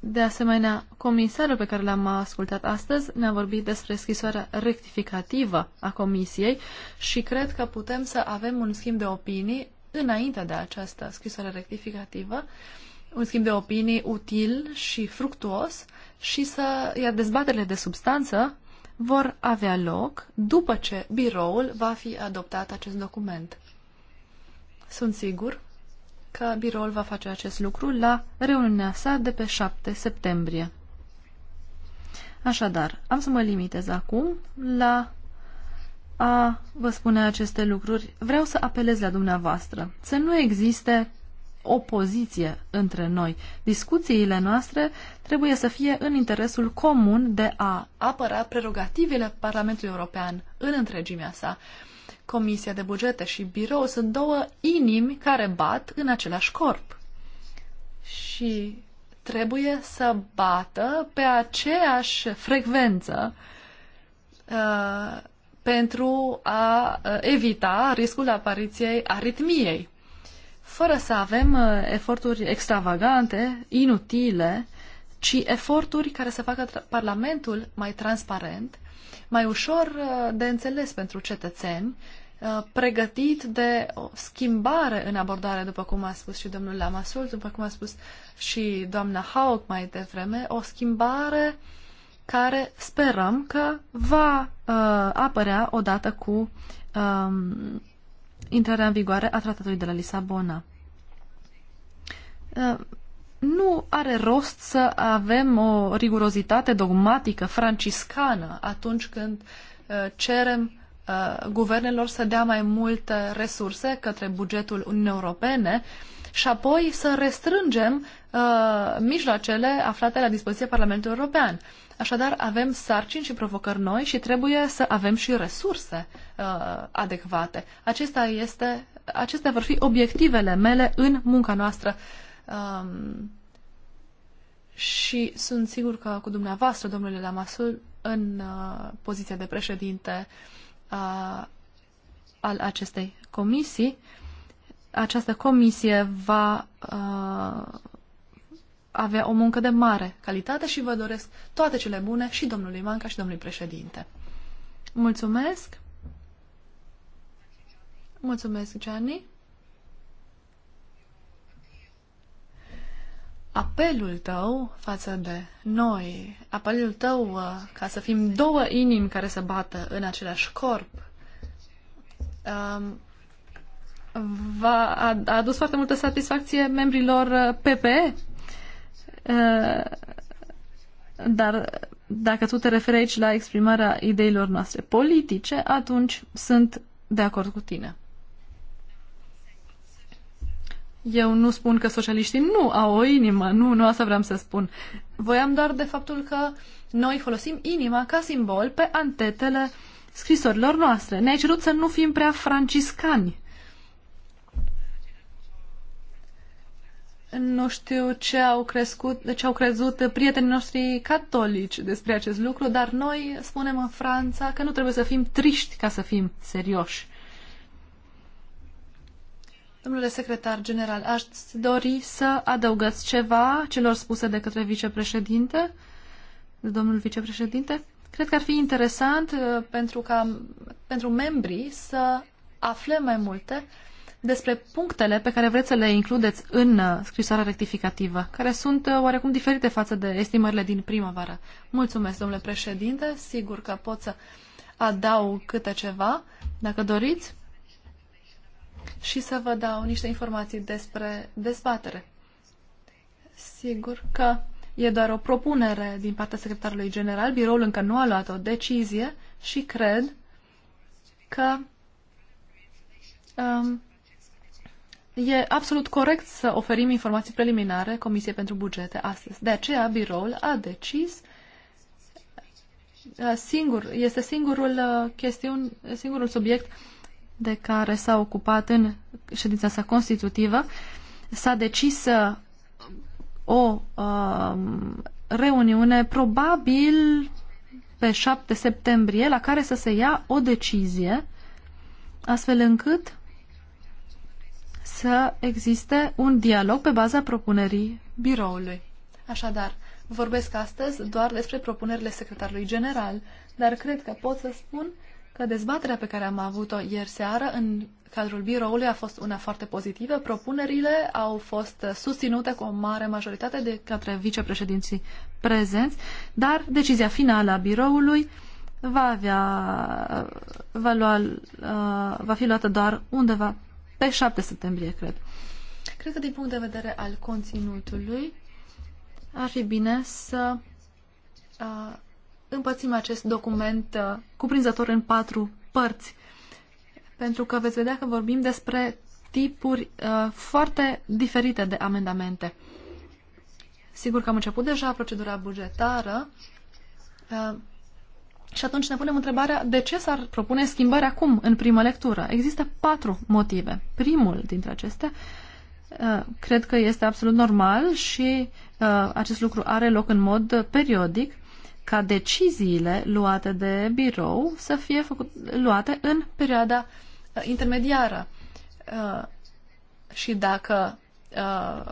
de asemenea, comisarul pe care l-am ascultat astăzi ne-a vorbit despre scrisoarea rectificativă a comisiei și cred că putem să avem un schimb de opinii înainte de această scrisoare rectificativă uh, un schimb de opinii util și fructuos și să, iar dezbaterile de substanță vor avea loc după ce biroul va fi adoptat acest document. Sunt sigur că biroul va face acest lucru la reuniunea sa de pe 7 septembrie. Așadar, am să mă limitez acum la a vă spune aceste lucruri. Vreau să apelez la dumneavoastră să nu existe opoziție între noi. Discuțiile noastre trebuie să fie în interesul comun de a apăra prerogativele Parlamentului European în întregimea sa. Comisia de bugete și birou sunt două inimi care bat în același corp. Și trebuie să bată pe aceeași frecvență uh, pentru a uh, evita riscul apariției aritmiei fără să avem uh, eforturi extravagante, inutile, ci eforturi care să facă Parlamentul mai transparent, mai ușor uh, de înțeles pentru cetățeni, uh, pregătit de o schimbare în abordare, după cum a spus și domnul Lamasul, după cum a spus și doamna Haug mai devreme, o schimbare care sperăm că va uh, apărea odată cu um, intrarea în vigoare a tratatului de la Lisabona. Uh, nu are rost să avem o rigurozitate dogmatică franciscană atunci când uh, cerem uh, guvernelor să dea mai multe resurse către bugetul Uniunii Europene și apoi să restrângem mijloacele aflate la dispoziția Parlamentului European. Așadar, avem sarcini și provocări noi și trebuie să avem și resurse uh, adecvate. Acesta este, acestea vor fi obiectivele mele în munca noastră um, și sunt sigur că cu dumneavoastră, domnule Lamasul, în uh, poziția de președinte uh, al acestei comisii, această comisie va uh, avea o muncă de mare calitate și vă doresc toate cele bune și domnului Manca și domnului președinte. Mulțumesc! Mulțumesc, Gianni! apelul tău față de noi, apelul tău uh, ca să fim două inimi care se bată în același corp, um, va, a adus foarte multă satisfacție membrilor uh, PPE Uh, dar dacă tu te referi aici la exprimarea ideilor noastre politice, atunci sunt de acord cu tine. Eu nu spun că socialiștii nu au o inimă, nu, nu asta vreau să spun. Voiam doar de faptul că noi folosim inima ca simbol pe antetele scrisorilor noastre. Ne-ai cerut să nu fim prea franciscani. nu știu ce au, crescut, ce au crezut prietenii noștri catolici despre acest lucru, dar noi spunem în Franța că nu trebuie să fim triști ca să fim serioși. Domnule secretar general, aș dori să adăugați ceva celor spuse de către vicepreședinte, de domnul vicepreședinte. Cred că ar fi interesant uh, pentru, ca, pentru membrii să afle mai multe uh, despre punctele pe care vreți să le includeți în uh, scrisoarea rectificativă, care sunt uh, oarecum diferite față de estimările din primăvară. Mulțumesc, domnule președinte. Sigur că pot să adaug câte ceva, dacă doriți, și să vă dau niște informații despre dezbatere. Sigur că e doar o propunere din partea secretarului general, biroul încă nu a luat o decizie și cred că um, E absolut corect să oferim informații preliminare Comisiei pentru Bugete astăzi. De aceea, biroul a decis uh, singur, este singurul uh, chestiun, singurul subiect de care s-a ocupat în ședința sa constitutivă. S-a decis uh, o uh, reuniune, probabil pe 7 septembrie, la care să se ia o decizie, astfel încât să existe un dialog pe baza propunerii biroului. Așadar, vorbesc astăzi doar despre propunerile secretarului general, dar cred că pot să spun că dezbaterea pe care am avut-o ieri seară în cadrul biroului a fost una foarte pozitivă. Propunerile au fost susținute cu o mare majoritate de către vicepreședinții prezenți, dar decizia finală a biroului va avea va, lua, uh, va fi luată doar undeva pe 7 septembrie, cred. Cred că din punct de vedere al conținutului ar fi bine să uh, împățim acest document uh, cuprinzător în patru părți. Pentru că veți vedea că vorbim despre tipuri uh, foarte diferite de amendamente. Sigur că am început deja procedura bugetară, uh, și atunci ne punem întrebarea de ce s-ar propune schimbări acum, în primă lectură. Există patru motive. Primul dintre acestea, uh, cred că este absolut normal și uh, acest lucru are loc în mod periodic, ca deciziile luate de birou să fie făcut, luate în perioada uh, intermediară. Și dacă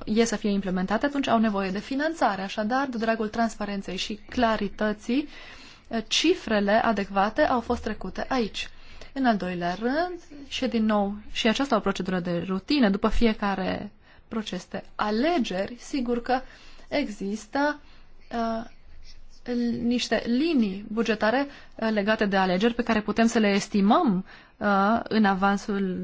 e să fie implementate, atunci au nevoie de finanțare. Așadar, de dragul transparenței și clarității, uh, cifrele adecvate au fost trecute aici. În al doilea rând, și din nou, și aceasta o procedură de rutină, după fiecare proces de alegeri, sigur că există uh, niște linii bugetare uh, legate de alegeri pe care putem să le estimăm uh, în avansul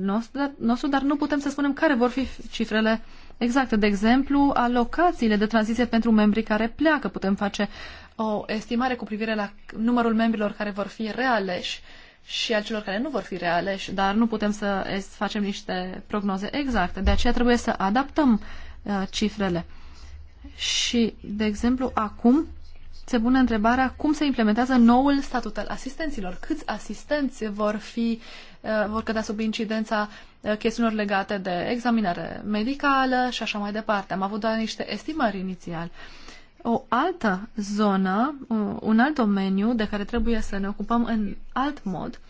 nostru, dar nu putem să spunem care vor fi cifrele uh, Exact. De exemplu, alocațiile de tranziție pentru membrii care pleacă. Putem face o estimare cu privire la numărul membrilor care vor fi realeși și al celor care nu vor fi realeși, dar nu putem să facem niște prognoze exacte. De aceea trebuie să adaptăm uh, cifrele. Și, de exemplu, acum se pune întrebarea cum se implementează noul statut al asistenților. Câți asistenți vor fi Eh, vor cădea sub incidența eh, chestiunilor legate de examinare medicală și așa mai departe. Am avut doar niște estimări inițial. O altă zonă, un alt domeniu de care trebuie să ne ocupăm în alt mod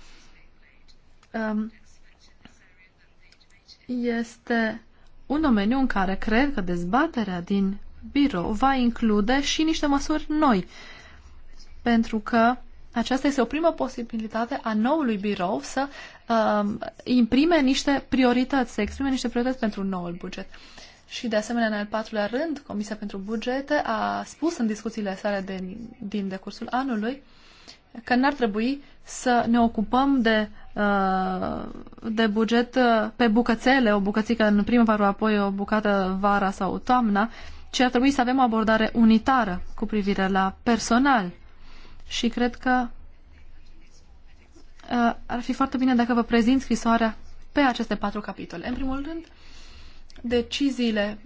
ehm, este un domeniu în care cred că dezbaterea din birou va include și niște măsuri noi. Pentru că aceasta este o primă posibilitate a noului birou să uh, imprime niște priorități, să exprime niște priorități pentru noul buget. Și de asemenea, în al patrulea rând, Comisia pentru Bugete a spus în discuțiile sale de, din decursul anului că n-ar trebui să ne ocupăm de, uh, de buget uh, pe bucățele, o bucățică în primăvară, apoi o bucată vara sau toamna, ci ar trebui să avem o abordare unitară cu privire la personal și cred că uh, ar fi foarte bine dacă vă prezint scrisoarea pe aceste patru capitole. În primul rând, deciziile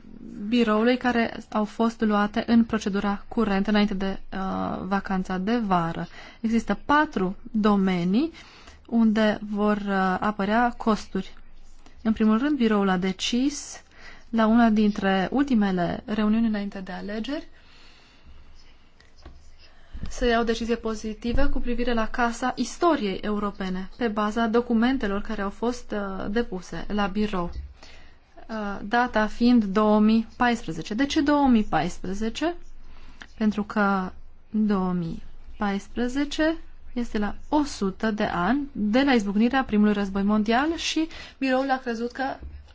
biroului care au fost luate în procedura curentă înainte de uh, vacanța de vară. Există patru domenii unde vor uh, apărea costuri. În primul rând, biroul a decis la una dintre ultimele reuniuni înainte de alegeri uh, să ia o decizie pozitivă cu privire la Casa Istoriei Europene, pe baza documentelor care au fost uh, depuse la birou. Uh, data fiind 2014. De ce 2014? Pentru că 2014 este la 100 de ani de la izbucnirea primului război mondial și biroul a crezut că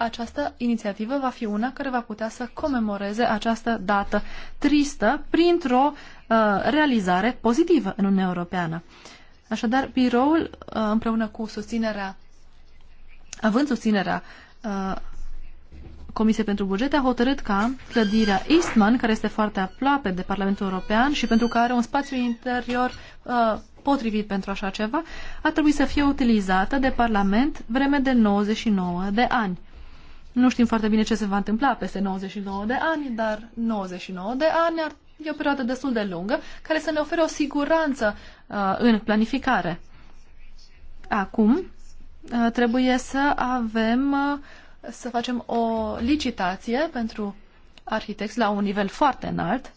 această inițiativă va fi una care va putea să comemoreze această dată tristă printr-o uh, realizare pozitivă în Uniunea Europeană. Așadar, biroul, uh, împreună cu susținerea, având susținerea uh, Comisiei pentru Buget, a hotărât ca clădirea Eastman, care este foarte aproape de Parlamentul European și pentru care are un spațiu interior uh, potrivit pentru așa ceva, a trebuit să fie utilizată de Parlament vreme de 99 de ani. Nu știm foarte bine ce se va întâmpla peste 99 de ani, dar 99 de ani ar, e o perioadă destul de lungă care să ne ofere o siguranță uh, în planificare. Acum uh, trebuie să avem, uh, să facem o licitație pentru arhitecți la un nivel foarte înalt,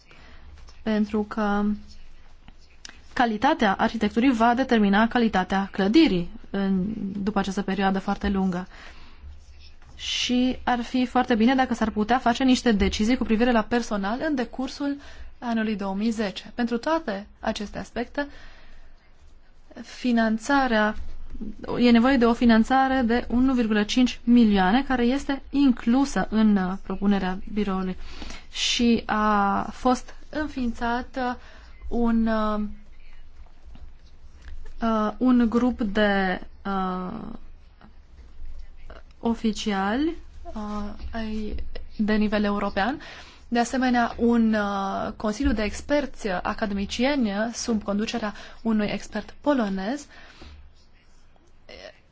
pentru că calitatea arhitecturii va determina calitatea clădirii în, după această perioadă foarte lungă. Uh, și ar fi foarte bine dacă s-ar putea face niște decizii cu privire la personal în decursul anului 2010. Pentru toate aceste aspecte, finanțarea e nevoie de o finanțare de 1,5 milioane care este inclusă în uh, propunerea biroului și a fost înființat uh, un uh, un grup de oficiali uh, ai, de nivel european. De asemenea, un uh, consiliu de experți academicieni sub conducerea unui expert polonez.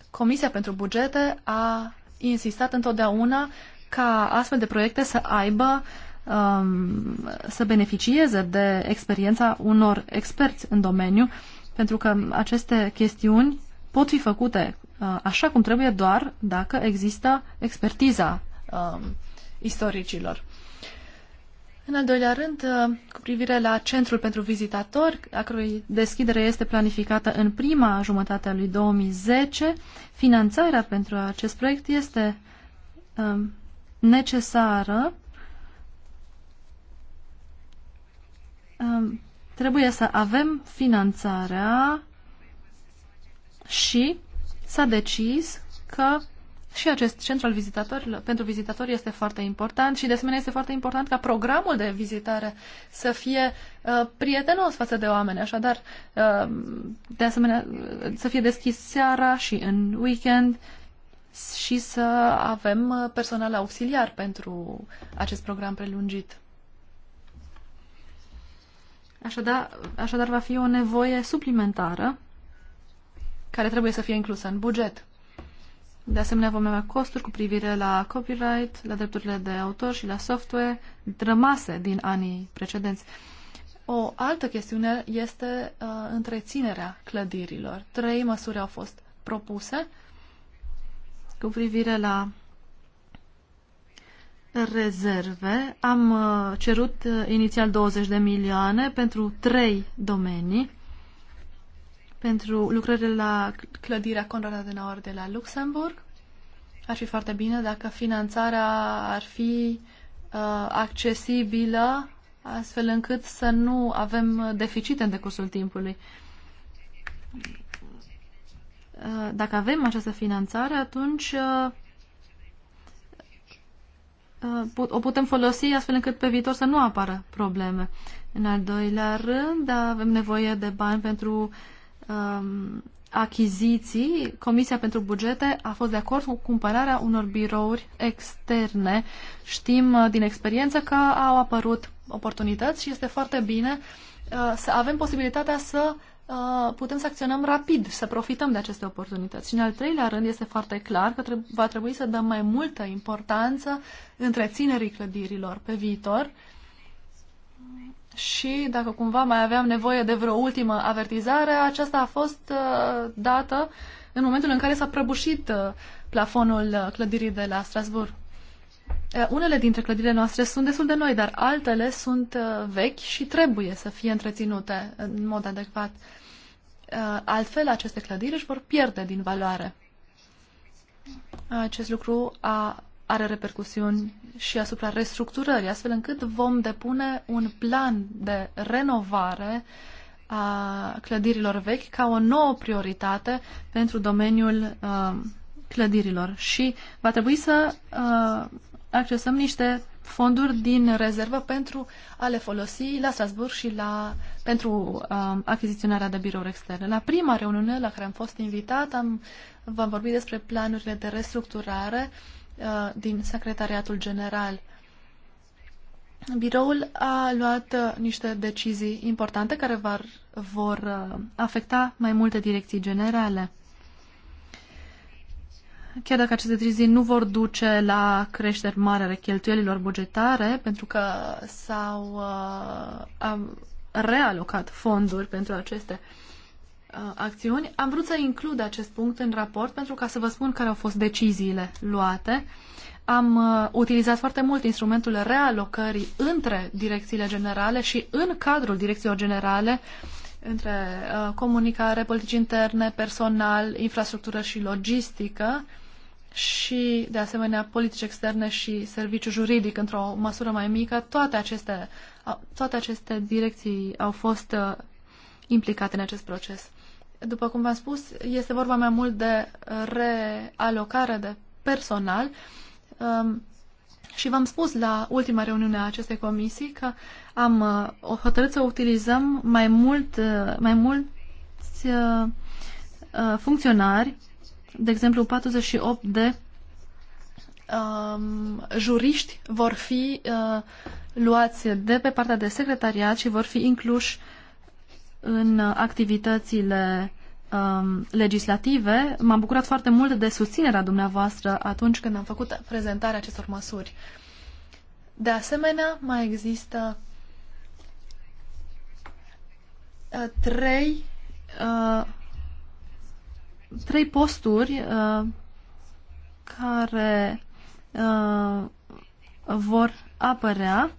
Comisia pentru bugete a insistat întotdeauna ca astfel de proiecte să aibă um, să beneficieze de experiența unor experți în domeniu, pentru că aceste chestiuni pot fi făcute Uh, așa cum trebuie doar dacă există expertiza um, istoricilor. În al doilea rând, uh, cu privire la Centrul pentru Vizitatori, a cărui deschidere este planificată în prima jumătate a lui 2010, finanțarea pentru acest proiect este um, necesară. Um, trebuie să avem finanțarea și s-a decis că și acest centru al vizitatorilor, pentru vizitatori este foarte important și de asemenea este foarte important ca programul de vizitare să fie uh, prietenos față de oameni, așadar uh, de asemenea uh, să fie deschis seara și în weekend și să avem uh, personal auxiliar pentru acest program prelungit. Așadar, așadar va fi o nevoie suplimentară care trebuie să fie inclusă în buget. De asemenea, vom avea costuri cu privire la copyright, la drepturile de autor și la software rămase din anii precedenți. O altă chestiune este uh, întreținerea clădirilor. Trei măsuri au fost propuse cu privire la rezerve. Am uh, cerut uh, inițial 20 de milioane pentru trei domenii pentru lucrările la clădirea Conrad Adenauer de la Luxemburg. Ar fi foarte bine dacă finanțarea ar fi uh, accesibilă astfel încât să nu avem deficite în decursul timpului. Uh, dacă avem această finanțare, atunci uh, uh, o putem folosi astfel încât pe viitor să nu apară probleme. În al doilea rând, avem nevoie de bani pentru Um, achiziții, Comisia pentru Bugete a fost de acord cu cumpărarea unor birouri externe. Știm uh, din experiență că au apărut oportunități și este foarte bine uh, să avem posibilitatea să uh, putem să acționăm rapid, să profităm de aceste oportunități. Și în al treilea rând este foarte clar că va trebui să dăm mai multă importanță întreținerii clădirilor pe viitor și dacă cumva mai aveam nevoie de vreo ultimă avertizare, aceasta a fost uh, dată în momentul în care s-a prăbușit uh, plafonul uh, clădirii de la Strasbourg. Unele dintre clădirile noastre sunt destul de noi, dar altele sunt vechi și trebuie să fie întreținute în mod adecvat. Altfel, aceste clădiri își vor pierde din valoare. Acest lucru a are repercusiuni și asupra restructurării, astfel încât vom depune un plan de renovare a clădirilor vechi ca o nouă prioritate pentru domeniul uh, clădirilor și va trebui să uh, accesăm niște fonduri din rezervă pentru a le folosi la Strasburg și la, pentru uh, achiziționarea de birouri externe. La prima reuniune la care am fost invitat am, v-am vorbit despre planurile de restructurare uh, Uh, din Secretariatul General. Biroul a luat uh, niște decizii importante care var, vor uh, afecta mai multe direcții generale. Chiar dacă aceste decizii nu vor duce la creșteri mari ale cheltuielilor bugetare, pentru că s-au uh, realocat fonduri pentru aceste uh, Uh, acțiuni. Am vrut să includ acest punct în raport pentru ca să vă spun care au fost deciziile luate. Am uh, utilizat foarte mult instrumentul realocării între direcțiile generale și în cadrul direcțiilor generale, între uh, comunicare, politici interne, personal, infrastructură și logistică și, de asemenea, politici externe și serviciu juridic într-o măsură mai mică. Toate aceste, toate aceste direcții au fost uh, implicate în acest proces. După cum v-am spus, este vorba mai mult de realocare de personal um, și v-am spus la ultima reuniune a acestei comisii că am uh, hotărât să utilizăm mai mult, uh, mai mulți uh, funcționari, de exemplu 48 de um, juriști vor fi uh, luați de pe partea de secretariat și vor fi incluși în activitățile um, legislative. M-am bucurat foarte mult de susținerea dumneavoastră atunci când am făcut prezentarea acestor măsuri. De asemenea, mai există uh, trei, uh, trei posturi uh, care uh, vor apărea.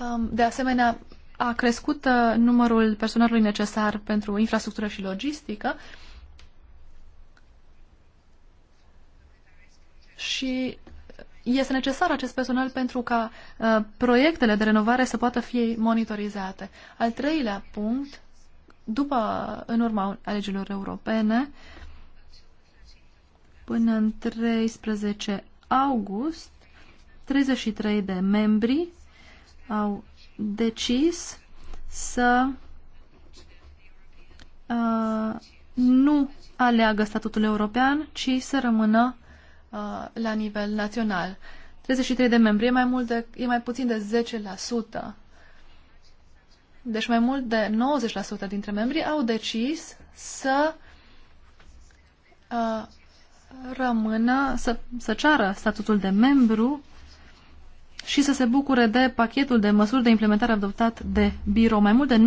Um, de asemenea, a crescut uh, numărul personalului necesar pentru infrastructură și logistică și este necesar acest personal pentru ca uh, proiectele de renovare să poată fi monitorizate. Al treilea punct, după, în urma alegerilor europene, până în 13 august, 33 de membri au decis să uh, nu aleagă statutul european, ci să rămână uh, la nivel național. 33 de membri e mai, mult de, e mai puțin de 10%. Deci mai mult de 90% dintre membri au decis să uh, rămână, să, să ceară statutul de membru și să se bucure de pachetul de măsuri de implementare adoptat de birou. Mai mult de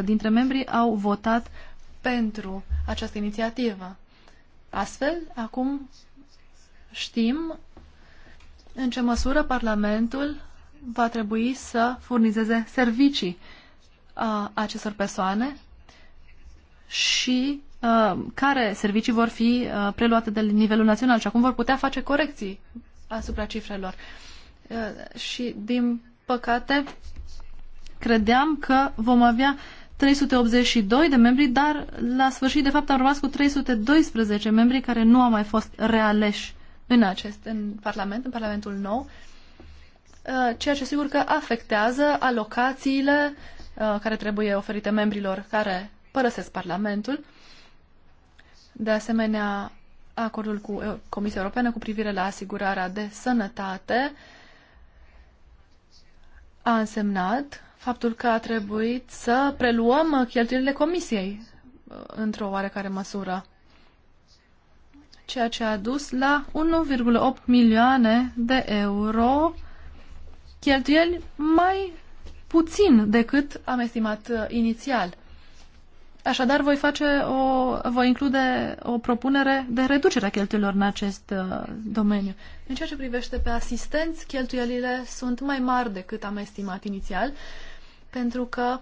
90% dintre membrii au votat pentru această inițiativă. Astfel, acum știm în ce măsură Parlamentul va trebui să furnizeze servicii a acestor persoane și a, care servicii vor fi a, preluate de nivelul național și acum vor putea face corecții asupra cifrelor. Uh, și, din păcate, credeam că vom avea 382 de membri, dar la sfârșit, de fapt, am rămas cu 312 membri care nu au mai fost realeși în acest, în Parlament, în Parlamentul nou, uh, ceea ce sigur că afectează alocațiile uh, care trebuie oferite membrilor care părăsesc Parlamentul. De asemenea, acordul cu Comisia Europeană cu privire la asigurarea de sănătate uh, a însemnat faptul că a trebuit să preluăm cheltuielile comisiei uh, într-o oarecare măsură, ceea ce a dus la 1,8 milioane de euro cheltuieli mai puțin decât am estimat uh, inițial. Așadar, voi, face o, voi include o propunere de reducere a cheltuielor în acest uh, domeniu. În ceea ce privește pe asistenți, cheltuielile sunt mai mari decât am estimat inițial, pentru că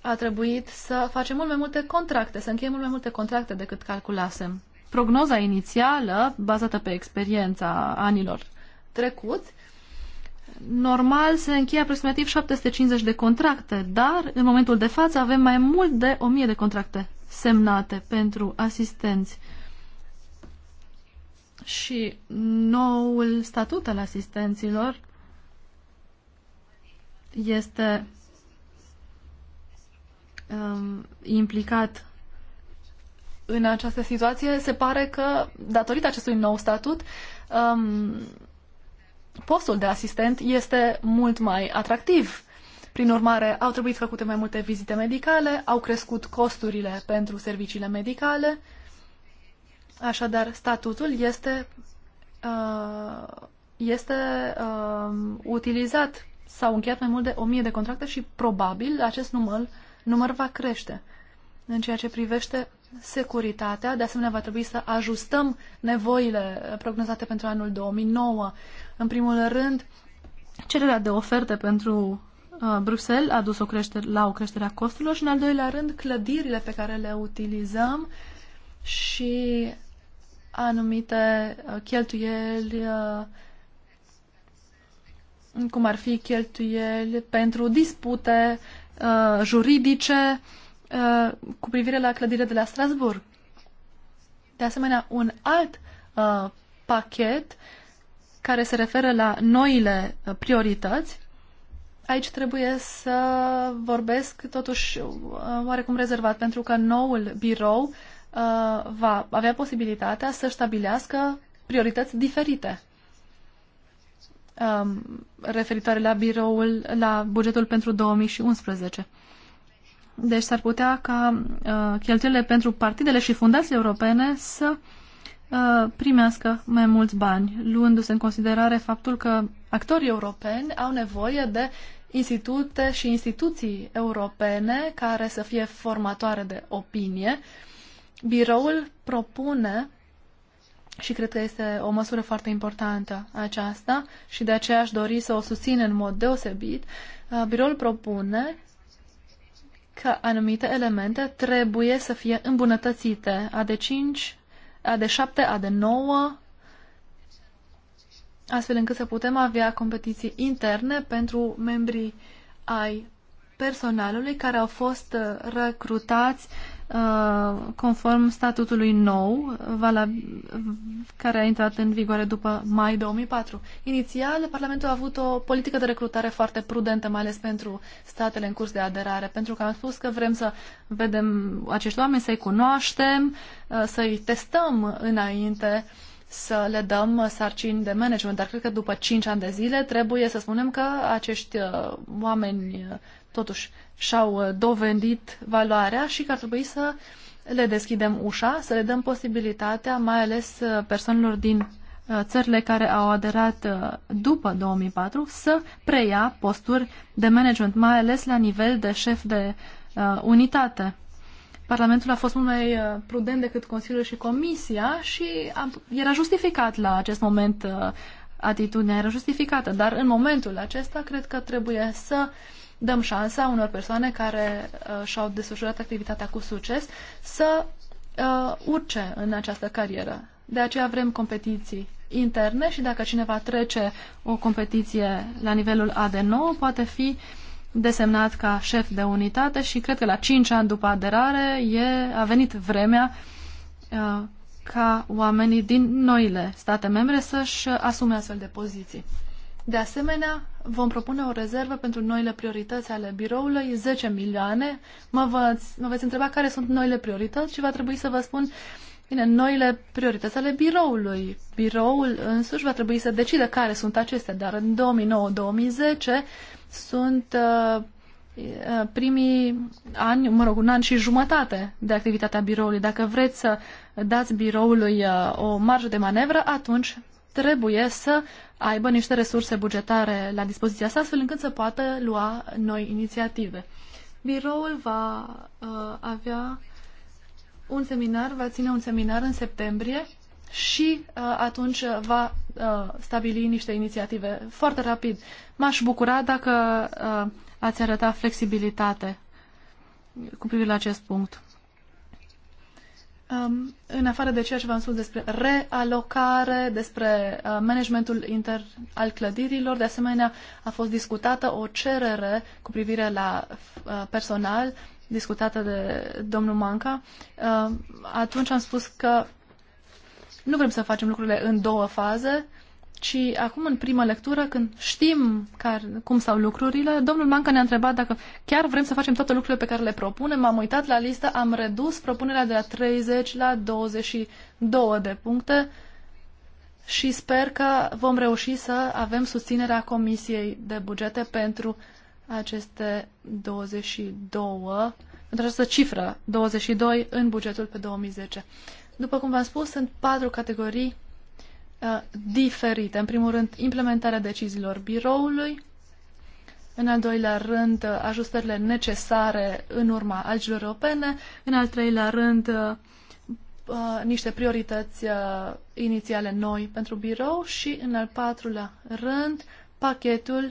a trebuit să facem mult mai multe contracte, să încheiem mult mai multe contracte decât calculasem. Prognoza inițială, bazată pe experiența anilor trecuți, normal se încheie aproximativ 750 de contracte, dar în momentul de față avem mai mult de 1000 de contracte semnate pentru asistenți. Și noul statut al asistenților este um, implicat în această situație. Se pare că, datorită acestui nou statut, um, postul de asistent este mult mai atractiv. Prin urmare, au trebuit făcute mai multe vizite medicale, au crescut costurile pentru serviciile medicale, așadar statutul este, uh, este uh, utilizat. S-au încheiat mai mult de 1000 de contracte și probabil acest număr, număr va crește. În ceea ce privește securitatea. De asemenea, va trebui să ajustăm nevoile prognozate pentru anul 2009. În primul rând, cererea de oferte pentru uh, Bruxelles a dus o creștere, la o creștere a costurilor și, în al doilea rând, clădirile pe care le utilizăm și anumite uh, cheltuieli uh, cum ar fi cheltuieli pentru dispute juridice, uh, Uh, cu privire la clădirea de la Strasburg. De asemenea, un alt uh, pachet care se referă la noile uh, priorități. Aici trebuie să vorbesc totuși uh, oarecum rezervat, pentru că noul birou uh, va avea posibilitatea să stabilească priorități diferite um, referitoare la biroul, la bugetul pentru 2011. Deci s-ar putea ca uh, cheltuielile pentru partidele și fundațiile europene să uh, primească mai mulți bani, luându-se în considerare faptul că actorii europeni au nevoie de institute și instituții europene care să fie formatoare de opinie. Biroul propune și cred că este o măsură foarte importantă aceasta și de aceea aș dori să o susțin în mod deosebit. Uh, biroul propune că anumite elemente trebuie să fie îmbunătățite. de 5 de 7 de 9 astfel încât să putem avea competiții interne pentru membrii ai personalului care au fost uh, recrutați Uh, conform statutului nou, care a intrat în vigoare după mai 2004. Inițial, Parlamentul a avut o politică de recrutare foarte prudentă, mai ales pentru statele în curs de aderare, pentru că am spus că vrem să vedem acești oameni, să-i cunoaștem, uh, să-i testăm înainte să le dăm sarcini de management, dar cred că după 5 ani de zile trebuie să spunem că acești uh, oameni totuși și-au uh, dovedit valoarea și că ar trebui să le deschidem ușa, să le dăm posibilitatea, mai ales uh, persoanelor din uh, țările care au aderat după 2004, să preia posturi de management, mai ales la nivel de șef de uh, unitate. Parlamentul a fost mult mai prudent decât Consiliul și Comisia și a, era justificat la acest moment uh, atitudinea, era justificată, dar în momentul acesta cred că trebuie să uh, dăm șansa unor persoane care uh, și-au desfășurat activitatea cu succes să uh, urce în această carieră. De aceea vrem competiții interne și dacă cineva trece o competiție la nivelul AD9, poate fi desemnat ca șef de unitate și cred că la 5 ani după aderare e, a venit vremea uh, ca oamenii din noile state membre să-și asume astfel de poziții. De asemenea, vom propune o rezervă pentru noile priorități ale biroului, 10 milioane. Mă, vă, mă veți întreba care sunt noile priorități și va trebui să vă spun Bine, noile priorități ale biroului. Biroul însuși va trebui să decidă care sunt acestea, dar în 2009-2010 sunt uh, uh, primii ani, mă rog, un an și jumătate de activitatea biroului. Dacă vreți să dați biroului uh, o marjă de manevră, atunci trebuie să aibă niște resurse bugetare la dispoziția sa, astfel încât să poată lua noi inițiative. Biroul va uh, avea un seminar, va ține un seminar în septembrie și uh, atunci va uh, stabili niște inițiative foarte rapid. M-aș bucura dacă uh, ați arăta flexibilitate cu privire la acest punct um, în afară de ceea ce v-am spus despre realocare, despre uh, managementul inter al clădirilor, de asemenea a fost discutată o cerere cu privire la uh, personal discutată de domnul Manca. Uh, atunci am spus că nu vrem să facem lucrurile în două faze, uh, ci acum în prima lectură, când știm care, cum stau lucrurile, domnul Manca ne-a întrebat dacă chiar vrem să facem toate lucrurile pe care le propunem. Am uitat la listă, am redus propunerea de la 30 la 22 de puncte și sper că vom reuși să avem susținerea Comisiei de Bugete pentru aceste 22, pentru această cifră, 22 în bugetul pe 2010. După cum v-am spus, sunt patru categorii Uh, diferite. În primul rând, implementarea deciziilor biroului, în al doilea rând, uh, ajustările necesare în urma algilor europene, în al treilea rând, uh, niște priorități inițiale noi pentru birou și, în al patrulea rând, pachetul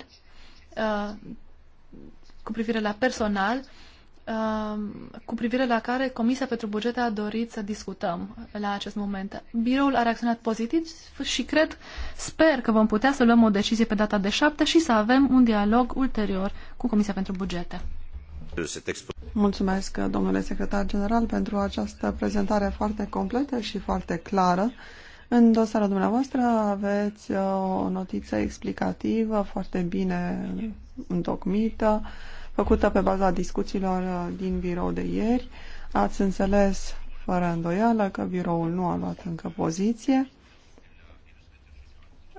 cu privire la personal Um, cu privire la care Comisia pentru Bugete a dorit să discutăm la acest moment. Biroul a reacționat pozitiv și cred, sper că vom putea să luăm o decizie pe data de 7 și să avem un dialog ulterior cu Comisia pentru Bugete. Mulțumesc, domnule secretar general, pentru această prezentare foarte completă și foarte clară. În dosarul dumneavoastră aveți uh, o notiță explicativă foarte bine întocmită făcută pe baza discuțiilor uh, din birou de ieri. Ați înțeles fără îndoială că biroul nu a luat încă poziție.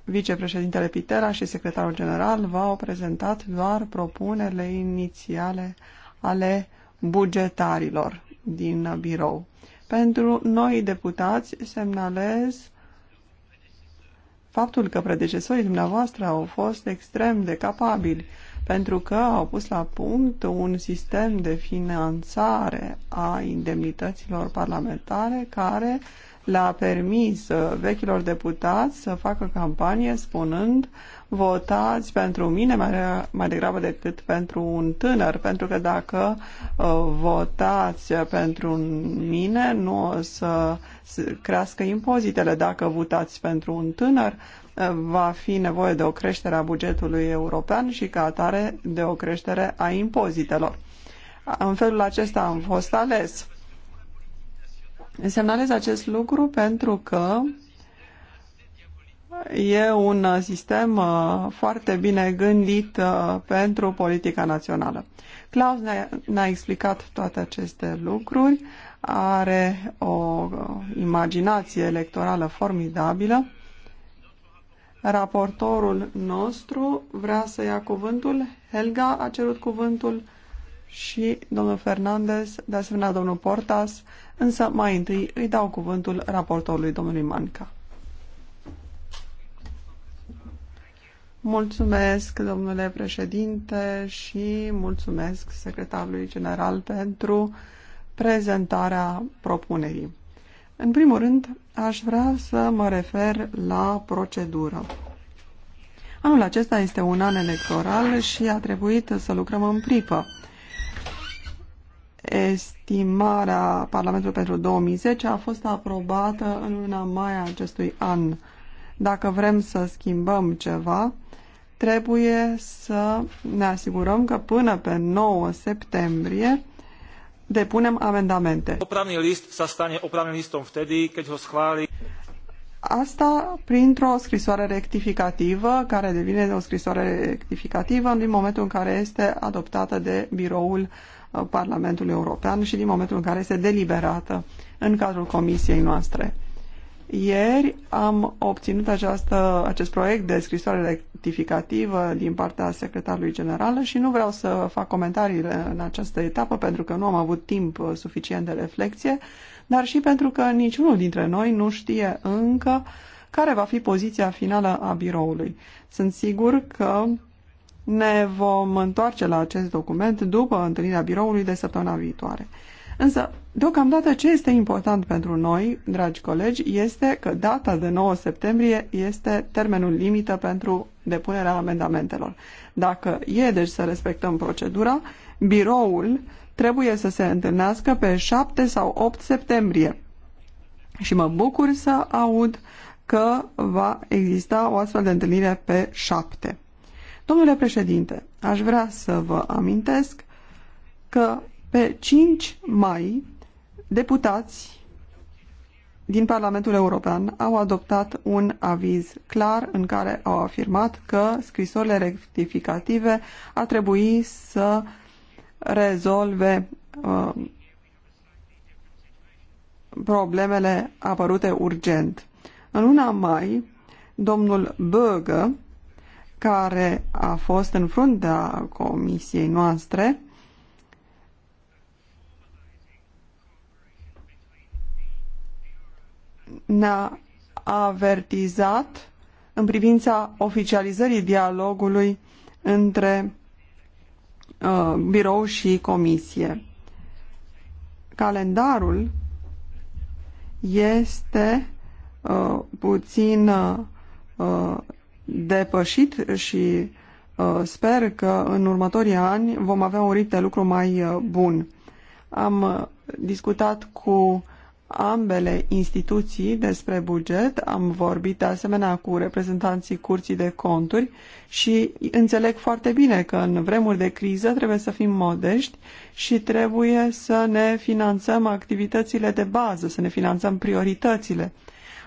Vicepreședintele Pitera și secretarul general v-au prezentat doar propunerile inițiale ale bugetarilor din birou. Pentru noi deputați semnalez faptul că predecesorii dumneavoastră au fost extrem de capabili pentru că au pus la punct un sistem de finanțare a indemnităților parlamentare care le-a permis uh, vechilor deputați să facă campanie spunând votați pentru mine mai, mai degrabă decât pentru un tânăr, pentru că dacă uh, votați pentru mine nu o să crească impozitele. Dacă votați pentru un tânăr, va fi nevoie de o creștere a bugetului european și ca atare de o creștere a impozitelor. În felul acesta am fost ales. Semnalez acest lucru pentru că e un sistem uh, foarte bine gândit uh, pentru politica națională. Claus ne-a explicat toate aceste lucruri, are o uh, imaginație electorală formidabilă Raportorul nostru vrea să ia cuvântul. Helga a cerut cuvântul și domnul Fernandez, de asemenea domnul Portas, însă mai întâi îi dau cuvântul raportorului domnului Manca. Mulțumesc, domnule președinte, și mulțumesc secretarului general pentru prezentarea propunerii. În primul rând, aș vrea să mă refer la procedură. Anul acesta este un an electoral și a trebuit să lucrăm în pripă. Estimarea Parlamentului pentru 2010 a fost aprobată în luna mai a acestui an. Dacă vrem să schimbăm ceva, trebuie să ne asigurăm că până pe 9 septembrie depunem amendamente. Opravný list sa stane opravným listom vtedy, keď ho schváli Asta printr-o scrisoare rectificativă, care devine o scrisoare rectificativă din momentul în care este adoptată de biroul uh, Parlamentului European și din momentul în care este deliberată în cadrul comisiei noastre. Ieri am obținut această, acest proiect de scrisoare rectificativă din partea secretarului general și nu vreau să fac comentariile în această etapă pentru că nu am avut timp suficient de reflexie, dar și pentru că niciunul dintre noi nu știe încă care va fi poziția finală a biroului. Sunt sigur că ne vom întoarce la acest document după întâlnirea biroului de săptămâna viitoare. Însă, deocamdată, ce este important pentru noi, dragi colegi, este că data de 9 septembrie este termenul limită pentru depunerea amendamentelor. Dacă e, deci, să respectăm procedura, biroul trebuie să se întâlnească pe 7 sau 8 septembrie. Și mă bucur să aud că va exista o astfel de întâlnire pe 7. Domnule președinte, aș vrea să vă amintesc că pe 5 mai, deputați din Parlamentul European au adoptat un aviz clar în care au afirmat că scrisorile rectificative ar trebui să rezolve uh, problemele apărute urgent. În luna mai, domnul Böge, care a fost în fruntea comisiei noastre, ne-a avertizat în privința oficializării dialogului între uh, birou și comisie. Calendarul este uh, puțin uh, depășit și uh, sper că în următorii ani vom avea un ritm de lucru mai uh, bun. Am uh, discutat cu ambele instituții despre buget. Am vorbit de asemenea cu reprezentanții Curții de Conturi și înțeleg foarte bine că în vremuri de criză trebuie să fim modești și trebuie să ne finanțăm activitățile de bază, să ne finanțăm prioritățile.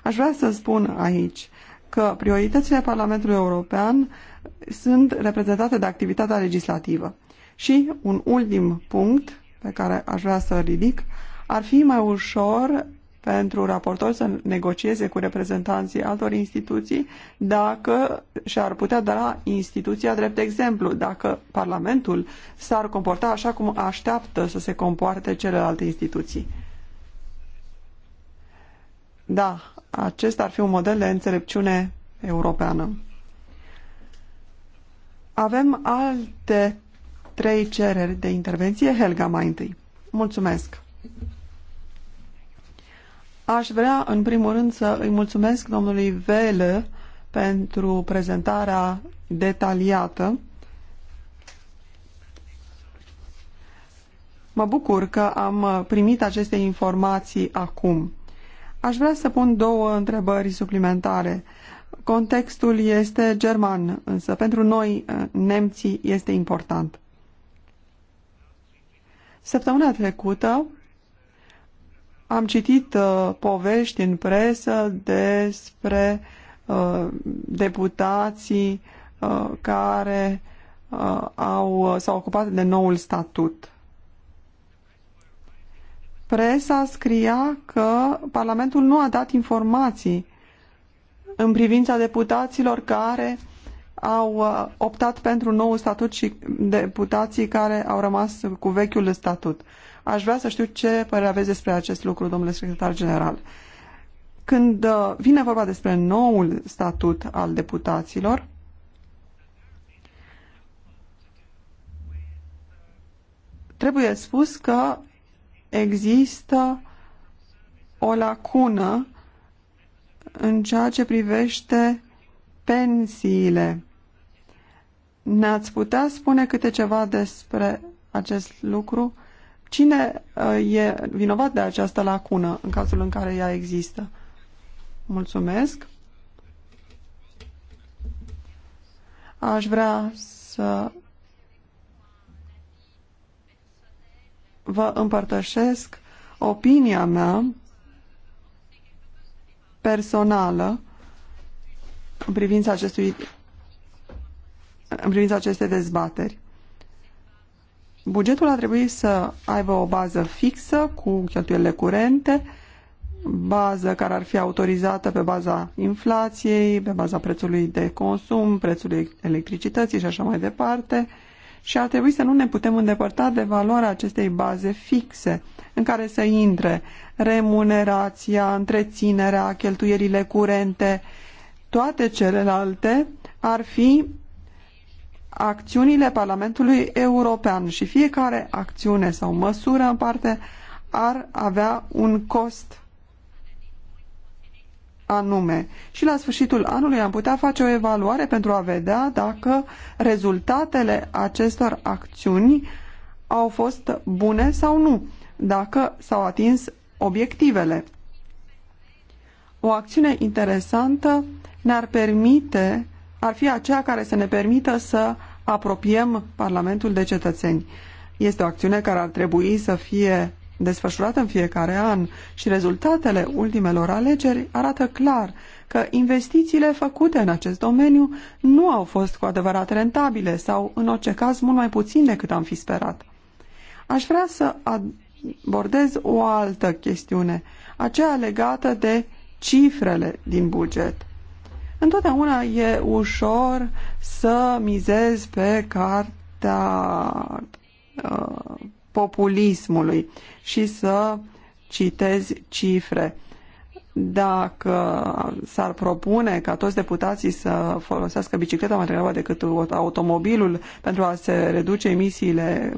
Aș vrea să spun aici că prioritățile Parlamentului European sunt reprezentate de activitatea legislativă. Și un ultim punct pe care aș vrea să ridic ar fi mai ușor pentru raportor să negocieze cu reprezentanții altor instituții dacă și-ar putea da instituția drept exemplu, dacă Parlamentul s-ar comporta așa cum așteaptă să se comporte celelalte instituții. Da, acesta ar fi un model de înțelepciune europeană. Avem alte trei cereri de intervenție. Helga mai întâi. Mulțumesc! Aș vrea, în primul rând, să îi mulțumesc domnului Vele pentru prezentarea detaliată. Mă bucur că am primit aceste informații acum. Aș vrea să pun două întrebări suplimentare. Contextul este german, însă pentru noi, eh, nemții, este important. Săptămâna trecută am citit uh, povești în presă despre uh, deputații uh, care uh, au, uh, s-au ocupat de noul statut. Presa scria că Parlamentul nu a dat informații în privința deputaților care au uh, optat pentru nou statut și deputații care au rămas cu vechiul statut. Aș vrea să știu ce părere aveți despre acest lucru, domnule secretar general. Când uh, vine vorba despre noul statut al deputaților, trebuie spus că există o lacună în ceea ce privește pensiile. Ne-ați putea spune câte ceva despre acest lucru? Cine uh, e vinovat de această lacună în cazul în care ea există? Mulțumesc. Aș vrea să vă împărtășesc opinia mea personală în privința, acestui, în privința acestei dezbateri. Bugetul ar trebui să aibă o bază fixă cu cheltuielile curente, bază care ar fi autorizată pe baza inflației, pe baza prețului de consum, prețului electricității și așa mai departe. Și ar trebui să nu ne putem îndepărta de valoarea acestei baze fixe în care să intre remunerația, întreținerea, cheltuierile curente, toate celelalte ar fi acțiunile Parlamentului European și fiecare acțiune sau măsură în parte ar avea un cost anume. Și la sfârșitul anului am putea face o evaluare pentru a vedea dacă rezultatele acestor acțiuni au fost bune sau nu, dacă s-au atins obiectivele. O acțiune interesantă ne-ar permite ar fi aceea care să ne permită să apropiem Parlamentul de cetățeni. Este o acțiune care ar trebui să fie desfășurată în fiecare an și rezultatele ultimelor alegeri arată clar că investițiile făcute în acest domeniu nu au fost cu adevărat rentabile sau, în orice caz, mult mai puțin decât am fi sperat. Aș vrea să abordez o altă chestiune, aceea legată de cifrele din buget. Întotdeauna e ușor să mizezi pe cartea uh, populismului și să citezi cifre dacă s-ar propune ca toți deputații să folosească bicicleta mai degrabă decât automobilul pentru a se reduce emisiile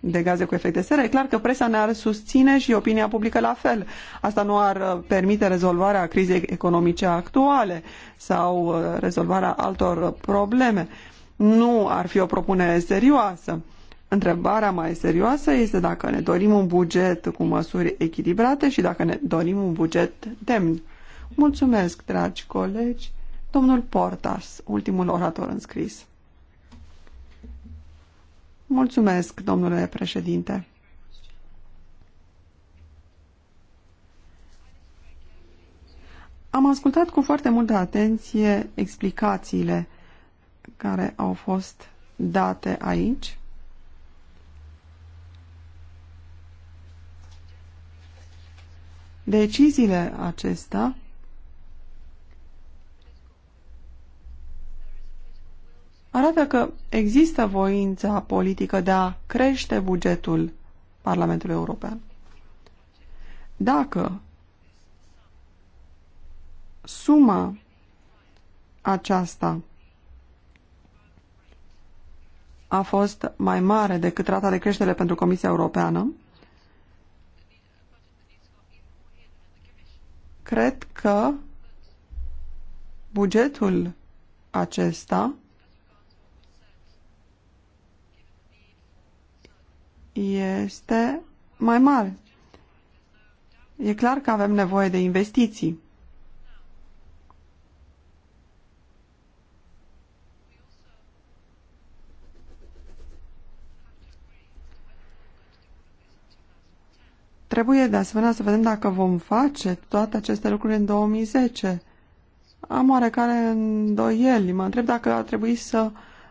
de gaze cu efect de seră, e clar că presa ne-ar susține și opinia publică la fel. Asta nu ar uh, permite rezolvarea crizei economice actuale sau uh, rezolvarea altor uh, probleme. Nu ar fi o propunere serioasă. Întrebarea mai serioasă este dacă ne dorim un buget cu măsuri echilibrate și dacă ne dorim un buget demn. Mulțumesc, dragi colegi. Domnul Portas, ultimul orator înscris. Mulțumesc, domnule președinte. Am ascultat cu foarte multă atenție explicațiile care au fost date aici. Deciziile acestea arată că există voința politică de a crește bugetul Parlamentului European. Dacă suma aceasta a fost mai mare decât rata de creștere pentru Comisia Europeană, cred că bugetul acesta este mai mare. E clar că avem nevoie de investiții. Trebuie de asemenea să vedem dacă vom face toate aceste lucruri în 2010. Am oarecare îndoieli. Mă întreb dacă ar trebui să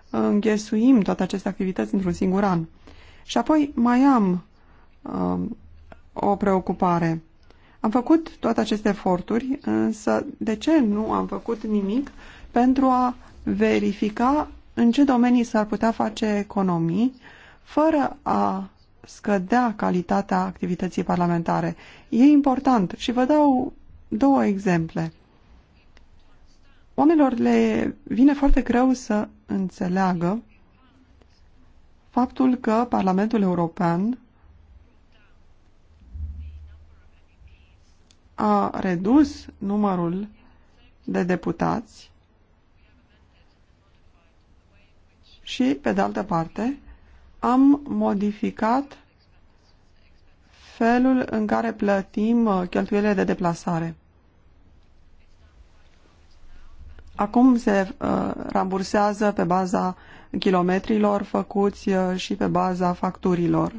înghesuim toate aceste activități într-un singur an. Și apoi mai am uh, o preocupare. Am făcut toate aceste eforturi, însă de ce nu am făcut nimic pentru a verifica în ce domenii s-ar putea face economii fără a scădea calitatea activității parlamentare. E important și vă dau două exemple. Oamenilor le vine foarte greu să înțeleagă faptul că Parlamentul European a redus numărul de deputați și, pe de altă parte, am modificat felul în care plătim uh, cheltuielile de deplasare. Acum se uh, rambursează pe baza kilometrilor făcuți uh, și pe baza facturilor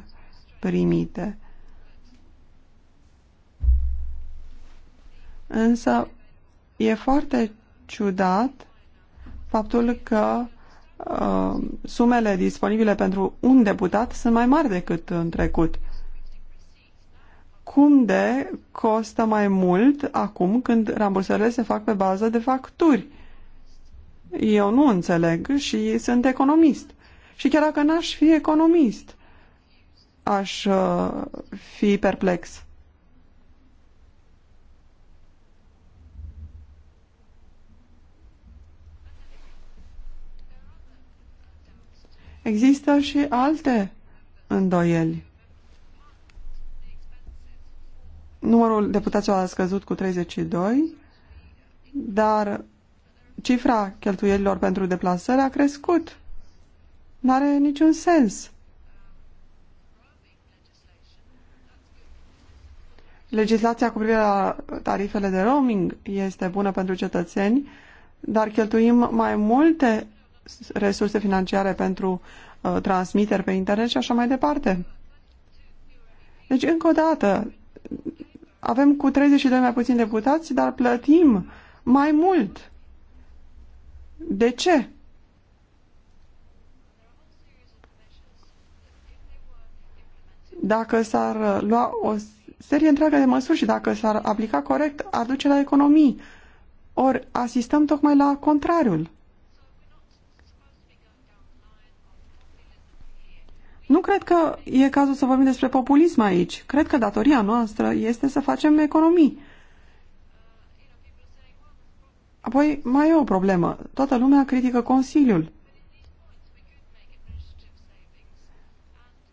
primite. Însă e foarte ciudat faptul că uh, sumele disponibile pentru un deputat sunt mai mari decât în trecut. Cum de costă mai mult acum când rambursările se fac pe bază de facturi? Eu nu înțeleg și sunt economist. Și chiar dacă n-aș fi economist, aș uh, fi perplex. Există și alte îndoieli. Numărul deputaților a scăzut cu 32, dar cifra cheltuielilor pentru deplasări a crescut. N-are niciun sens. Legislația cu privire la tarifele de roaming este bună pentru cetățeni, dar cheltuim mai multe resurse financiare pentru uh, transmiteri pe internet și așa mai departe. Deci, încă o dată, avem cu 32 mai puțini deputați, dar plătim mai mult de ce? Dacă s-ar uh, lua o serie întreagă de măsuri și dacă s-ar aplica corect, ar duce la economii. Ori asistăm tocmai la contrariul. Nu cred că e cazul să vorbim despre populism aici. Cred că datoria noastră este să facem economii. Apoi mai e o problemă. Toată lumea critică Consiliul.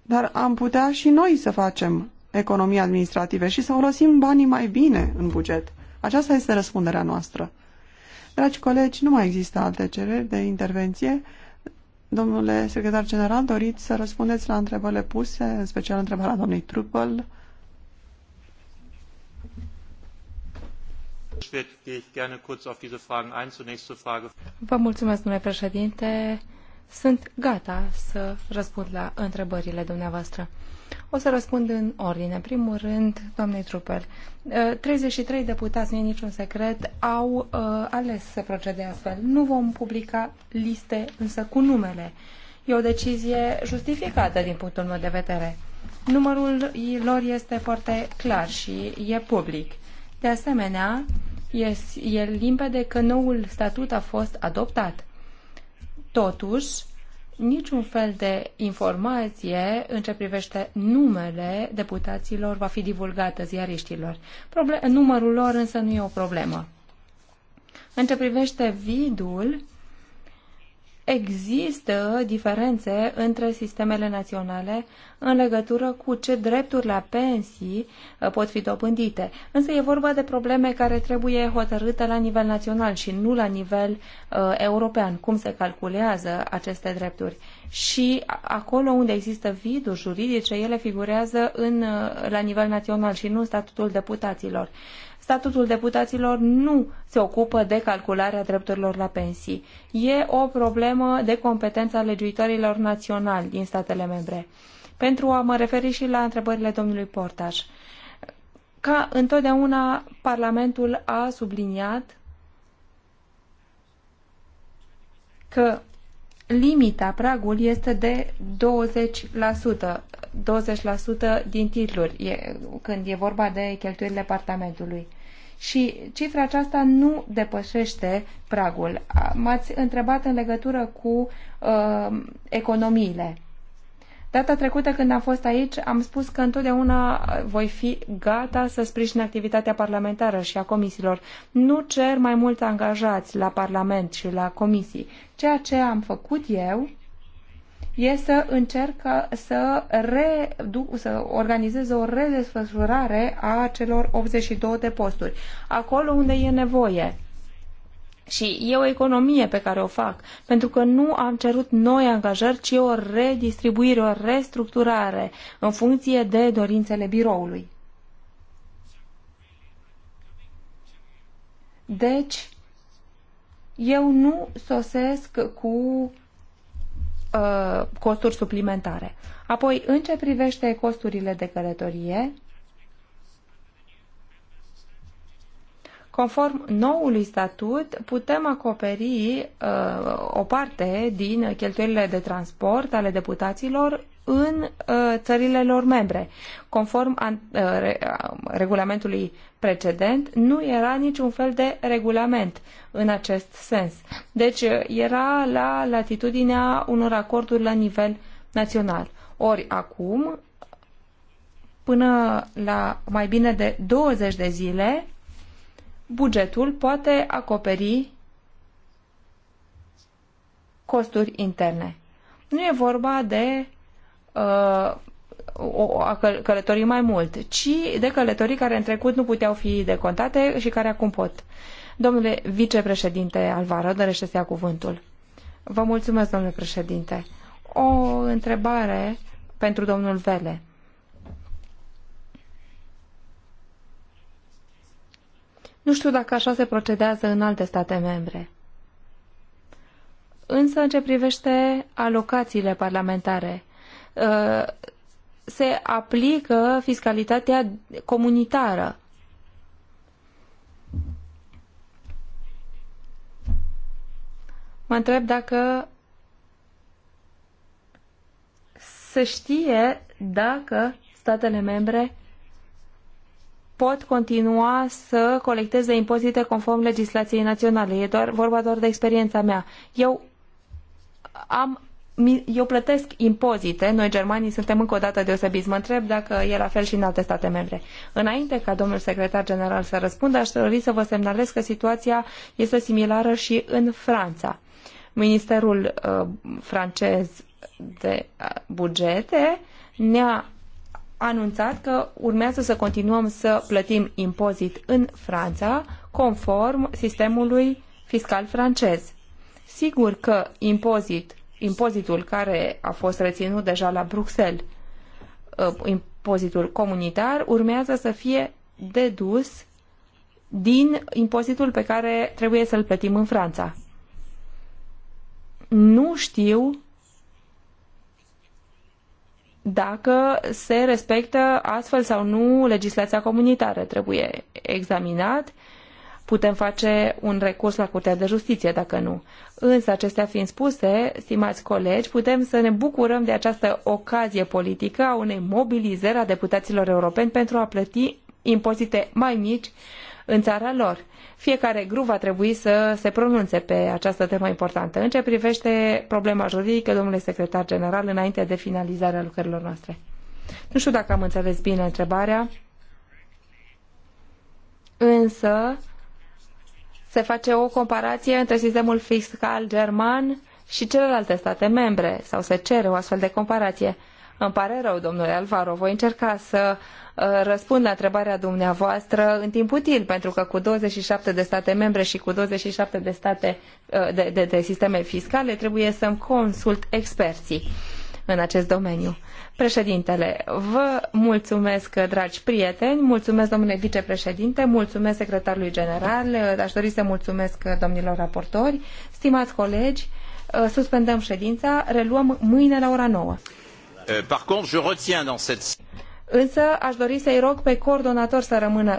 Dar am putea și noi să facem economii administrative și să folosim banii mai bine în buget. Aceasta este răspunderea noastră. Dragi colegi, nu mai există alte cereri de intervenție. Domnule secretar general, doriți să răspundeți la întrebările puse, în special întrebarea doamnei Trupel. Vă mulțumesc, domnule președinte. Sunt gata să răspund la întrebările dumneavoastră. O să răspund în ordine. În primul rând, doamnei Trupel, 33 eh, deputați, nu e niciun secret, au eh, ales să procede astfel. Nu vom publica liste, însă cu numele. E o decizie justificată din punctul meu de vedere. Numărul lor este foarte clar și e public. De asemenea, e, limpede că noul statut a fost adoptat. Totuși, niciun fel de informație în ce privește numele deputaților va fi divulgată ziariștilor. Proble- numărul lor însă nu e o problemă. În ce privește vidul, există diferențe între sistemele naționale în legătură cu ce drepturi la pensii uh, pot fi dobândite. Însă e vorba de probleme care trebuie hotărâte la nivel național și nu la nivel uh, european, cum se calculează aceste drepturi și acolo unde există viduri juridice, ele figurează în, uh, la nivel național și nu în statutul deputaților. Statutul deputaților nu se ocupă de calcularea drepturilor la pensii. E o problemă de competență a legiuitorilor naționali din statele membre. Pentru a mă referi și la întrebările domnului Portaș. Ca întotdeauna, Parlamentul a subliniat că limita, pragul este de 20%, 20% din titluri, e, când e vorba de cheltuielile apartamentului. Și cifra aceasta nu depășește pragul. M-ați întrebat în legătură cu uh, economiile. Data trecută când am fost aici, am spus că întotdeauna voi fi gata să sprijin activitatea parlamentară și a comisiilor. Nu cer mai mulți angajați la Parlament și la comisii. Ceea ce am făcut eu e să încerc să, reduc, să organizez o redesfășurare a celor 82 de posturi, acolo unde e nevoie și e o economie pe care o fac, pentru că nu am cerut noi angajări, ci o redistribuire, o restructurare în funcție de dorințele biroului. Deci, eu nu sosesc cu uh, costuri suplimentare. Apoi, în ce privește costurile de călătorie, Conform noului statut, putem acoperi uh, o parte din cheltuielile de transport ale deputaților în uh, țările lor membre. Conform an, uh, re, uh, regulamentului precedent, nu era niciun fel de regulament în acest sens. Deci uh, era la latitudinea unor acorduri la nivel național. Ori acum, până la mai bine de 20 de zile, bugetul poate acoperi costuri interne. Nu e vorba de uh, o, a călătorii mai mult, ci de călătorii care în trecut nu puteau fi decontate și care acum pot. Domnule vicepreședinte Alvaro, dorește să ia cuvântul. Vă mulțumesc, domnule președinte. O întrebare pentru domnul Vele. Nu știu dacă așa se procedează în alte state membre. Însă, în ce privește alocațiile parlamentare, uh, se aplică fiscalitatea comunitară. Mă întreb dacă se știe dacă statele membre pot continua să colecteze impozite conform legislației naționale. E doar, vorba doar de experiența mea. Eu am eu plătesc impozite, noi germanii suntem încă o dată deosebiți. Mă întreb dacă e la fel și în alte state membre. Înainte ca domnul secretar general să răspundă, aș dori să vă semnalez că situația este similară și în Franța. Ministerul uh, francez de uh, bugete ne-a anunțat că urmează să continuăm să plătim impozit în Franța conform sistemului fiscal francez. Sigur că impozit, impozitul care a fost reținut deja la Bruxelles, uh, impozitul comunitar, urmează să fie dedus din impozitul pe care trebuie să-l plătim în Franța. Nu știu dacă se respectă astfel sau nu legislația comunitară. Trebuie examinat, putem face un recurs la Curtea de Justiție dacă nu. Însă, acestea fiind spuse, stimați colegi, putem să ne bucurăm de această ocazie politică a unei mobilizări a deputaților europeni pentru a plăti impozite mai mici în țara lor. Fiecare grup va trebui să se pronunțe pe această temă importantă. În ce privește problema juridică, domnule secretar general, înainte de finalizarea lucrărilor noastre. Nu știu dacă am înțeles bine întrebarea, însă se face o comparație între sistemul fiscal german și celelalte state membre, sau se cere o astfel de comparație. Îmi pare rău, domnule Alvaro, voi încerca să uh, răspund la întrebarea dumneavoastră în timp util, pentru că cu 27 de state membre și cu 27 de state uh, de, de, de sisteme fiscale trebuie să-mi consult experții în acest domeniu. Președintele, vă mulțumesc, dragi prieteni, mulțumesc domnule vicepreședinte, mulțumesc secretarului general, uh, aș dori să mulțumesc domnilor raportori, stimați colegi, suspendăm ședința, reluăm mâine la ora 9. Euh, par contre, je retiens dans cette... Însă aș dori să-i rog pe coordonator să rămână